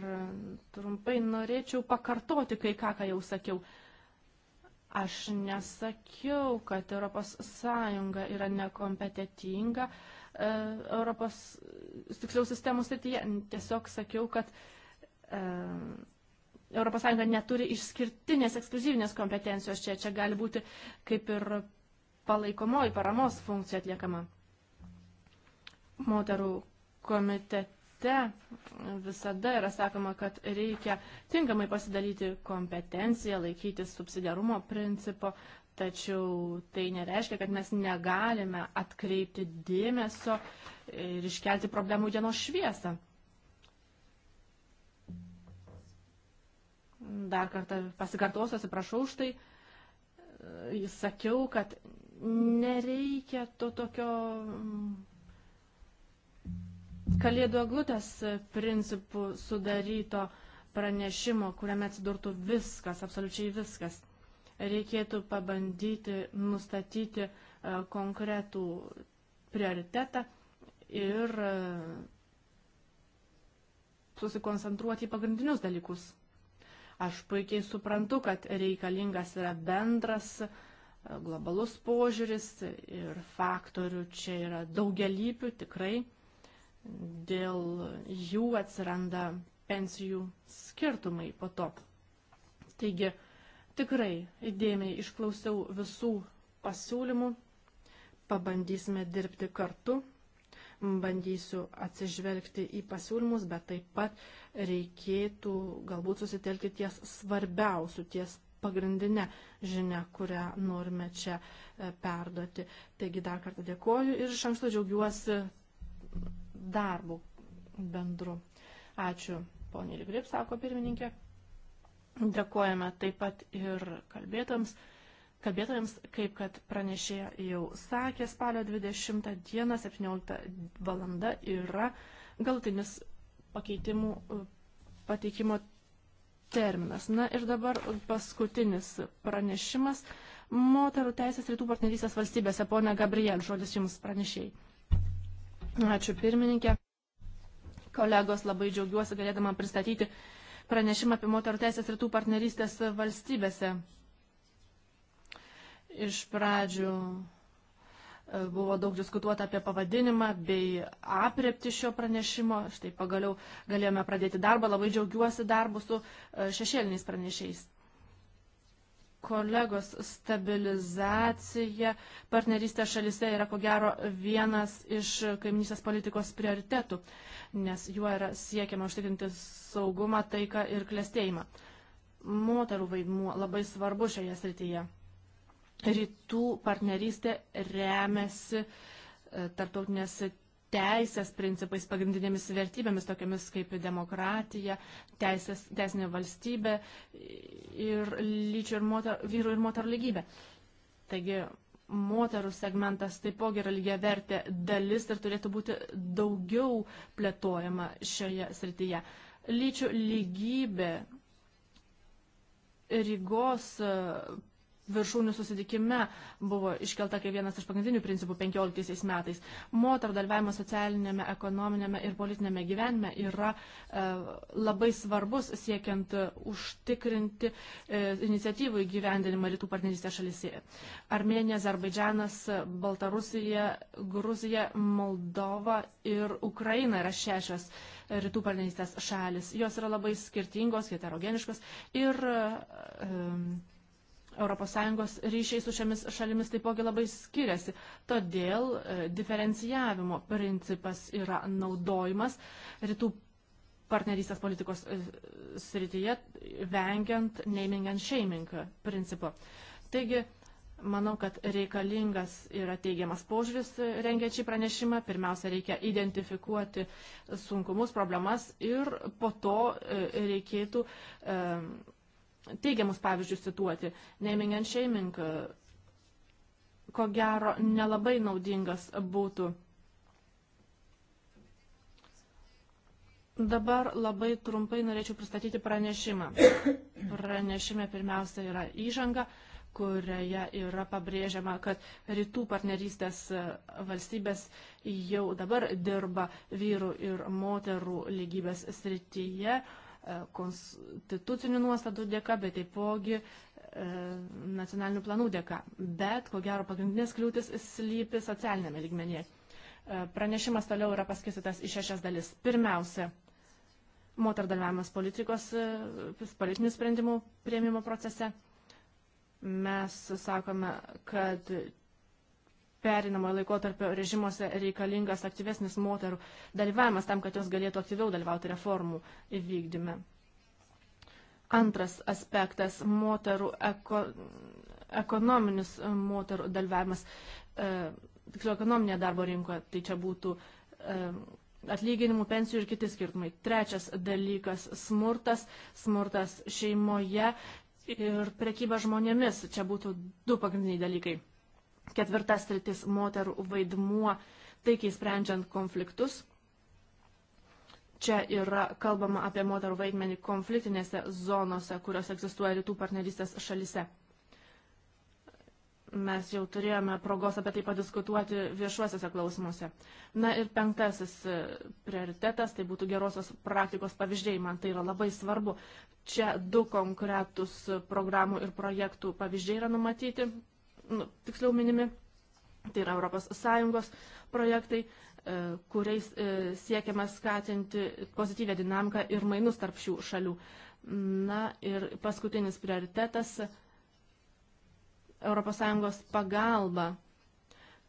trumpai norėčiau pakartoti kai ką, ką jau sakiau. Aš nesakiau, kad ES yra nekompetitinga e, Europos tiksliau sistemų srityje. Tiesiog sakiau, kad e, ES neturi išskirtinės ekskluzyvinės kompetencijos čia, čia gali būti kaip ir palaikomoji paramos funkcija atliekama. Moterų komitete visada yra sakoma, kad reikia tinkamai pasidalyti kompetenciją, laikytis subsidiarumo principo, tačiau tai nereiškia, kad mes negalime atkreipti dėmesio ir iškelti problemų dienos šviesą. dar kartą pasikartosiu, atsiprašau už tai, e, sakiau, kad nereikia to tokio mm, kalėdų aglutės principų sudaryto pranešimo, kuriame atsidurtų viskas, absoliučiai viskas. Reikėtų pabandyti nustatyti e, konkretų prioritetą ir e, susikoncentruoti į pagrindinius dalykus. Aš puikiai suprantu, kad reikalingas yra bendras e, globalus požiūris ir faktorių čia yra daugelypių tikrai. Dėl jų atsiranda pensijų skirtumai po to. Taigi, tikrai įdėmiai išklausiau visų pasiūlymų, pabandysime dirbti kartu bandysiu atsižvelgti į pasiūlymus, bet taip pat reikėtų galbūt susitelkti ties svarbiausių, ties pagrindinę žinę, kurią norime čia e, perduoti. Taigi dar kartą dėkoju ir iš anksto džiaugiuosi darbu bendru. Ačiū, ponė Ligrip, sako pirmininkė. Dėkojame taip pat ir kalbėtams kalbėtojams, kaip kad pranešėja jau sakė, spalio 20 dieną 17 valanda yra galtinis pakeitimų e, pateikimo terminas. Na ir dabar paskutinis pranešimas. Moterų teisės rytų partnerystės valstybėse. Pone Gabriel, žodis jums pranešėjai. Ačiū pirmininkė. Kolegos, labai džiaugiuosi galėdama pristatyti pranešimą apie moterų teisės rytų partnerystės valstybėse. Iš pradžių e, buvo daug diskutuota apie pavadinimą bei apriepti šio pranešimo. Štai pagaliau galėjome pradėti darbą. Labai džiaugiuosi darbu su e, šešėliniais pranešiais. Kolegos, stabilizacija partnerystė šalise yra ko gero vienas iš kaiminysės politikos prioritetų, nes juo yra siekiama užtikrinti saugumą, taiką ir klėstėjimą. Moterų vaidmuo labai svarbu šioje srityje rytų partnerystė remiasi e, tarptautinės teisės principais, pagrindinėmis vertybėmis, tokiamis kaip demokratija, teisės, teisinė valstybė ir lyčių ir moter, vyrų ir moterų lygybė. Taigi moterų segmentas taipogi yra lygia vertė dalis ir turėtų būti daugiau plėtojama šioje srityje. Lyčių lygybė Rygos e, viršūnių susitikime buvo iškelta kaip vienas iš pagrindinių principų 15 metais. Moterų dalyvavimas socialinėme, ekonominėme ir politinėme gyvenime yra e, labai svarbus siekiant užtikrinti e, iniciatyvų įgyvendinimą rytų partnerystės šalyse. Armenija, Azerbaidžianas, Baltarusija, Gruzija, Moldova ir Ukraina yra šešios rytų partnerystės šalis. Jos yra labai skirtingos, heterogeniškos ir e, ES ryšiai su šiomis šalimis taipogi labai skiriasi. Todėl e, diferencijavimo principas yra naudojimas rytų partnerystės politikos e, srityje, vengiant naming and shaming principo. Taigi, manau, kad reikalingas yra teigiamas požiūris e, rengiant šį pranešimą. Pirmiausia, reikia identifikuoti sunkumus, problemas ir po to reikėtų teigiamus pavyzdžius cituoti. Naming and shaming, ko gero, nelabai naudingas būtų. Dabar labai trumpai norėčiau pristatyti pranešimą. Pranešime pirmiausia yra įžanga, kurioje yra pabrėžiama, kad rytų partnerystės valstybės jau dabar dirba vyrų ir moterų lygybės srityje. Uh, E, konstitucinių nuostatų dėka, bet taipogi e, nacionalinių planų dėka. Bet, ko gero, pagrindinės kliūtis slypi socialinėme lygmenyje. E, pranešimas toliau yra paskirstytas į šešias dalis. Pirmiausia, moterų dalyvavimas politikos, politinių sprendimų prieimimo procese. Mes sakome, kad perinamojo laikotarpio režimuose reikalingas aktyvesnis moterų dalyvavimas tam, kad jos galėtų aktyviau dalyvauti reformų įvykdyme. Antras aspektas - moterų eko, ekonominis moterų dalyvavimas, e, tiksliau ekonominė darbo rinkoje, tai čia būtų e, atlyginimų, pensijų ir kiti skirtumai. Trečias dalykas - smurtas, smurtas šeimoje ir prekyba žmonėmis. Čia būtų du pagrindiniai dalykai. Ketvirtas rytis - moterų vaidmuo taikiai sprendžiant konfliktus. Čia yra kalbama apie moterų vaidmenį konfliktinėse zonose, kurios egzistuoja rytų partnerystės šalise. Mes jau turėjome progos apie tai padiskutuoti viešuosiuose klausimuose. Na ir penktasis e, prioritetas, tai būtų gerosios praktikos pavyzdžiai, man tai yra labai svarbu. Čia du konkretus programų ir projektų pavyzdžiai yra numatyti, nu, tiksliau minimi, tai yra ES projektai, e, kuriais e, siekiama skatinti pozityvę dinamiką ir mainus tarp šių šalių. Na ir paskutinis prioritetas - ES pagalba,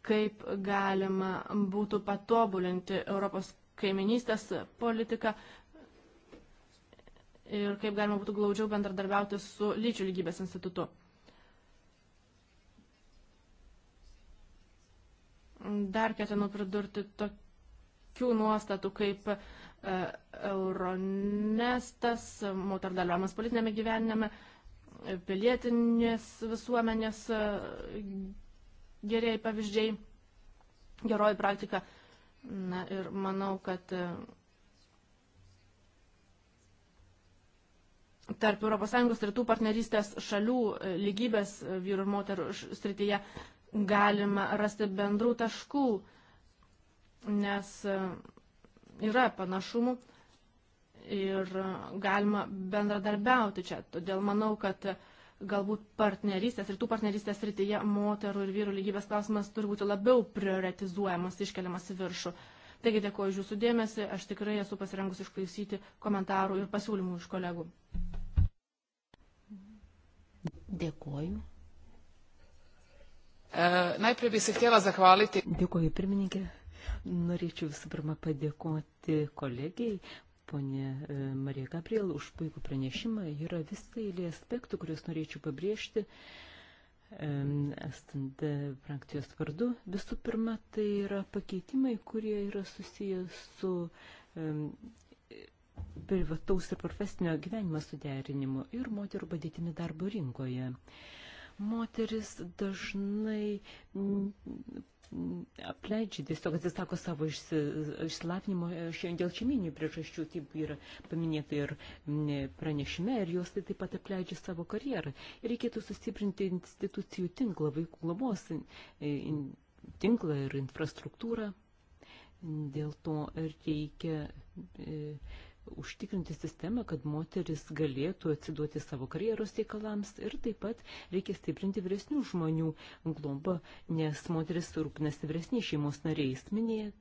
kaip galima būtų patobulinti Europos kaiminystės politiką ir kaip galima būtų glaudžiau bendradarbiauti su lyčių lygybės institutu. Dar ketinu pridurti tokių nuostatų kaip e, Euronestas, moter dalyvavimas politinėme gyvenime, pilietinės visuomenės e, geriai pavyzdžiai, geroji praktika. Na ir manau, kad e, tarp ES ir tų partnerystės šalių lygybės vyrų ir moterų srityje galima rasti bendrų taškų, nes e, yra panašumų ir galima bendradarbiauti čia. Todėl manau, kad galbūt partnerystės ir tų partnerystės rytyje moterų ir vyrų lygybės klausimas turi būti labiau prioritizuojamas, iškeliamas į viršų. Taigi dėkuoju iš jūsų dėmesį, aš tikrai esu pasirengus išklausyti komentarų ir pasiūlymų iš kolegų. Dėkuoju. E, najprej bi se htjela zahvaliti. Dėkuoju pirmininkė. Norėčiau visų pirma padėkoti kolegijai, ponė e, Marija Gabriel, už puikų pranešimą. Yra visa eilė aspektų, kuriuos norėčiau pabrėžti. Estant frakcijos vardu, visų pirma, tai yra pakeitimai, kurie yra susiję su e, privataus ir profesinio gyvenimo suderinimu ir moterų padėtimi darbo rinkoje. Um, moteris dažnai apleidžia, tiesiog atsisako savo išsilavinimo e, dėl šeiminių priežasčių, taip yra paminėta ir pranešime, ir jos tai taip pat apleidžia savo karjerą. Ir reikėtų sustiprinti institucijų tinklą, vaikų globos e, tinklą ir infrastruktūrą. Dėl to reikia e, užtikrinti sistemą, kad moteris galėtų atsiduoti savo karjeros reikalams ir taip pat reikia stiprinti vyresnių žmonių globą, nes moteris rūpinasi vyresniais šeimos nariais, minėjo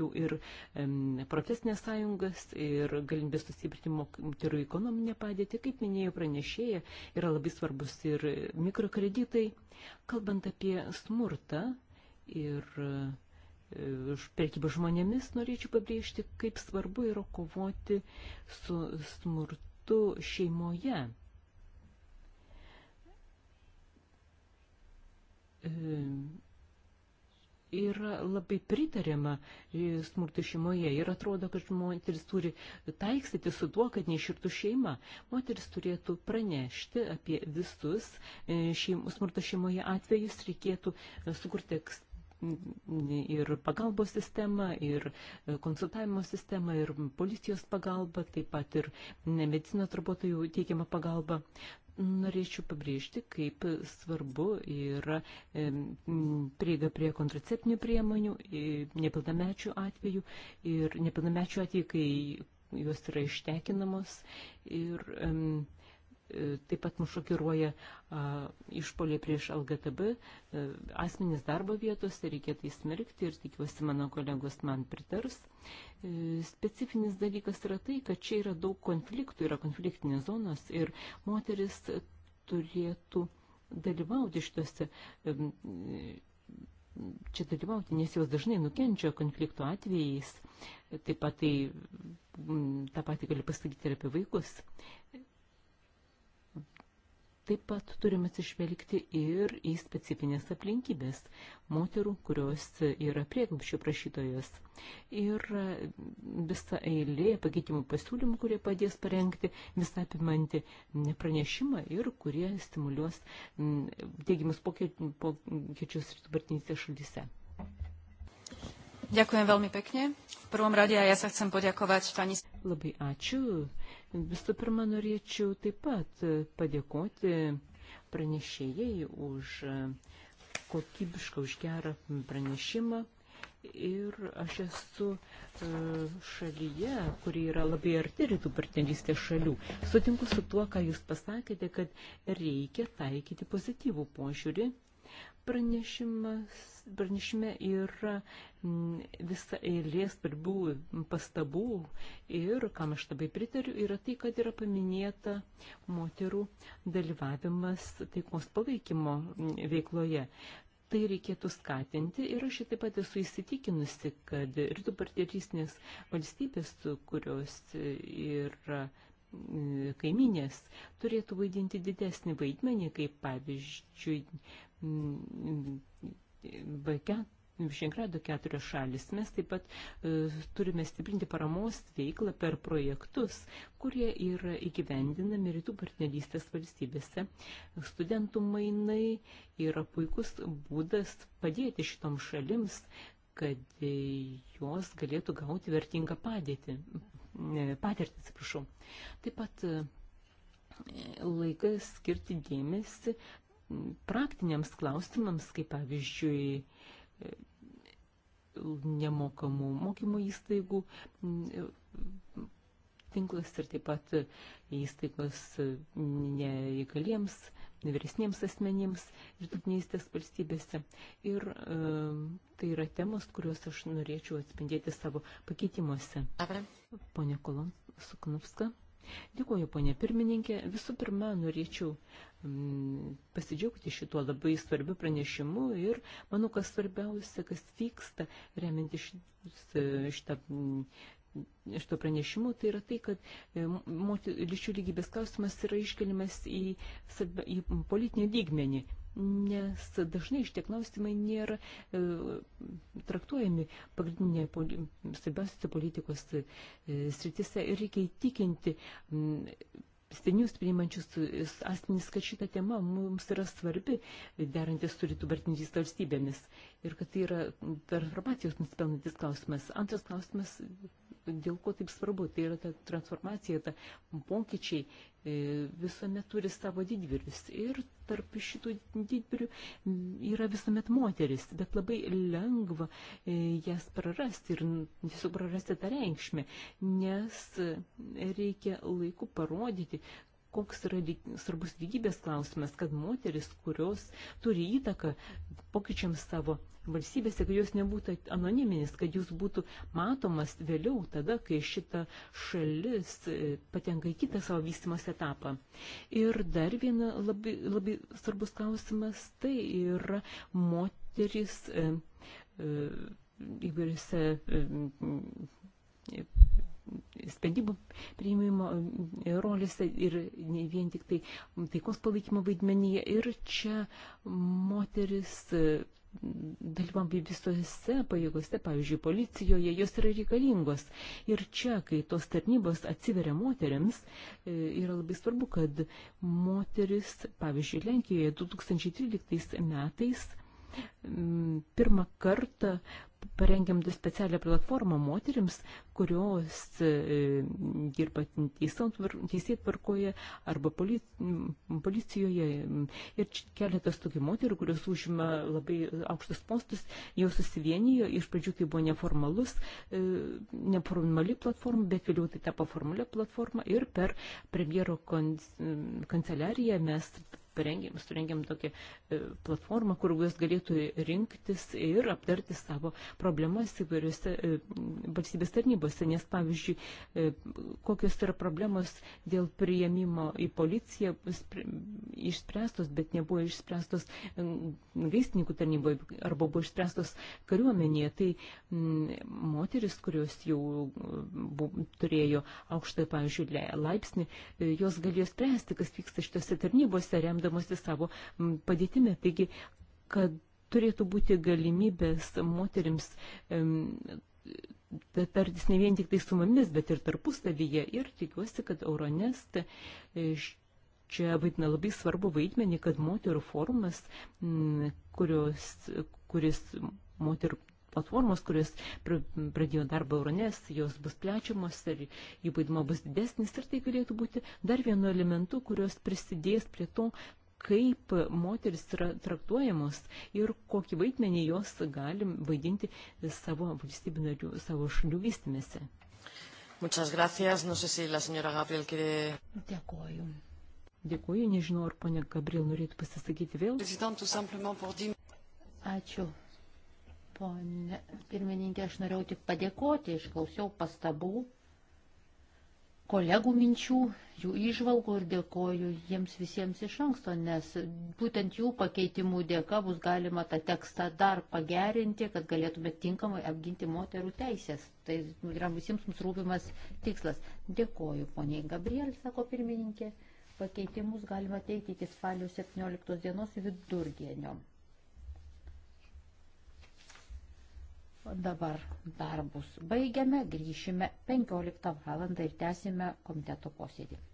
jau ir em, profesinės sąjungas ir galimybė sustiprinti moterų ekonominę padėtį, kaip minėjo pranešėja, yra labai svarbus ir mikrokreditai. Kalbant apie smurtą ir prekybą žmonėmis, norėčiau pabrėžti, kaip svarbu yra kovoti su smurtu šeimoje. E, yra labai pritariama e, smurtų šeimoje ir atrodo, kad moteris turi taikstyti su tuo, kad neiširtų šeima. Moteris turėtų pranešti apie visus e, šeim, smurto šeimoje atvejus, reikėtų sukurti eksperimentą ir pagalbos sistemą, ir e, konsultavimo sistemą, ir policijos pagalbą, taip pat ir medicinos darbuotojų teikiamą pagalbą. Norėčiau pabrėžti, kaip svarbu yra e, prieiga prie kontraceptinių priemonių, e, nepilnamečių atveju ir nepilnamečių atveju, kai juos yra ištekinamos ir um, Taip pat mus šokiruoja išpoliai prieš LGTB e, asmenys darbo vietose, reikia tai smerkti ir tikiuosi mano kolegos man pritars. E, specifinis dalykas yra tai, kad čia yra daug konfliktų, yra konfliktinės zonos ir moteris turėtų dalyvauti šitose čia dalyvauti, nes jos dažnai nukenčia konflikto atvejais. Taip pat tai, tą patį gali pasakyti ir apie vaikus. Taip pat turime atsižvelgti ir į specifinės aplinkybės moterų, kurios yra prieglupščių prašytojos. Ir visa eilė pakeitimų pasiūlymų, kurie padės parengti visą apimantį pranešimą ir kurie stimuliuos mm, teigiamus pokyčius ir dabartinėse šalyse. Ďakujem veľmi pekne. V prvom rade ja sa chcem poďakovať pani... Labai ačiū. Visų pirma, norėčiau taip pat e, padėkoti pranešėjai už e, kokybišką, už gerą pranešimą. Ir aš esu e, šalyje, kuri yra labai arti rytų partnerystės šalių. Sutinku su tuo, ką jūs pasakėte, kad reikia taikyti pozityvų požiūrį pranešime yra mm, visa eilė svarbių pastabų ir, kam aš labai pritariu, yra tai, kad yra paminėta moterų dalyvavimas taikos palaikymo mm, veikloje. Tai reikėtų skatinti ir aš taip pat esu įsitikinusi, kad rytų partnerysnės valstybės, kurios yra mm, kaiminės turėtų vaidinti didesnį vaidmenį, kaip pavyzdžiui V4, Višingrado keturios šalis. Mes taip pat uh, turime stiprinti paramos veiklą per projektus, kurie yra įgyvendinami rytų partnerystės valstybėse. Studentų mainai yra puikus būdas padėti šitom šalims, kad e, jos galėtų gauti vertingą padėtį, e, patirtį, atsiprašau. Taip pat laikas skirti dėmesį praktiniams klausimams, kaip pavyzdžiui, nemokamų mokymo įstaigų tinklas ir taip pat įstaigos neįgaliems, vyresniems asmenims ždugnystės valstybėse. Ir e, tai yra temos, kuriuos aš norėčiau atspindėti savo pakeitimuose. Pone Kolon Suknupska. Dėkuoju, ponė pirmininkė. Visų pirma, norėčiau mm, pasidžiaugti šituo labai svarbiu pranešimu ir manau, kas svarbiausia, kas vyksta remianti šitą iš mm, to pranešimų, tai yra tai, kad e, lyčių lygybės klausimas yra iškeliamas į, į politinį lygmenį nes dažnai šitie klausimai nėra e, traktuojami pagrindinė poli, svarbiausiose politikos e, sritise ir reikia įtikinti m, mm, senius priimančius asmenys, kad šita tema mums yra svarbi, derantis su rytų partnerystės valstybėmis ir kad tai yra transformacijos nusipelnantis klausimas. Antras klausimas, dėl ko taip svarbu, tai yra ta transformacija, ta pokyčiai e, visuomet turi savo didvyrius. Ir tarp šitų didvyrių yra visuomet moteris, bet labai lengva e, jas prarasti ir tiesiog prarasti tą reikšmę, nes reikia laiku parodyti, koks yra svarbus lygybės klausimas, kad moteris, kurios turi įtaką pokyčiams savo valstybėse, kad jos nebūtų anoniminis, kad jūs būtų matomas vėliau tada, kai šita šalis e, patenka į kitą savo vystimos etapą. Ir dar viena labai, labai svarbus klausimas, tai yra moteris e, e, įvairiose sprendimų priimimo e, rolėse ir ne vien tik tai taikos palaikymo vaidmenyje. Ir čia moteris e, dalyvauja visose pajėgose, pavyzdžiui, policijoje, jos yra reikalingos. Ir čia, kai tos tarnybos atsiveria moteriams, e, yra labai svarbu, kad moteris, pavyzdžiui, Lenkijoje 2013 metais pirmą kartą parengėm specialią platformą moteriams, kurios e, dirba teisėjai tvarkoje arba policijoje. Ir keletas tokių moterų, kurios užima labai aukštus postus, jau susivienijo. Iš pradžių tai buvo neformalus, e, neformali platforma, bet vėliau tai tapo formalią platformą ir per premjero kanceliariją mes parengėm, surengėm tokią e, platformą, kur jūs galėtų rinktis ir aptarti savo problemas įvairiose e, valstybės tarnybose, nes pavyzdžiui, e, kokios yra problemos dėl priėmimo į policiją išspręstos, bet nebuvo išspręstos gaisininkų tarnyboje arba buvo išspręstos kariuomenėje. Tai moteris, kurios jau turėjo aukštąją, pavyzdžiui, laipsnį, jos galėjo spręsti, kas vyksta šitose tarnybose, remdami remdamasi savo padėtimi. Taigi, kad turėtų būti galimybės moterims tartis ne vien tik tai su mumis, bet ir tarpusavyje. Ir tikiuosi, kad Euronest e, čia vaidina labai svarbu vaidmenį, kad moterų forumas, kurios, kuris moterų platformos, kurios pradėjo darbą Euronės, jos bus plečiamos ir jų vaidmo bus didesnis ir tai galėtų būti dar vienu elementu, kurios prisidės prie to, kaip moteris yra traktuojamos ir kokį vaidmenį jos galim vaidinti savo valstybių narių, savo šalių vystimėse. Muchas gracias. No sé si la señora Gabriel quiere. Dėkoju. Dėkoju, nežinau, ar ponia Gabriel norėtų pasisakyti vėl. Ačiū, Pone pirmininkė, aš norėjau tik padėkoti, išklausiau pastabų, kolegų minčių, jų išvalgų ir dėkoju jiems visiems iš anksto, nes būtent jų pakeitimų dėka bus galima tą tekstą dar pagerinti, kad galėtume tinkamai apginti moterų teisės. Tai yra visiems mums rūpimas tikslas. Dėkoju, poniai Gabriel, sako pirmininkė. Pakeitimus galima teikti iki spalio 17 dienos vidurdienio. Dabar darbus baigiame, grįšime 15 val. ir tęsime komiteto posėdį.